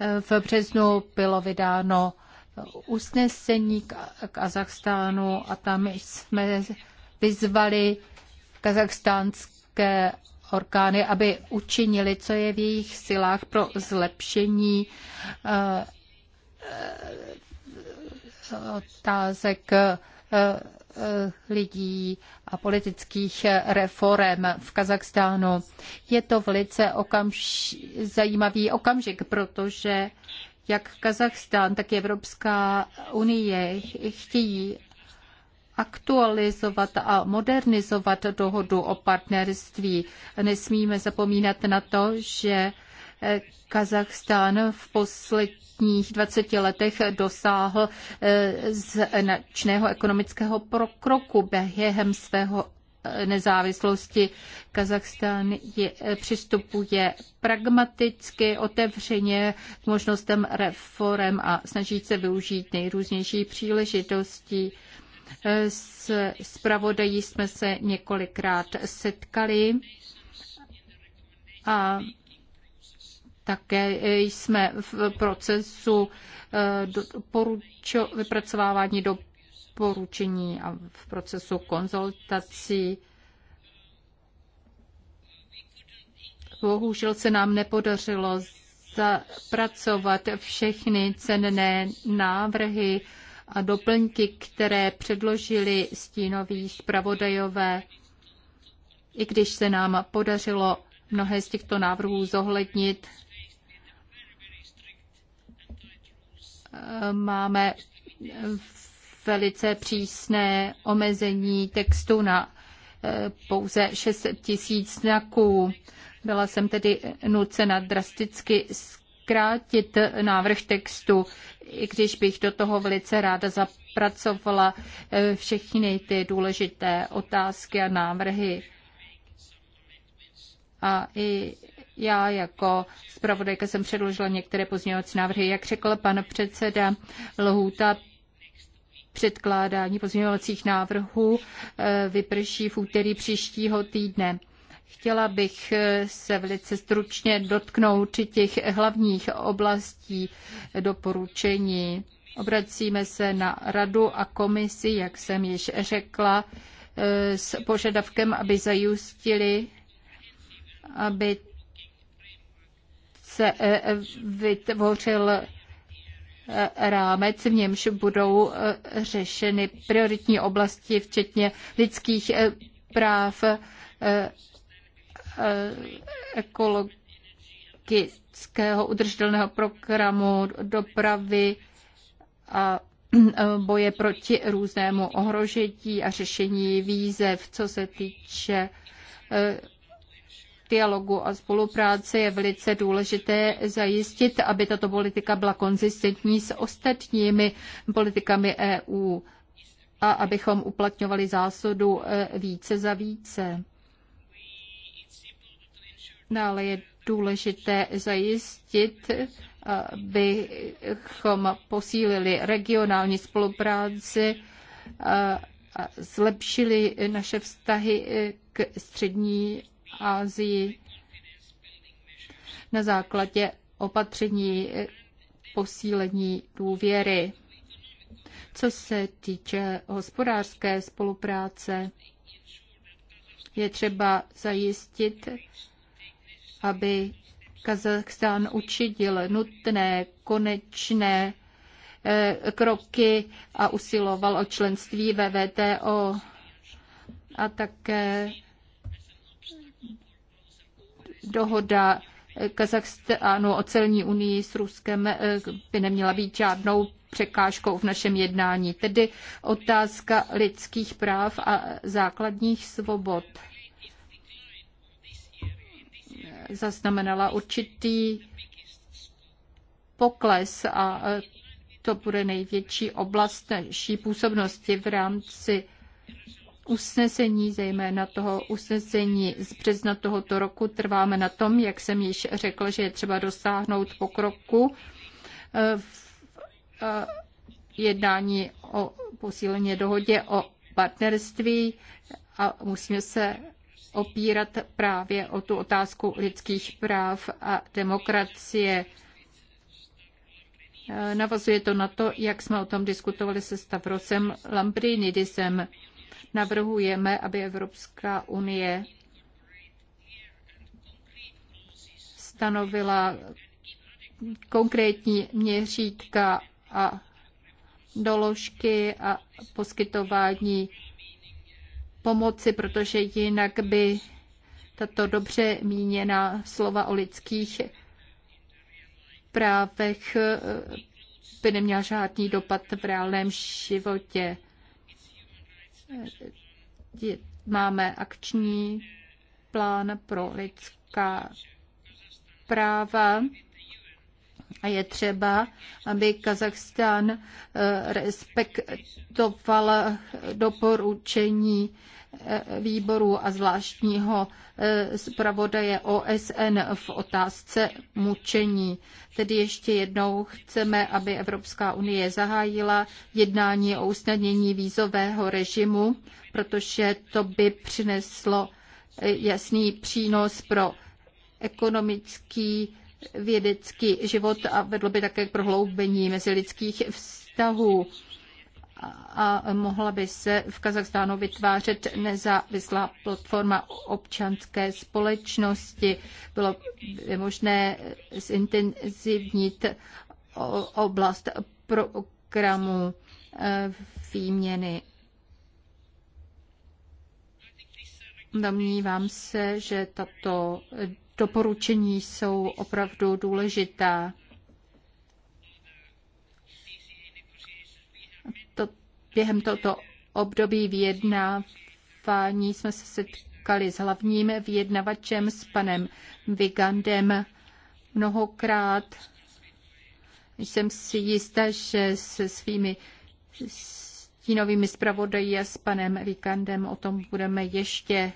Eh, v březnu bylo vydáno eh, usnesení k Kazachstánu a tam jsme vyzvali kazachstánské orgány, aby učinili, co je v jejich silách pro zlepšení otázek eh, eh, lidí a politických reform v Kazachstánu. Je to velice okamž... zajímavý okamžik, protože jak Kazachstán, tak i Evropská unie chtějí aktualizovat a modernizovat dohodu o partnerství. Nesmíme zapomínat na to, že Kazachstán v posledních 20 letech dosáhl eh, značného ekonomického pokroku během svého eh, nezávislosti. Kazachstán je, eh, přistupuje pragmaticky, otevřeně k možnostem reform a snaží se využít nejrůznější příležitosti. S zpravodají jsme se několikrát setkali a také jsme v procesu eh, doporučo, vypracovávání doporučení a v procesu konzultací. Bohužel se nám nepodařilo zapracovat všechny cenné návrhy a doplňky, které předložili stínoví zpravodajové, i když se nám podařilo mnohé z těchto návrhů zohlednit máme velice přísné omezení textu na eh, pouze 6 tisíc znaků. Byla jsem tedy nucena drasticky zkrátit návrh textu, i když bych do toho velice ráda zapracovala eh, všechny ty důležité otázky a návrhy. A i já jako zpravodajka jsem předložila některé pozměňovací návrhy. Jak řekl pan předseda, lhůta předkládání pozměňovacích návrhů eh, vyprší v úterý příštího týdne. Chtěla bych eh, se velice stručně dotknout těch hlavních oblastí doporučení. Obracíme se na radu a komisi, jak jsem již řekla, eh, s požadavkem, aby zajistili, aby se eh, vytvořil eh, rámec, v němž budou eh, řešeny prioritní oblasti, včetně lidských práv, ekologického udržitelného programu, dopravy a boje proti různému ohrožení a řešení výzev, co se týče dialogu a spolupráce je velice důležité zajistit, aby tato politika byla konzistentní s ostatními politikami EU a abychom uplatňovali zásadu e, více za více. Dále je důležité zajistit, abychom posílili regionální spolupráci a zlepšili naše vztahy e, k střední Ázii na základě opatření posílení důvěry. Co se týče hospodářské spolupráce, je třeba zajistit, aby Kazachstán učinil nutné, konečné eh, kroky a usiloval o členství ve VTO a také dohoda Kazachstánu o celní unii s Ruskem eh, by neměla být žádnou překážkou v našem jednání. Tedy otázka lidských práv a základních svobod zaznamenala určitý pokles a eh, to bude největší oblast naší působnosti v rámci usnesení, zejména toho usnesení z března tohoto roku. Trváme na tom, jak jsem již řekl, že je třeba dosáhnout pokroku eh, v eh, jednání o posíleně dohodě o partnerství a musíme se opírat právě o tu otázku lidských práv a demokracie. Eh, navazuje to na to, jak jsme o tom diskutovali se Stavrosem Lambrinidisem. Navrhujeme, aby Evropská unie stanovila konkrétní měřítka a doložky a poskytování pomoci, protože jinak by tato dobře míněná slova o lidských právech eh, by neměla žádný dopad v reálném životě. Máme akční plán pro lidská práva a je třeba, aby Kazachstán eh, respektoval doporučení Eh, výboru a zvláštního eh, zpravodaje OSN v otázce mučení. Tedy ještě jednou chceme, aby Evropská unie zahájila jednání o usnadnění vízového režimu, protože to by přineslo eh, jasný přínos pro ekonomický vědecký život a vedlo by také k prohloubení mezilidských vztahů a mohla by se v Kazachstánu vytvářet nezávislá platforma občanské společnosti. Bylo by možné zintenzivnit oblast programu eh, výměny. Domnívám se, že tato doporučení jsou opravdu důležitá. během tohoto období vyjednávání jsme se setkali s hlavním vyjednavačem, s panem Vigandem mnohokrát. Jsem si jistá, že se svými stínovými zpravodaji a s panem Vigandem o tom budeme ještě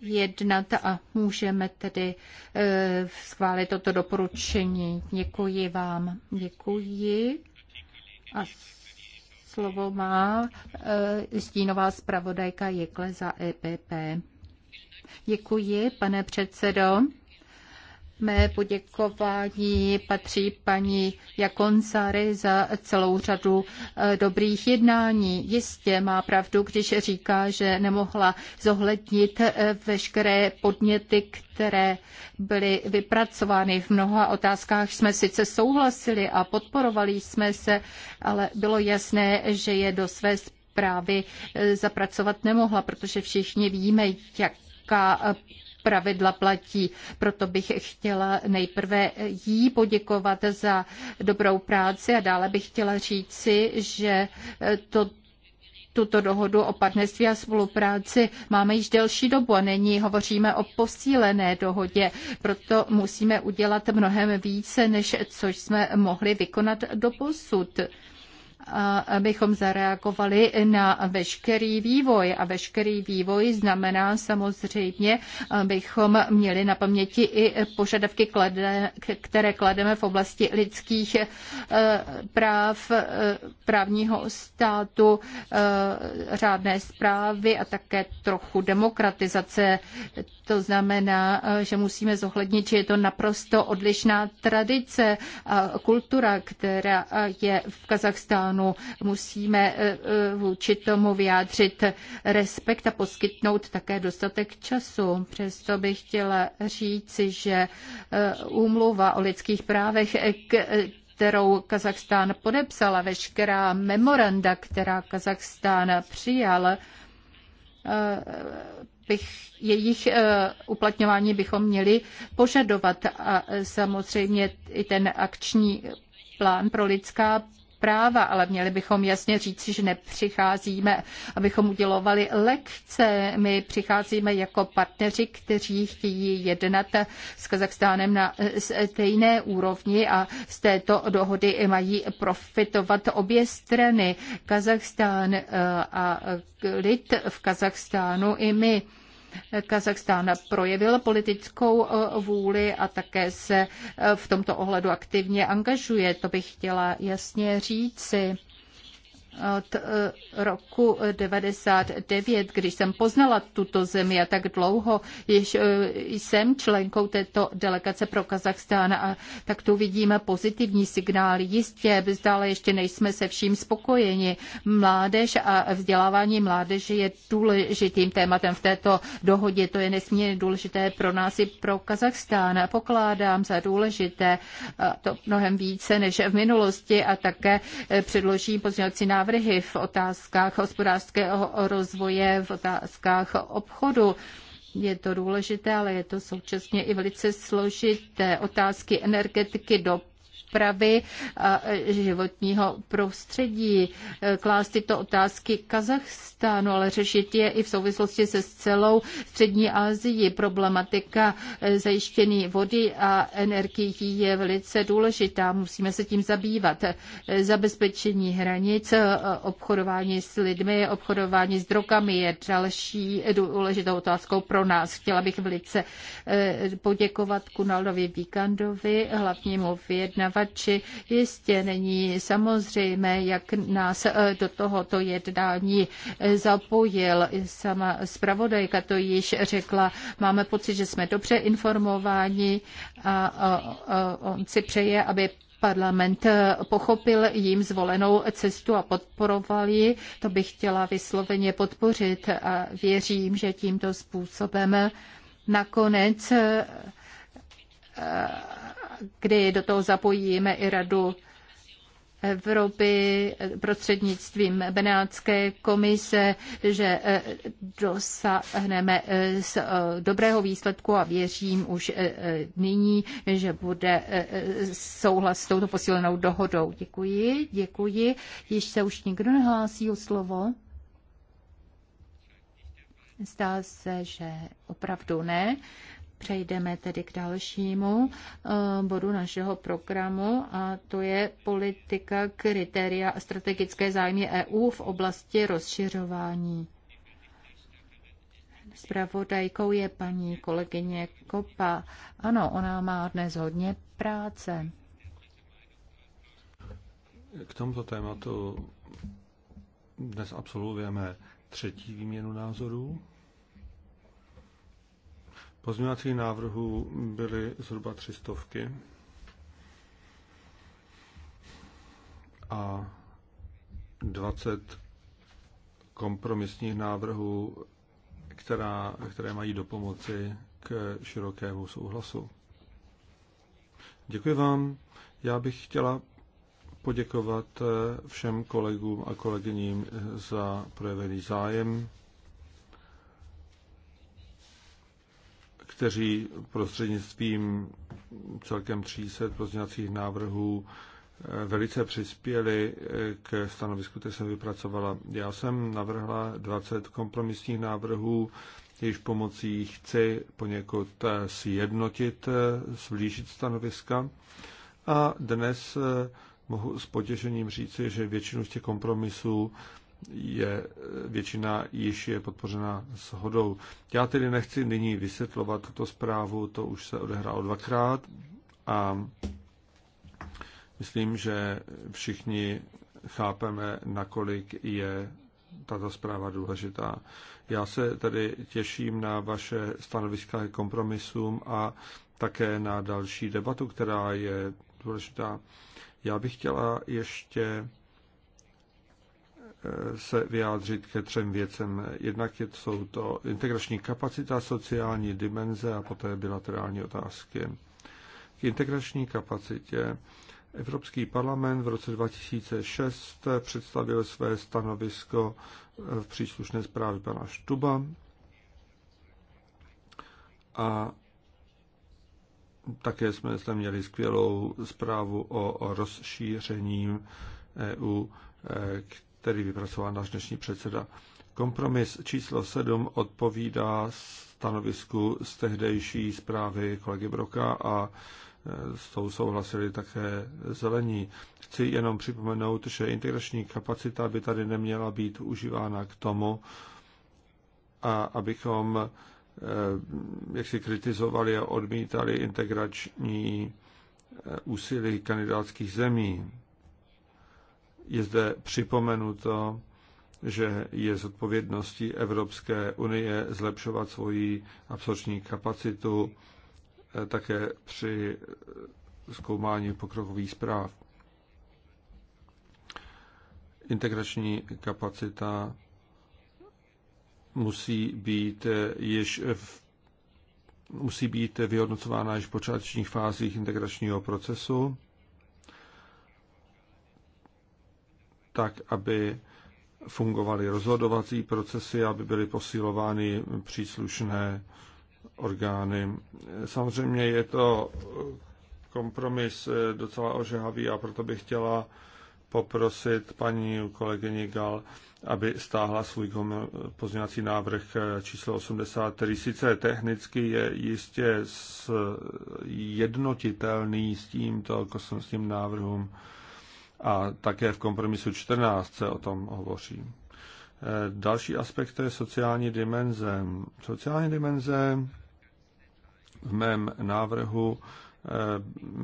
jednat a můžeme tedy e, schválit toto doporučení. Děkuji vám. Děkuji. A Slovo má eh, stínová zpravodajka Jekle za EPP. Děkuji, pane předsedo. Mé poděkování patří paní Jakoncary za celou řadu eh, dobrých jednání. Jistě má pravdu, když říká, že nemohla zohlednit eh, veškeré podněty, které byly vypracovány. V mnoha otázkách jsme sice souhlasili a podporovali jsme se, ale bylo jasné, že je do své zprávy eh, zapracovat nemohla, protože všichni víme, jaká pravidla platí. Proto bych chtěla nejprve jí poděkovat za dobrou práci a dále bych chtěla říci, že eh, to tuto dohodu o partnerství a spolupráci máme již delší dobu a není hovoříme o posílené dohodě, proto musíme udělat mnohem více, než což jsme mohli vykonat doposud. posud abychom zareagovali na veškerý vývoj. A veškerý vývoj znamená samozřejmě, abychom měli na paměti i požadavky, které klademe v oblasti lidských eh, práv, eh, právního státu, eh, řádné zprávy a také trochu demokratizace. To znamená, že musíme zohlednit, že je to naprosto odlišná tradice a kultura, která je v Kazachstánu Iránu. Musíme eh, eh, vůči tomu vyjádřit respekt a poskytnout také dostatek času. Přesto bych chtěla říci, že eh, úmluva o lidských právech, kterou Kazachstán podepsala, veškerá memoranda, která Kazachstán přijal, bych, jejich uplatňování bychom měli požadovat. A samozřejmě i ten akční plán pro lidská práva, ale měli bychom jasně říci, že nepřicházíme, abychom udělovali lekce. My přicházíme jako partneři, kteří chtějí jednat s Kazachstánem na eh, stejné úrovni a z této dohody mají profitovat obě strany, Kazachstán eh, a lid v Kazachstánu i my. Kazachstán projevil politickou eh, vůli a také se eh, v tomto ohledu aktivně angažuje. To bych chtěla jasně říci od eh, roku 99, když jsem poznala tuto zemi a tak dlouho již eh, jsem členkou této delegace pro Kazachstán a tak tu vidíme pozitivní signály. Jistě, zdále ještě nejsme se vším spokojeni. Mládež a vzdělávání mládeže je důležitým tématem v této dohodě. To je nesmírně důležité pro nás i pro Kazachstán. Pokládám za důležité to mnohem více než v minulosti a také eh, předložím pozměňovací návrh návrhy v otázkách hospodářského rozvoje, v otázkách obchodu. Je to důležité, ale je to současně i velice složité. Otázky energetiky, dop úpravy životního prostředí. Klást tyto otázky Kazachstánu, ale řešit je i v souvislosti se celou střední Asií. Problematika zajištění vody a energií je velice důležitá. Musíme se tím zabývat. Zabezpečení hranic, obchodování s lidmi, obchodování s drogami je další důležitou otázkou pro nás. Chtěla bych velice poděkovat Kunaldovi Víkandovi, hlavnímu vyjednavači posluchači. Jistě není samozřejmé, jak nás eh, do tohoto jednání eh, zapojil. Sama zpravodajka to již řekla. Máme pocit, že jsme dobře informováni a, on si přeje, aby parlament eh, pochopil jím zvolenou cestu a podporoval ji. To bych chtěla vysloveně podpořit a věřím, že tímto způsobem nakonec kdy do toho zapojíme i Radu Evropy prostřednictvím Benátské komise, že eh, dosáhneme z eh, eh, dobrého výsledku a věřím už nyní, že bude souhlas s touto posílenou dohodou. Děkuji, děkuji. Již se už nikdo nehlásí o slovo? Zdá se, že opravdu ne. Přejdeme tedy k dalšímu eh, bodu našeho programu a to je politika, kritéria a strategické zájmy EU v oblasti rozšiřování. Spravodajkou je paní kolegyně Kopa. Ano, ona má dnes hodně práce. K tomuto tématu dnes absolvujeme třetí výměnu názorů. Pozměňovací návrhů byly zhruba tři stovky. A 20 kompromisních návrhů, která, které mají do pomoci k širokému souhlasu. Děkuji vám. Já bych chtěla poděkovat eh, všem kolegům a kolegyním za projevený zájem. kteří prostřednictvím celkem 300 pozměňovacích návrhů eh, velice přispěli eh, k stanovisku, které jsem vypracovala. Já jsem navrhla 20 kompromisních návrhů, jejichž pomocí chci poněkud eh, sjednotit, zvlížit stanoviska. A dnes mohu s potěšením říci, že většinu z těch kompromisů je většina již je podpořena shodou. Já tedy nechci nyní vysvětlovat tuto zprávu, to už se odehrálo dvakrát a myslím, že všichni chápeme, nakolik je tato zpráva důležitá. Já se tady těším na vaše stanoviska k kompromisům a také na další debatu, která je důležitá. Já bych chtěla ještě se vyjádřit ke třem věcem. Jednak je, jsou to integrační kapacita, sociální dimenze a poté bilaterální otázky. K integrační kapacitě Evropský parlament v roce 2006 představil své stanovisko eh, v příslušné zprávě pana Štuba a také jsme zde měli skvělou zprávu o rozšíření EU, eh, který vypracoval náš dnešní předseda. Kompromis číslo 7 odpovídá stanovisku z tehdejší zprávy kolegy Broka a e, s tou souhlasili také zelení. Chci jenom připomenout, že integrační kapacita by tady neměla být užívána k tomu, a abychom e, jak si kritizovali a odmítali integrační e, úsilí kandidátských zemí. Je zde připomenuto, že je z odpovědností Evropské unie zlepšovat svoji absorční kapacitu eh, také při zkoumání pokrokových zpráv. Integrační kapacita musí být eh, již v, musí být vyhodnocována již v počátečních fázích integračního procesu tak, aby fungovaly rozhodovací procesy, aby byly posilovány příslušné orgány. Samozřejmě je to kompromis docela ožehavý a proto bych chtěla poprosit paní kolegyni Gal, aby stáhla svůj pozměňovací návrh číslo 80, který sice technicky je jistě jednotitelný s tímto, kosmickým s tím návrhem a také v kompromisu 14 se o tom hovoří. E, další aspekt je sociální dimenze. Sociální dimenze v mém návrhu e,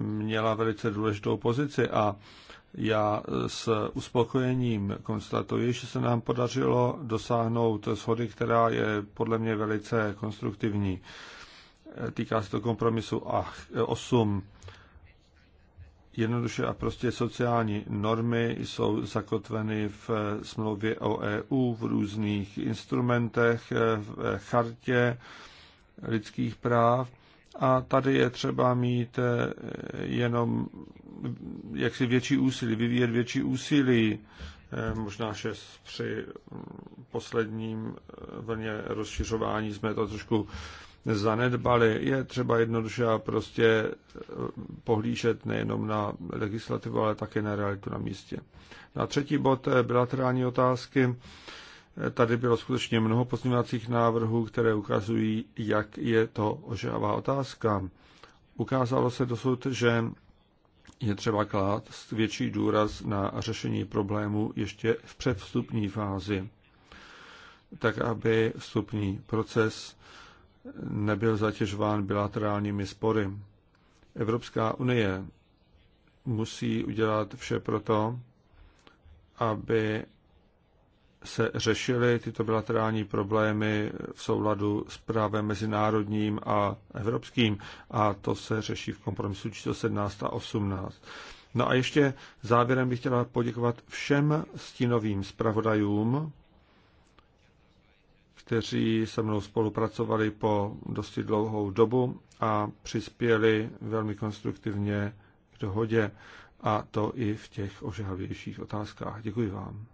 měla velice důležitou pozici a já s uspokojením konstatuji, že se nám podařilo dosáhnout shody, která je podle mě velice konstruktivní. E, týká se to kompromisu 8. Jednoduše a prostě sociální normy jsou zakotveny v eh, smlouvě o EU v různých instrumentech, eh, v eh, chartě lidských práv. A tady je třeba mít jenom jaksi větší úsilí, vyvíjet větší úsilí, možná, že při posledním vlně rozšiřování jsme to trošku zanedbali. Je třeba jednoduše a prostě eh, pohlížet nejenom na legislativu, ale také na realitu na místě. Na třetí bod eh, bilaterální otázky. Eh, tady bylo skutečně mnoho pozměňovacích návrhů, které ukazují, jak je to ožává otázka. Ukázalo se dosud, že je třeba klát větší důraz na řešení problému ještě v předvstupní fázi, tak aby vstupní proces nebyl zatěžován bilaterálními spory. Evropská unie musí udělat vše proto, aby se řešily tyto bilaterální problémy v souladu s právem mezinárodním a evropským a to se řeší v kompromisu číslo 17 a 18. No a ještě závěrem bych chtěla poděkovat všem stínovým zpravodajům, kteří se mnou spolupracovali po dosti dlouhou dobu a přispěli velmi konstruktivně k dohodě a to i v těch ožehavějších otázkách. Děkuji vám.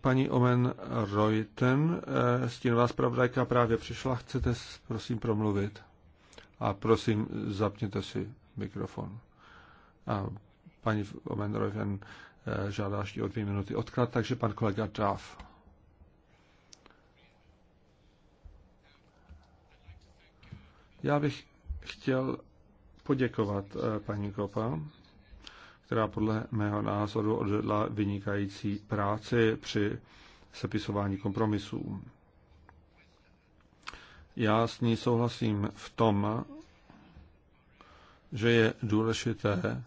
Paní Omen Reuten, eh, stínová zpravodajka právě přišla. Chcete prosím promluvit? A prosím, zapněte si mikrofon. A Paní Omenroven eh, žádá ještě o dvě minuty odklad, takže pan kolega Duff. Já bych chtěl poděkovat eh, paní Kopa, která podle mého názoru odvedla vynikající práci při sepisování kompromisů. Já s ní souhlasím v tom, že je důležité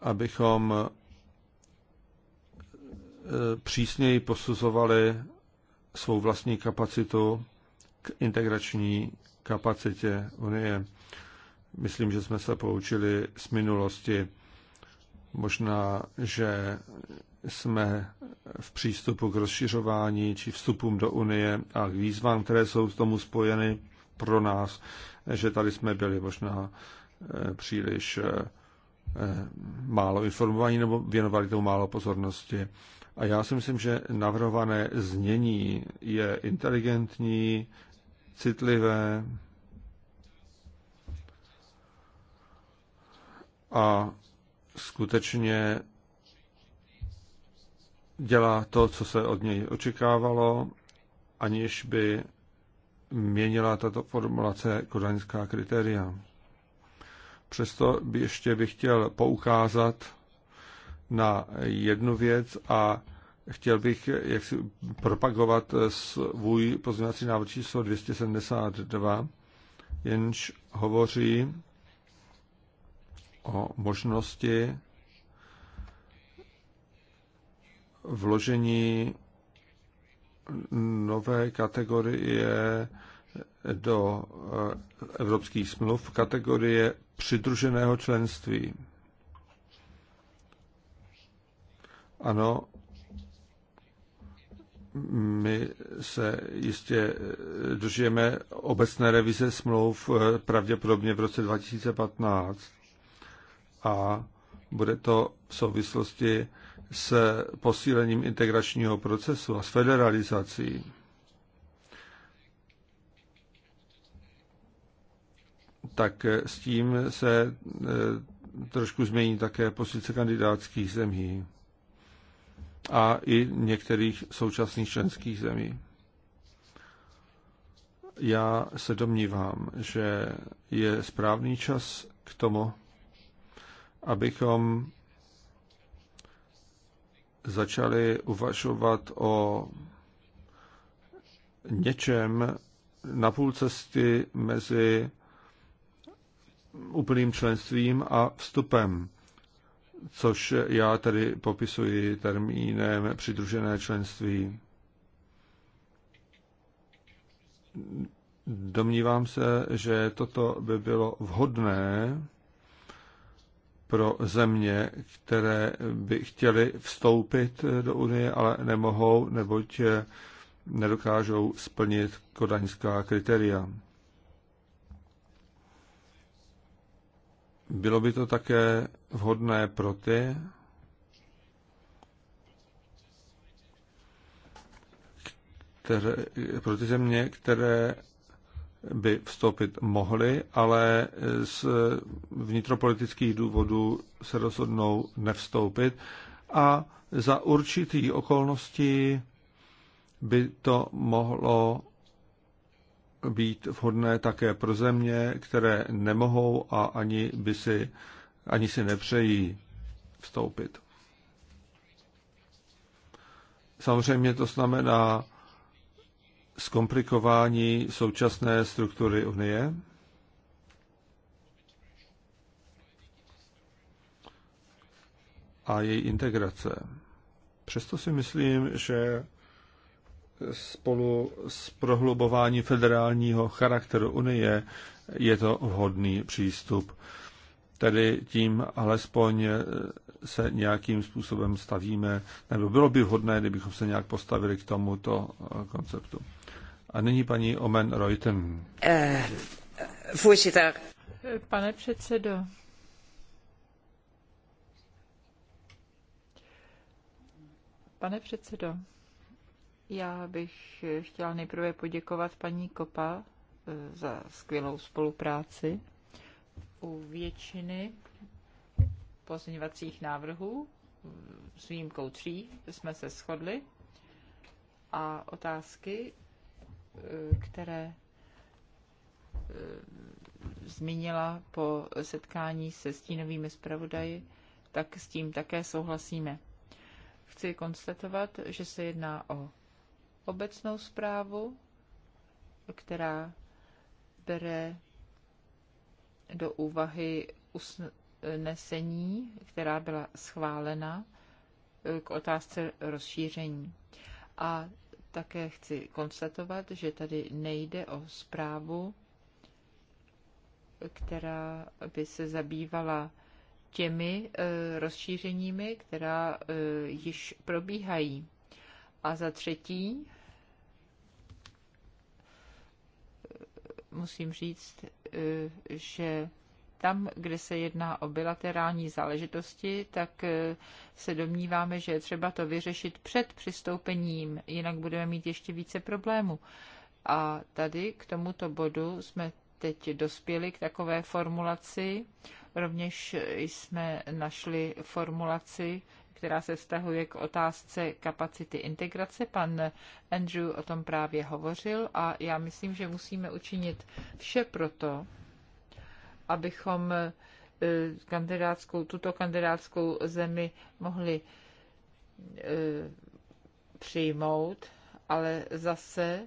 abychom e, přísněji posuzovali svou vlastní kapacitu k integrační kapacitě Unie. Myslím, že jsme se poučili z minulosti. Možná, že jsme v přístupu k rozšiřování či vstupům do Unie a k výzvám, které jsou s tomu spojeny pro nás, že tady jsme byli možná e, příliš e, Eh, málo informovaní nebo věnovali tomu málo pozornosti. A já si myslím, že navrhované znění je inteligentní, citlivé a skutečně dělá to, co se od něj očekávalo, aniž by měnila tato formulace kodaňská kritéria. Přesto by ještě bych chtěl poukázat na jednu věc a chtěl bych jak si propagovat svůj pozměňovací návrh číslo 272, jenž hovoří o možnosti vložení nové kategorie do eh, evropských smluv kategorie přidruženého členství. Ano, my se jistě eh, dožijeme obecné revize smluv, eh, pravděpodobně v roce 2015 a bude to v souvislosti s posílením integračního procesu a s federalizací. tak s tím se eh, trošku změní také pozice kandidátských zemí a i některých současných členských zemí. Já se domnívám, že je správný čas k tomu, abychom začali uvažovat o něčem na půl cesty mezi úplným členstvím a vstupem, což já tady popisuji termínem přidružené členství. Domnívám se, že toto by bylo vhodné pro země, které by chtěly vstoupit do Unie, ale nemohou, neboť nedokážou splnit kodaňská kritéria. Bylo by to také vhodné pro ty, které, pro ty země, které by vstoupit mohly, ale z vnitropolitických důvodů se rozhodnou nevstoupit a za určitých okolností by to mohlo být vhodné také pro země, které nemohou a ani, by si, ani si nepřejí vstoupit. Samozřejmě to znamená zkomplikování současné struktury Unie. a její integrace. Přesto si myslím, že spolu s prohlubováním federálního charakteru Unie je to vhodný přístup. Tedy tím alespoň se nějakým způsobem stavíme, nebo bylo by vhodné, kdybychom se nějak postavili k tomuto konceptu. A nyní paní Omen Reuten. Eh, Pane předsedo, Pane předsedo, já bych chtěla nejprve poděkovat paní Kopa eh, za skvělou spolupráci u většiny pozměňovacích návrhů. S výjimkou tří jsme se shodli a otázky, eh, které eh, zmínila po setkání se stínovými zpravodaji, tak s tím také souhlasíme. Chci konstatovat, že se jedná o obecnou zprávu, která bere do úvahy usnesení, která byla schválena e, k otázce rozšíření. A také chci konstatovat, že tady nejde o zprávu, která by se zabývala těmi e, rozšířeními, která e, již probíhají. A za třetí, musím říct, eh, že tam, kde se jedná o bilaterální záležitosti, tak eh, se domníváme, že je třeba to vyřešit před přistoupením, jinak budeme mít ještě více problémů. A tady k tomuto bodu jsme teď dospěli k takové formulaci. Rovněž jsme našli formulaci, která se vztahuje k otázce kapacity integrace. Pan Andrew o tom právě hovořil a já myslím, že musíme učinit vše proto, abychom e, kandidátskou, tuto kandidátskou zemi mohli e, přijmout, ale zase e,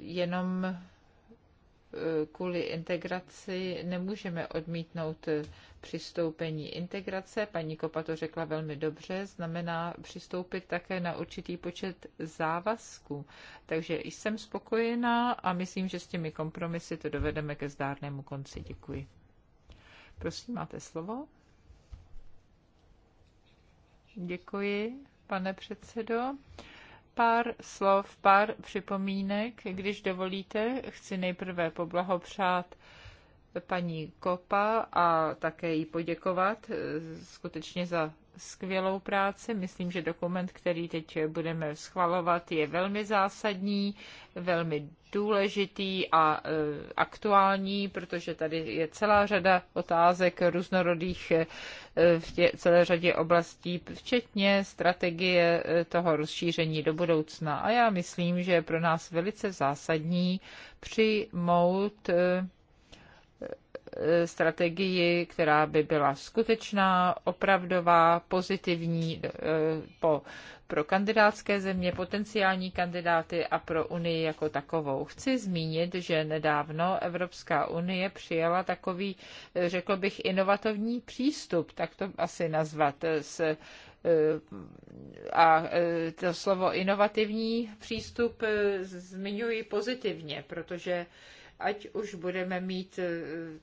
jenom kvůli integraci nemůžeme odmítnout přistoupení. Integrace, paní Kopa to řekla velmi dobře, znamená přistoupit také na určitý počet závazků. Takže jsem spokojená a myslím, že s těmi kompromisy to dovedeme ke zdárnému konci. Děkuji. Prosím, máte slovo. Děkuji, pane předsedo pár slov, pár připomínek, když dovolíte. Chci nejprve poblahopřát paní Kopa a také jí poděkovat eh, skutečně za skvělou práci. Myslím, že dokument, který teď budeme schvalovat, je velmi zásadní, velmi důležitý a e, aktuální, protože tady je celá řada otázek různorodých e, v tě, celé řadě oblastí, včetně strategie e, toho rozšíření do budoucna. A já myslím, že je pro nás velice zásadní přijmout Eh, strategii, která by byla skutečná, opravdová, pozitivní eh, po, pro kandidátské země, potenciální kandidáty a pro Unii jako takovou. Chci zmínit, že nedávno Evropská unie přijala takový, eh, řekl bych, inovativní přístup, tak to asi nazvat, s a to slovo inovativní přístup zmiňuji pozitivně, protože ať už budeme mít eh,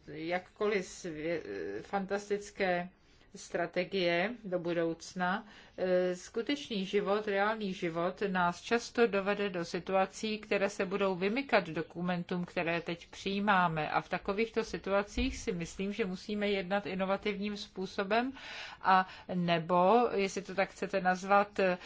jakkoliv eh, fantastické strategie do budoucna, Eh, skutečný život, reálný život nás často dovede do situací, které se budou vymykat dokumentům, které teď přijímáme. A v takovýchto situacích si myslím, že musíme jednat inovativním způsobem a nebo, jestli to tak chcete nazvat, eh,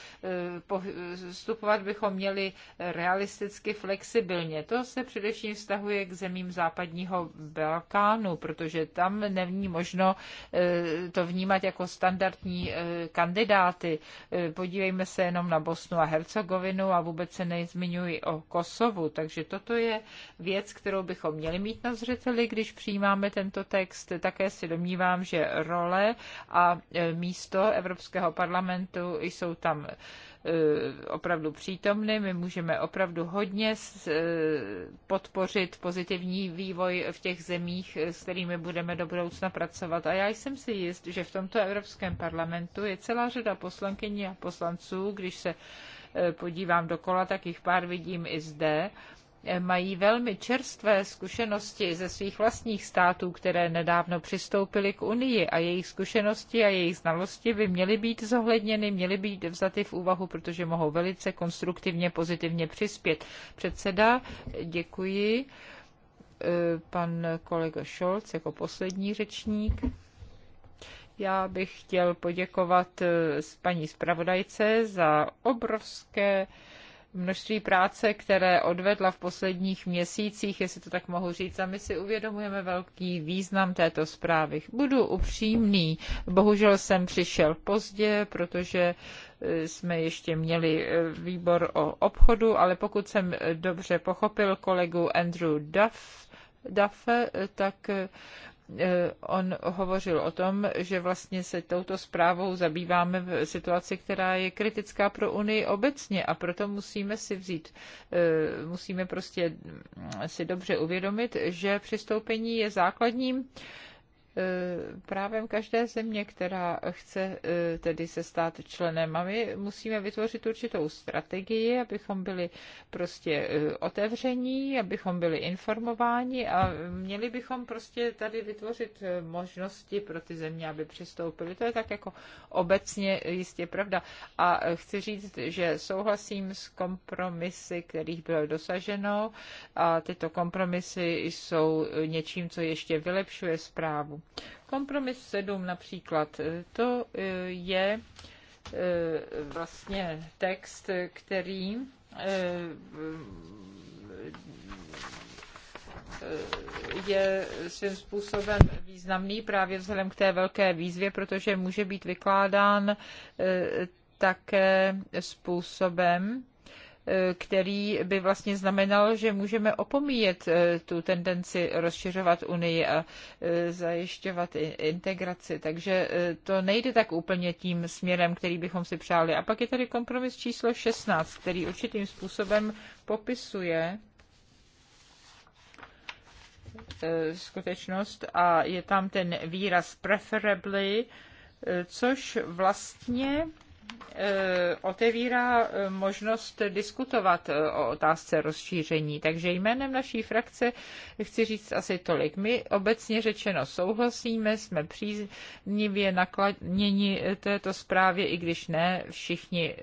vstupovat bychom měli realisticky, flexibilně. To se především vztahuje k zemím západního Balkánu, protože tam není možno eh, to vnímat jako standardní kandidát státy. E, podívejme se jenom na Bosnu a Hercegovinu a vůbec se nezmiňuji o Kosovu. Takže toto je věc, kterou bychom měli mít na zřeteli, když přijímáme tento text. Také si domnívám, že role a e, místo Evropského parlamentu jsou tam Eh, opravdu přítomny. My můžeme opravdu hodně eh, podpořit pozitivní vývoj v těch zemích, eh, s kterými budeme do budoucna pracovat. A já jsem si jist, že v tomto Evropském parlamentu je celá řada poslankyní a poslanců, když se podívám dokola, tak jich pár vidím i zde, mají velmi čerstvé zkušenosti ze svých vlastních států, které nedávno přistoupily k Unii a jejich zkušenosti a jejich znalosti by měly být zohledněny, měly být vzaty v úvahu, protože mohou velice konstruktivně, pozitivně přispět. Předseda, děkuji. E, pan kolega Scholz jako poslední řečník. Já bych chtěl poděkovat e, paní zpravodajce za obrovské množství práce, které odvedla v posledních měsících, jestli to tak mohu říct, a my si uvědomujeme velký význam této zprávy. Budu upřímný, bohužel jsem přišel pozdě, protože eh, jsme ještě měli eh, výbor o obchodu, ale pokud jsem dobře pochopil kolegu Andrew Duff, eh, tak Eh, on hovořil o tom, že vlastně se touto zprávou zabýváme v situaci, která je kritická pro Unii obecně a proto musíme si vzít, eh, musíme prostě si dobře uvědomit, že přistoupení je základním Eh, právem každé země, která chce eh, tedy se stát členem. A my musíme vytvořit určitou strategii, abychom byli prostě eh, otevření, abychom byli informováni a měli bychom prostě tady vytvořit možnosti pro ty země, aby přistoupili. To je tak jako obecně jistě pravda. A chci říct, že souhlasím s kompromisy, kterých bylo dosaženo a tyto kompromisy jsou něčím, co ještě vylepšuje zprávu. Kompromis 7 například, to eh, je eh, vlastně text, který eh, je svým způsobem významný právě vzhledem k té velké výzvě, protože může být vykládán také způsobem, který by vlastně znamenal, že můžeme opomíjet eh, tu tendenci rozšiřovat Unii a eh, zajišťovat integraci. Takže eh, to nejde tak úplně tím směrem, který bychom si přáli. A pak je tady kompromis číslo 16, který určitým způsobem popisuje skutečnost a je tam ten výraz preferably, což vlastně Eh, otevírá eh, možnost diskutovat eh, o otázce rozšíření. Takže jménem naší frakce chci říct asi tolik. My obecně řečeno souhlasíme, jsme příznivě nakladněni této zprávě, i když ne všichni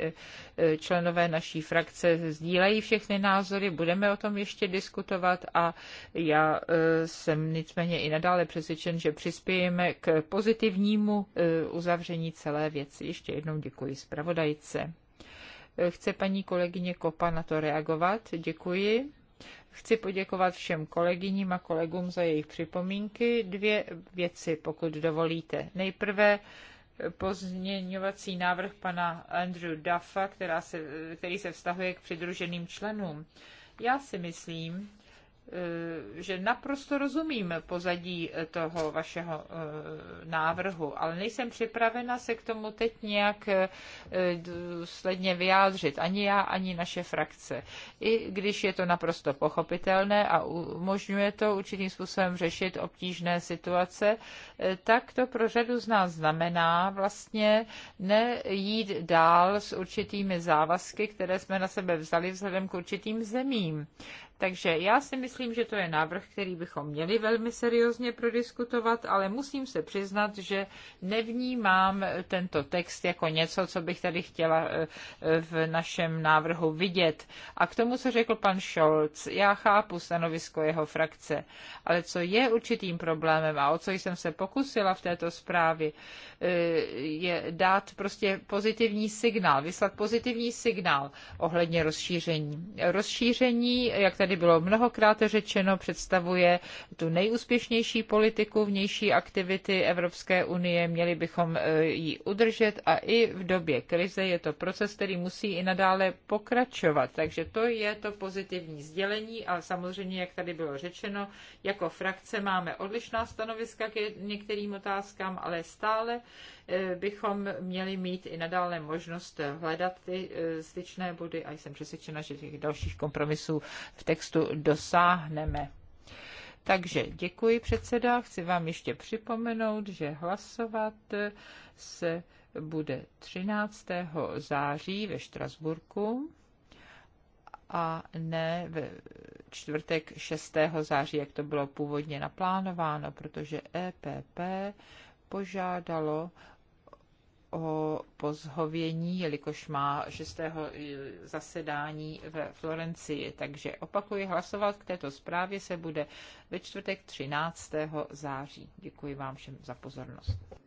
Eh, členové naší frakce sdílejí všechny názory, budeme o tom ještě diskutovat a já eh, jsem nicméně i nadále přesvědčen, že přispějeme k pozitivnímu eh, uzavření celé věci. Ještě jednou děkuji zpravodajce. Chce paní kolegyně Kopa na to reagovat? Děkuji. Chci poděkovat všem kolegyním a kolegům za jejich připomínky. Dvě věci, pokud dovolíte. Nejprve pozměňovací návrh pana Andrew Duffa, která se, který se vztahuje k přidruženým členům. Já si myslím, Eh, že naprosto rozumím pozadí eh, toho vašeho eh, návrhu, ale nejsem připravena se k tomu teď nějak důsledně vyjádřit, ani já, ani naše frakce. I když je to naprosto pochopitelné a umožňuje to určitým způsobem řešit obtížné situace, tak to pro řadu z nás znamená vlastně nejít dál s určitými závazky, které jsme na sebe vzali vzhledem k určitým zemím. Takže já si myslím, myslím, že to je návrh, který bychom měli velmi seriózně prodiskutovat, ale musím se přiznat, že nevnímám tento text jako něco, co bych tady chtěla eh, eh, v našem návrhu vidět. A k tomu, co řekl pan Scholz, já chápu stanovisko jeho frakce, ale co je určitým problémem a o co jsem se pokusila v této zprávě, eh, je dát prostě pozitivní signál, vyslat pozitivní signál ohledně rozšíření. Rozšíření, jak tady bylo mnohokrát řečeno představuje tu nejúspěšnější politiku vnější aktivity Evropské unie. Měli bychom e, ji udržet a i v době krize je to proces, který musí i nadále pokračovat. Takže to je to pozitivní sdělení a samozřejmě, jak tady bylo řečeno, jako frakce máme odlišná stanoviska k některým otázkám, ale stále e, bychom měli mít i nadále možnost hledat ty e, styčné body a jsem přesvědčena, že těch dalších kompromisů v textu dosáhne dosáhneme. Takže děkuji předseda. Chci vám ještě připomenout, že hlasovat se bude 13. září ve Štrasburku a ne ve čtvrtek 6. září, jak to bylo původně naplánováno, protože EPP požádalo o pozhovění, jelikož má šestého eh, zasedání ve Florencii. Takže opakuji, hlasovat k této zprávě se bude ve čtvrtek 13. září. Děkuji vám všem za pozornost.